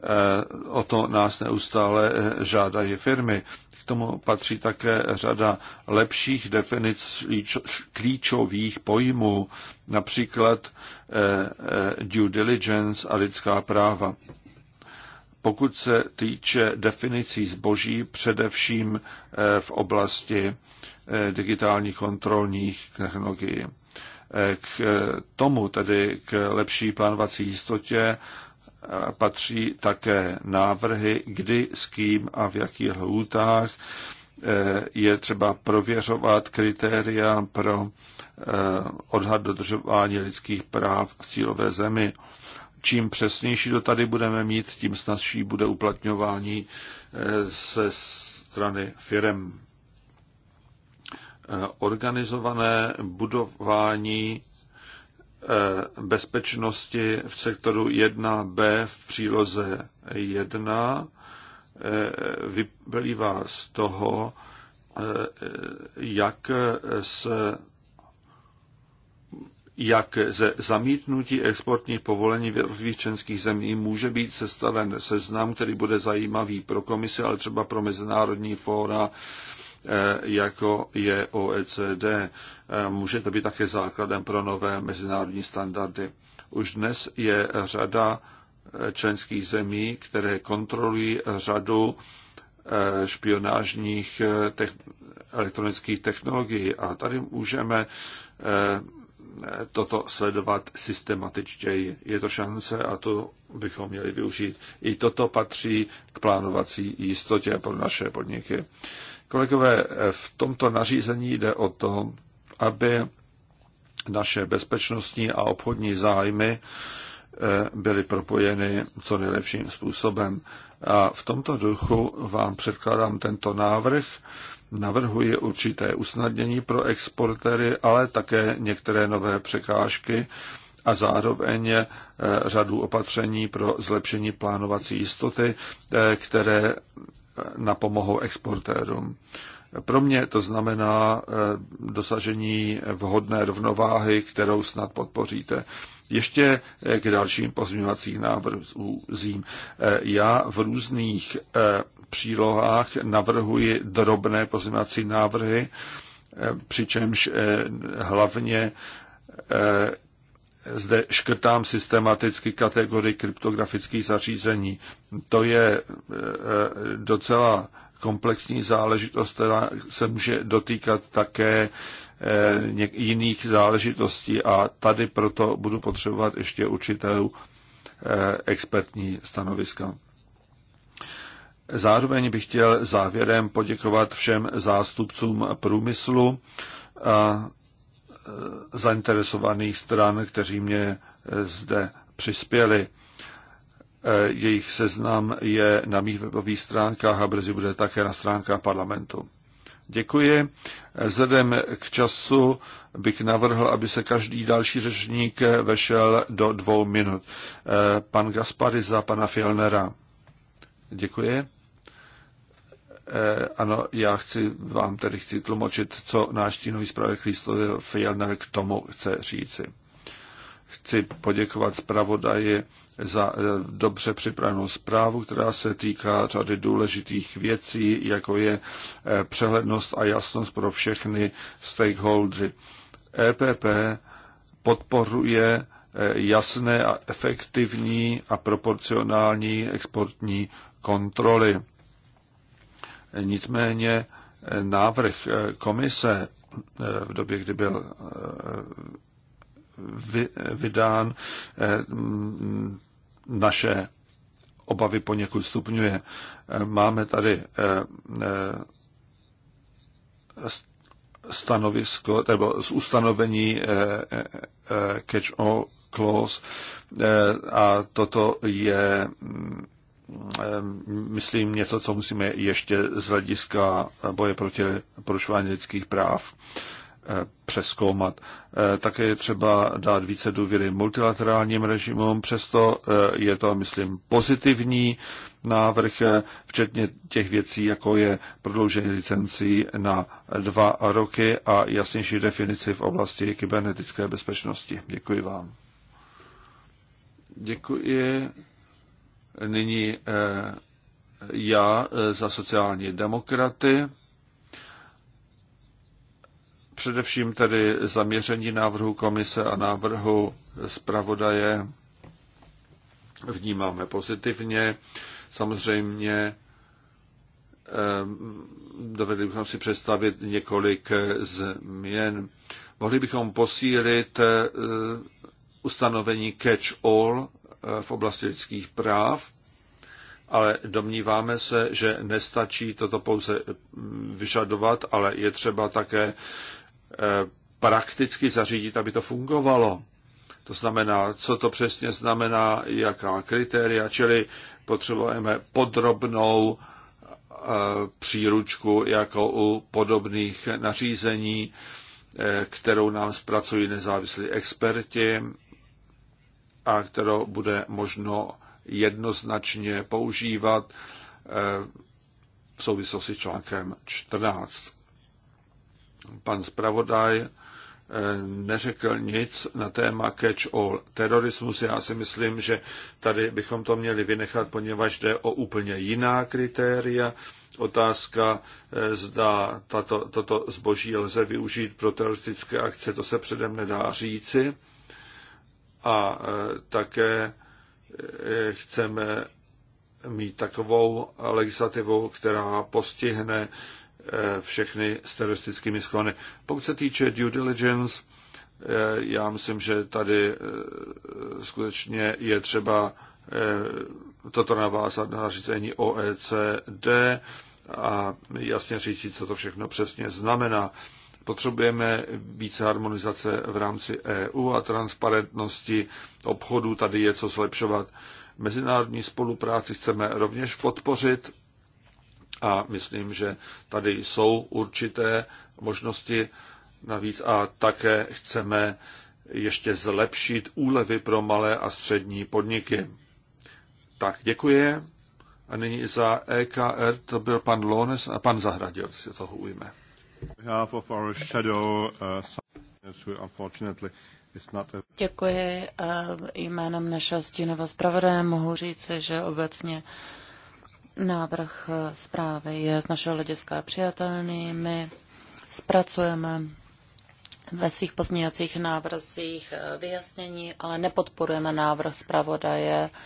Speaker 1: Eh, o to nás neustále eh, žádají firmy. K tomu patří také řada lepších definic klíčových pojmů, například eh, due diligence a lidská práva. Pokud se týče definicí zboží, především v oblasti digitálních kontrolních technologií. K tomu, tedy k lepší plánovací jistotě, patří také návrhy, kdy, s kým a v jakých lhůtách eh, je třeba prověřovat kritéria pro eh, odhad dodržování lidských práv v cílové zemi. Čím přesnější to tady budeme mít, tím snazší bude uplatňování se eh, strany firem. Organizované budování Eh, bezpečnosti v sektoru 1b v příloze 1 eh, vyplývá z toho, eh, jak z jak ze zamítnutí exportních povolení v jednotlivých členských zemí může být sestaven seznam, který bude zajímavý pro komisi, ale třeba pro mezinárodní fóra, E, jako je OECD. E, může to být také základem pro nové mezinárodní standardy. Už dnes je řada e, členských zemí, které kontrolují řadu špionážních elektronických technologií. A tady můžeme toto sledovat systematičtěji. Je to šance a to bychom měli využít. I toto patří k plánovací jistotě pro naše podniky. Kolegové, v tomto nařízení jde o to, aby naše bezpečnostní a obchodní zájmy eh, byly propojeny co nejlepším způsobem. A v tomto duchu vám předkládám tento návrh. Navrhuji určité usnadnění pro exportéry, ale také některé nové překážky a zároveň eh, řadu opatření pro zlepšení plánovací jistoty, eh, které napomohou exportérům. Pro mě to znamená eh, dosažení vhodné rovnováhy, kterou snad podpoříte. Ještě eh, k dalším pozměňovacím návrhům. Eh, já v různých přílohách navrhuji drobné pozměňovací návrhy, přičemž hlavně zde škrtám systematicky kategorii kryptografických zařízení. To je e, e, docela komplexní záležitost, která se může dotýkat také e, jiných záležitostí a tady proto budu potřebovat ještě určitou expertní stanoviska. Zároveň bych chtěl závěrem poděkovat všem zástupcům průmyslu a Eh, zainteresovaných stran, kteří mě eh, zde přispěli. Eh, jejich seznam je na mých webových stránkách a brzy bude také na stránkách parlamentu. Děkuji. Vzhledem k času bych navrhl, aby se každý další řečník vešel do dvou minut. Pan Gaspari za pana Fielnera. Děkuji. Eh, ano, já chci vám tedy chci tlumočit, co náš tínový zpravodaj Kristo Fjellner k tomu chce říci. Chci poděkovat zpravodaji za eh, dobře připravenou zprávu, která se týká řady důležitých věcí, jako je eh, přehlednost a jasnost pro všechny stakeholders. EPP podporuje jasné a efektivní a proporcionální exportní kontroly Nicméně návrh komise v době, kdy byl eh, vydán, eh, naše obavy poněkud stupňuje. Eh, máme tady stanovisko, nebo z ustanovení catch-all clause a toto je mm, Ehm, myslím, něco, co musíme ještě z hlediska boje proti porušování lidských práv eh, přeskoumat. Eh, také je třeba dát více důvěry multilaterálním režimům, přesto eh, je to, myslím, pozitivní návrh, včetně těch věcí, jako je prodloužení licencí na dva roky a jasnější definici v oblasti kybernetické bezpečnosti. Děkuji vám. Děkuji Nyní eh, já eh, za sociální demokraty. Především tedy zaměření návrhu komise a návrhu zpravodaje vnímáme pozitivně. Samozřejmě eh, dovedli bychom si představit několik změn. Mohli bychom posílit ustanovení catch-all Eh, v oblasti lidských práv, ale domníváme se, že nestačí toto pouze eh, vyžadovat, ale je třeba také eh, prakticky zařídit, aby to fungovalo. To znamená, co to přesně znamená, jaká kritéria, čili potřebujeme podrobnou příručku jako u podobných nařízení, kterou nám zpracují nezávislí experti a kterou bude možno jednoznačně používat eh, v souvislosti s článkem 14. Pan zpravodaj eh, neřekl nic na téma catch-all terorismus. Já si myslím, že tady bychom to měli vynechat, poněvadž jde o úplně jiná kritéria. Otázka, eh, zda tato, toto zboží lze využít pro teroristické akce, to se předem nedá říci a e, také e, chceme mít takovou legislativu, která postihne e, všechny s teroristickými sklony. Pokud se týče due diligence, já myslím, že tady skutečně je třeba toto navázat na řízení OECD a jasně říct, co to všechno přesně znamená. Potřebujeme více harmonizace v rámci EU a transparentnosti obchodu. Tady je co zlepšovat. Mezinárodní spolupráci chceme rovněž podpořit a myslím, že tady jsou určité možnosti navíc a také chceme ještě zlepšit úlevy pro malé a střední podniky. Tak, děkuji. A nyní za EKR to byl pan Lones a pan Zahradil se toho ujme. Uh,
Speaker 3: Děkuji. Uh, jménem našeho stínového zpravodaje mohu říct, že obecně návrh uh, zprávy je z našeho hlediska přijatelný. My zpracujeme ve svých pozměňovacích návrzích vyjasnění, ale nepodporujeme návrh zpravodaje. Uh,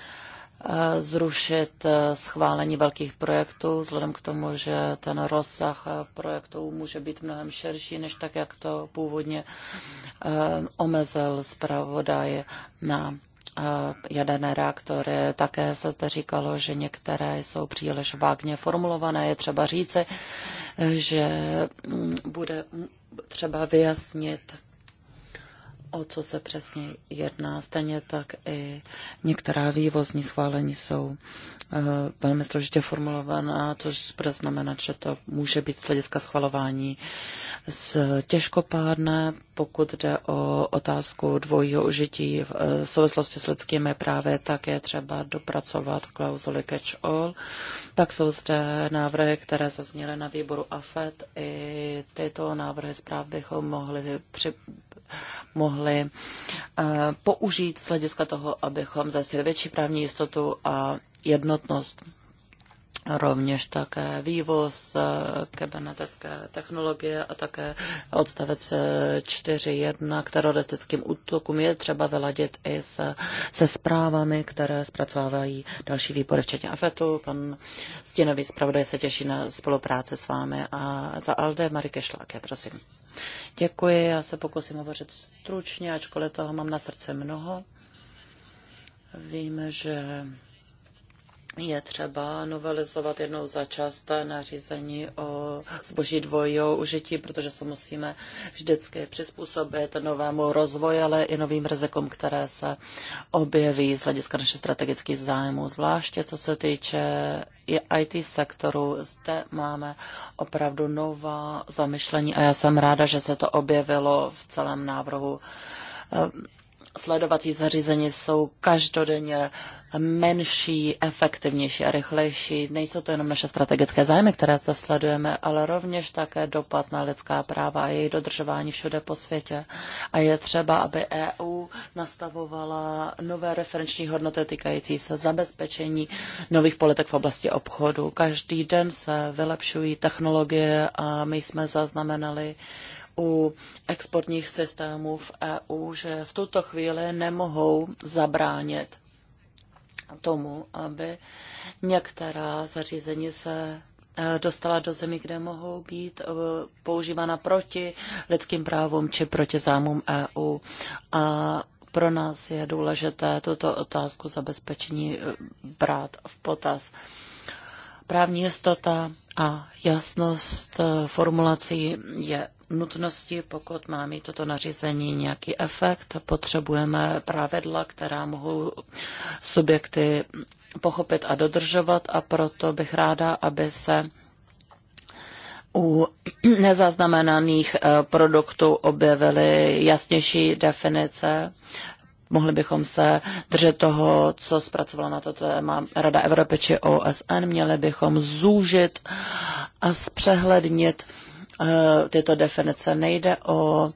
Speaker 3: Eh, zrušit eh, schválení velkých projektů, vzhledem k tomu, že ten rozsah eh, projektů může být mnohem širší, než tak, jak to původně omezil zpravodaj na jaderné reaktory. Také se zde říkalo, že některé jsou příliš vágně formulované. Je třeba říci, že mm, bude třeba vyjasnit o co se přesně jedná. Stejně tak i některá vývozní schválení jsou eh, velmi složitě formulovaná, což bude znamenat, že to může být z hlediska schvalování z těžkopádné pokud jde o otázku dvojího užití e, v souvislosti s lidskými právy, tak je třeba dopracovat klauzuly catch-all. Pak jsou zde návrhy, které zazněly na výboru AFET. I tyto návrhy zpráv bychom mohli při mohli e, použít z hlediska toho, abychom zajistili větší právní jistotu a jednotnost rovněž také vývoz eh, kybernetické technologie a také odstavec 4.1 eh, k teroristickým útokům je třeba vyladit i se, se zprávami, které zpracovávají další výbory, včetně AFETu. Pan Stinový zpravodaj se těší na spolupráci s vámi a za Alde Marike Šláke, prosím. Děkuji, já se pokusím hovořit stručně, ačkoliv toho mám na srdce mnoho. víme že je třeba novelizovat jednou za čas nařízení o zboží dvojího užití, protože se musíme vždycky přizpůsobit novému rozvoji, ale i novým rizikům, které se objeví z hlediska našich strategických zájmů. Zvláště co se týče i IT sektoru, zde máme opravdu nová zamyšlení a já jsem ráda, že se to objevilo v celém návrhu sledovací zařízení jsou každodenně menší, efektivnější a rychlejší. Nejsou to jenom naše strategické zájmy, které zde sledujeme, ale rovněž také dopad na lidská práva a její dodržování všude po světě. A je třeba, aby EU nastavovala nové referenční hodnoty týkající se zabezpečení nových politik v oblasti obchodu. Každý den se vylepšují technologie a my jsme zaznamenali u exportních systémů v EU, že v tuto chvíli nemohou zabránit tomu, aby některá zařízení se eh, dostala do zemí, kde mohou být eh, používána proti lidským právům či proti zámům EU. A pro nás je důležité tuto otázku zabezpečení eh, brát v potaz. Právní jistota a jasnost formulací je nutnosti, pokud má mít toto nařízení nějaký efekt, potřebujeme pravidla, která mohou subjekty pochopit a dodržovat a proto bych ráda, aby se u nezaznamenaných eh, produktů objevily jasnější definice. Mohli bychom se držet toho, co zpracovala na toto téma Rada Evropy či OSN. Měli bychom zúžit a zpřehlednit Eh, tyto definice. Nejde o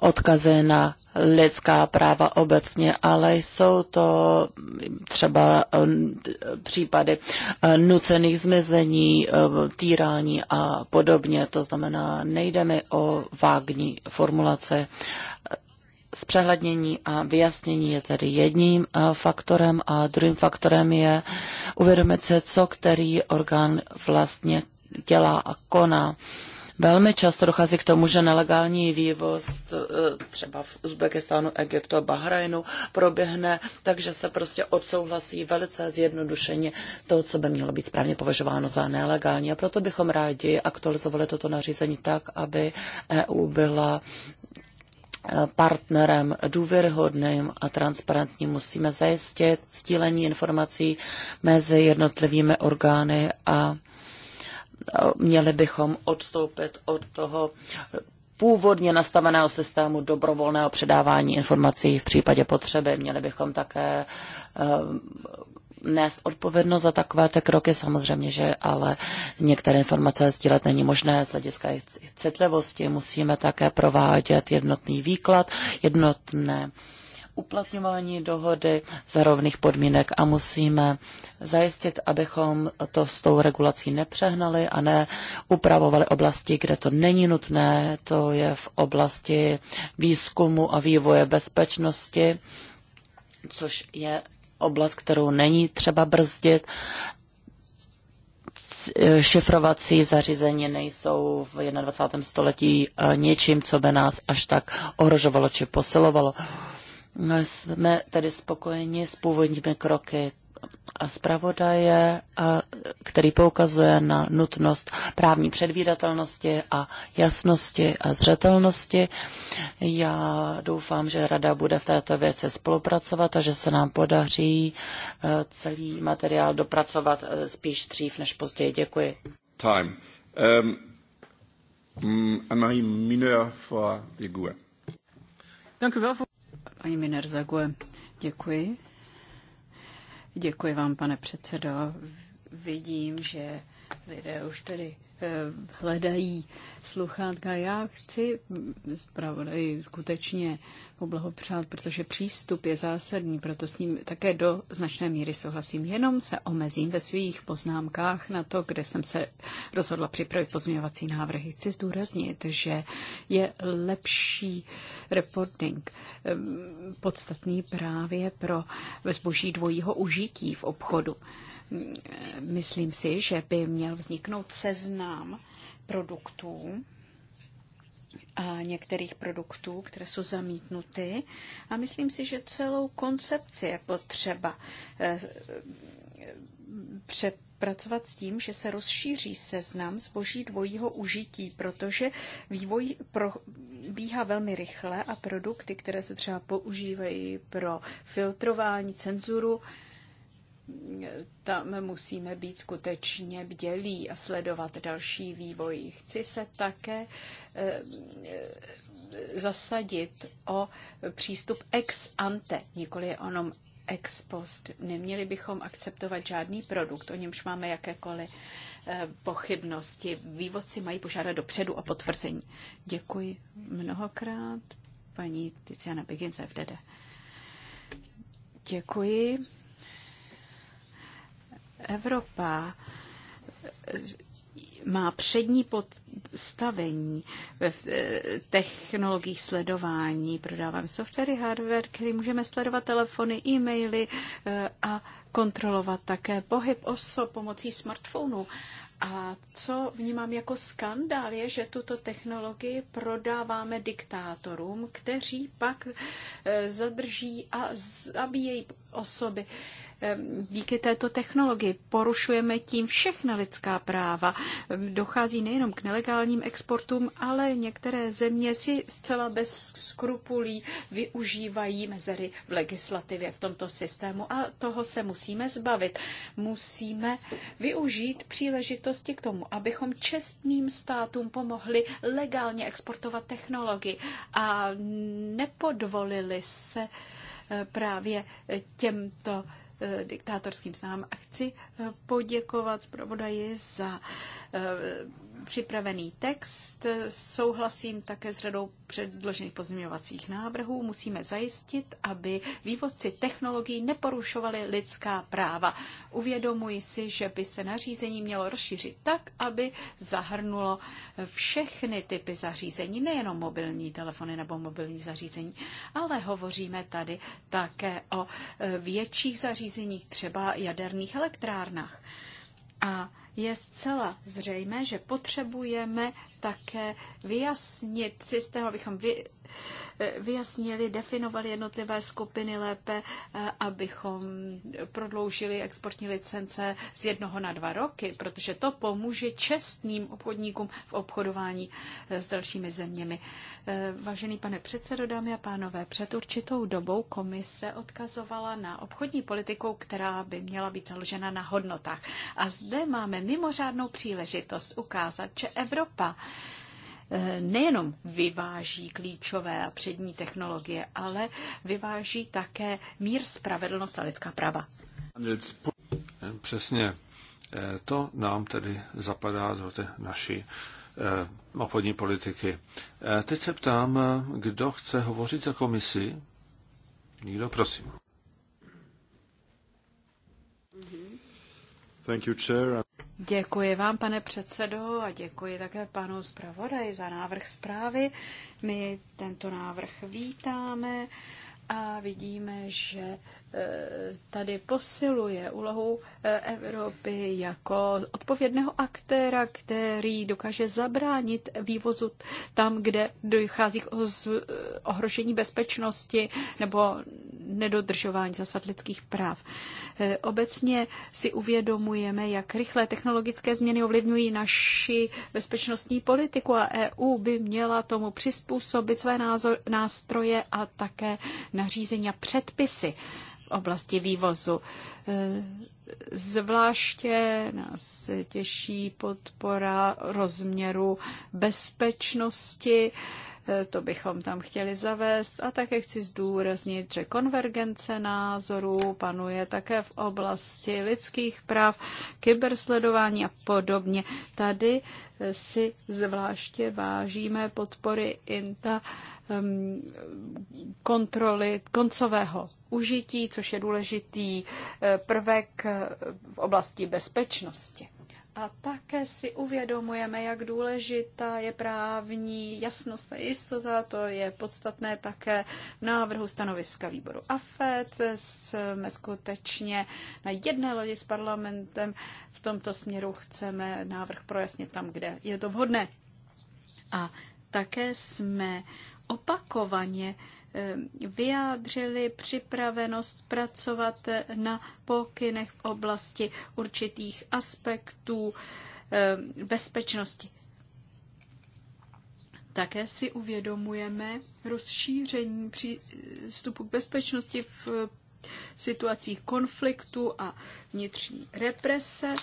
Speaker 3: odkazy na lidská práva obecně, ale jsou to třeba eh, případy eh, nucených zmizení, týrání a podobně. To znamená, nejde mi o vágní formulace. Zpřehlednění a vyjasnění je tedy jedním faktorem a druhým faktorem je uvědomit se, co který orgán vlastně dělá a koná. Uh, Velmi často dochází k tomu, že nelegální vývoz eh, třeba v Uzbekistánu, Egyptu a Bahrajnu proběhne, takže se prostě odsouhlasí velice zjednodušeně to, co by mělo být správně považováno za nelegální. A proto bychom rádi aktualizovali toto nařízení tak, aby EU byla eh, partnerem důvěryhodným a transparentním musíme zajistit sdílení informací mezi jednotlivými orgány a Měli bychom odstoupit od toho původně nastaveného systému dobrovolného předávání informací v případě potřeby. Měli bychom také eh, nést odpovědnost za takové ty kroky, samozřejmě, že ale některé informace sdílet není možné z hlediska citlivosti. Musíme také provádět jednotný výklad, jednotné uplatňování dohody za rovných podmínek a musíme zajistit, abychom to s tou regulací nepřehnali a neupravovali oblasti, kde to není nutné. To je v oblasti výzkumu a vývoje bezpečnosti, což je oblast, kterou není třeba brzdit šifrovací zařízení nejsou v 21. století eh, něčím, co by nás až tak ohrožovalo či posilovalo. No, jsme tedy spokojeni s původními kroky a zpravodaje, který poukazuje na nutnost právní předvídatelnosti a jasnosti a zřetelnosti. Já doufám, že Rada bude v této věci spolupracovat a že se nám podaří e, celý materiál dopracovat e, spíš dřív než později.
Speaker 1: Děkuji. Time. Um, mm, marie Mineur for the Gue
Speaker 2: paní Miner Děkuji. Děkuji vám, pane předsedo. Vidím, že lidé už tedy Eh, hledají sluchátka. Já chci mm, zpravodaji skutečně poblahopřát, protože přístup je zásadní, proto s ním také do značné míry souhlasím. Jenom se omezím ve svých poznámkách na to, kde jsem se rozhodla připravit pozměňovací návrhy. Chci zdůraznit, že je lepší reporting eh, podstatný právě pro bezboží dvojího užití v obchodu myslím si, že by měl vzniknout seznam produktů, a některých produktů, které jsou zamítnuty. A myslím si, že celou koncepci je potřeba eh, přepracovat s tím, že se rozšíří seznam zboží dvojího užití, protože vývoj bíhá velmi rychle a produkty, které se třeba používají pro filtrování, cenzuru, tam musíme být skutečně bdělí a sledovat další vývoj. Chci se také eh, zasadit o přístup ex ante, nikoli onom ex post. Neměli bychom akceptovat žádný produkt, o němž máme jakékoliv eh, pochybnosti. Vývodci mají požádat dopředu o potvrzení. Děkuji mnohokrát. Paní Tiziana Begin z FDD. Děkuji. Evropa eh, má přední podstavení v eh, technologiích sledování. Prodávám softwary, hardware, který můžeme sledovat telefony, e-maily eh, a kontrolovat také pohyb osob pomocí smartphonu. A co vnímám jako skandál je, že tuto technologii prodáváme diktátorům, kteří pak zadrží a zabíjejí osoby díky této technologii. Porušujeme tím všechna lidská práva. Dochází nejenom k nelegálním exportům, ale některé země si zcela bez skrupulí využívají mezery v legislativě v tomto systému a toho se musíme zbavit. Musíme využít příležitosti k tomu, abychom čestným státům pomohli legálně exportovat technologii a nepodvolili se eh, právě eh, těmto Eh, diktátorským snahám a chci eh, poděkovat zpravodaji za eh, připravený text. Souhlasím také s řadou předložených pozměňovacích návrhů. Musíme zajistit, aby vývozci technologií neporušovali lidská práva. Uvědomuji si, že by se nařízení mělo rozšířit tak, aby zahrnulo všechny typy zařízení, nejenom mobilní telefony nebo mobilní zařízení, ale hovoříme tady také o e, větších zařízeních, třeba jaderných elektrárnách. A je zcela zřejmé, že potřebujeme také vyjasnit systém, abychom vy, Eh, vyjasnili, definovali jednotlivé skupiny lépe, eh, abychom prodloužili exportní licence z jednoho na dva roky, protože to pomůže čestným obchodníkům v obchodování eh, s dalšími zeměmi. Vážený pane předsedo, dámy a pánové, před určitou dobou komise odkazovala na obchodní politiku, která by měla být založena na hodnotách. A zde máme mimořádnou příležitost ukázat, že Evropa Eh, nejenom vyváží klíčové a přední technologie, ale vyváží také mír, spravedlnost a lidská práva.
Speaker 1: Přesně. Eh, to nám tedy zapadá do té naší eh, obchodní politiky. Teď se ptám, kdo chce hovořit za komisi? Nikdo, prosím. Thank you, chair.
Speaker 2: Děkuji vám, pane předsedo, a děkuji také panu zpravodaji za návrh zprávy. My tento návrh vítáme a vidíme, že Eh, tady posiluje úlohu eh, Evropy jako odpovědného aktéra, který dokáže zabránit vývozu tam, kde dochází k eh, ohrožení bezpečnosti nebo nedodržování zasad lidských práv. Obecně si uvědomujeme, jak rychle technologické změny ovlivňují naši bezpečnostní politiku a EU by měla tomu přizpůsobit své názor, nástroje a také nařízení a předpisy oblasti vývozu. Eh, zvláště nás těší podpora rozměru bezpečnosti, to bychom tam chtěli zavést. A také chci zdůraznit, že konvergence názorů panuje také v oblasti lidských práv, kybersledování a podobně. Tady si zvláště vážíme podpory INTA kontroly koncového užití, což je důležitý eh, prvek eh, v oblasti bezpečnosti. A také si uvědomujeme, jak důležitá je právní jasnost a jistota. To je podstatné také v návrhu stanoviska výboru AFET. Jsme skutečně na jedné lodi s parlamentem. V tomto směru chceme návrh projasnit tam, kde je to vhodné. A také jsme opakovaně Eh, vyjádřili připravenost pracovat na pokynech v oblasti určitých aspektů eh, bezpečnosti. Také si uvědomujeme rozšíření přístupu k bezpečnosti v situacích konfliktu a vnitřní represe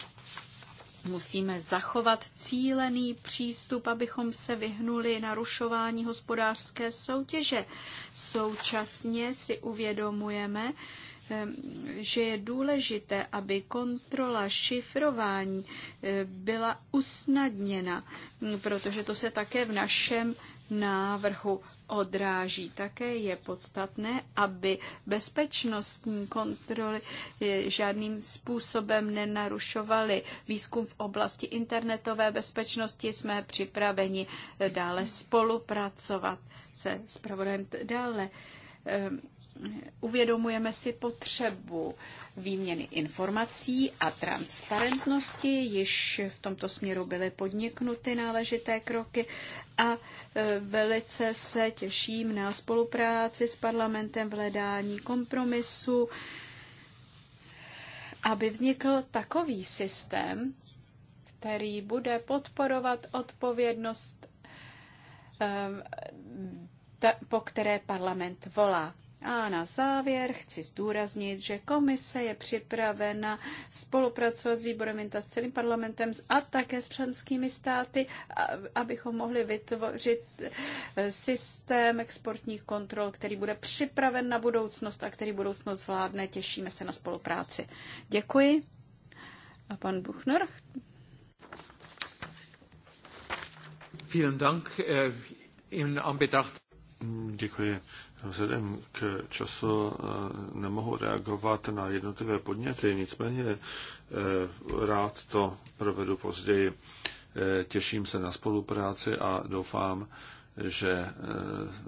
Speaker 2: Musíme zachovat cílený přístup, abychom se vyhnuli narušování hospodářské soutěže. Současně si uvědomujeme, eh, že je důležité, aby kontrola šifrování eh, byla usnadněna, mm, protože to se také v našem návrhu odráží. Také je podstatné, aby bezpečnostní kontroly eh, žádným způsobem nenarušovaly výzkum v oblasti internetové bezpečnosti. Jsme připraveni eh, dále spolupracovat se zpravodajem dále eh, Uvědomujeme si potřebu výměny informací a transparentnosti, již v tomto směru byly podniknuty náležité kroky a e, velice se těším na spolupráci s parlamentem v hledání kompromisu, aby vznikl takový systém, který bude podporovat odpovědnost, e, po které parlament volá. A na závěr chci zdůraznit, že komise je připravena spolupracovat s výborem INTA, s celým parlamentem a také s členskými státy, abychom mohli vytvořit eh, systém exportních kontrol, který bude připraven na budoucnost a který budoucnost vládne. Těšíme se na spolupráci. Děkuji. A pan Buchner?
Speaker 1: Vielen Dank. Eh, in Anbetracht Děkuji. Vzhledem k času eh, nemohu reagovat na jednotlivé podněty, nicméně eh, rád to provedu později. Eh, těším se na spolupráci a doufám, že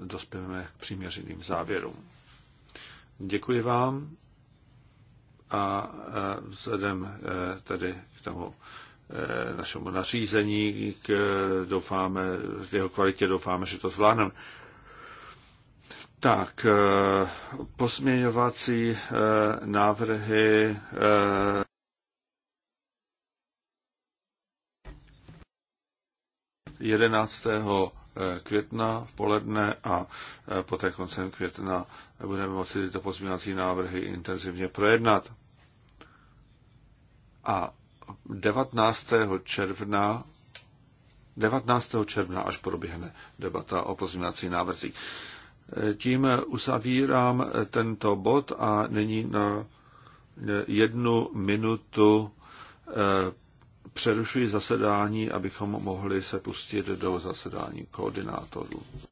Speaker 1: dospěme k přiměřeným závěrům. Děkuji vám a vzhledem tedy k tomu našemu nařízení, k, doufáme, v jeho kvalitě doufáme, že to zvládneme. Tak, eh, posměňovací eh, návrhy eh, jedenáctého května v poledne a poté koncem května budeme moci tyto pozměňovací návrhy intenzivně projednat. A 19. června 19. června až proběhne debata o pozměňovacích návrzích. Tím uzavírám tento bod a nyní na jednu minutu eh, přerušuji zasedání, abychom mohli se pustit do zasedání koordinátorů.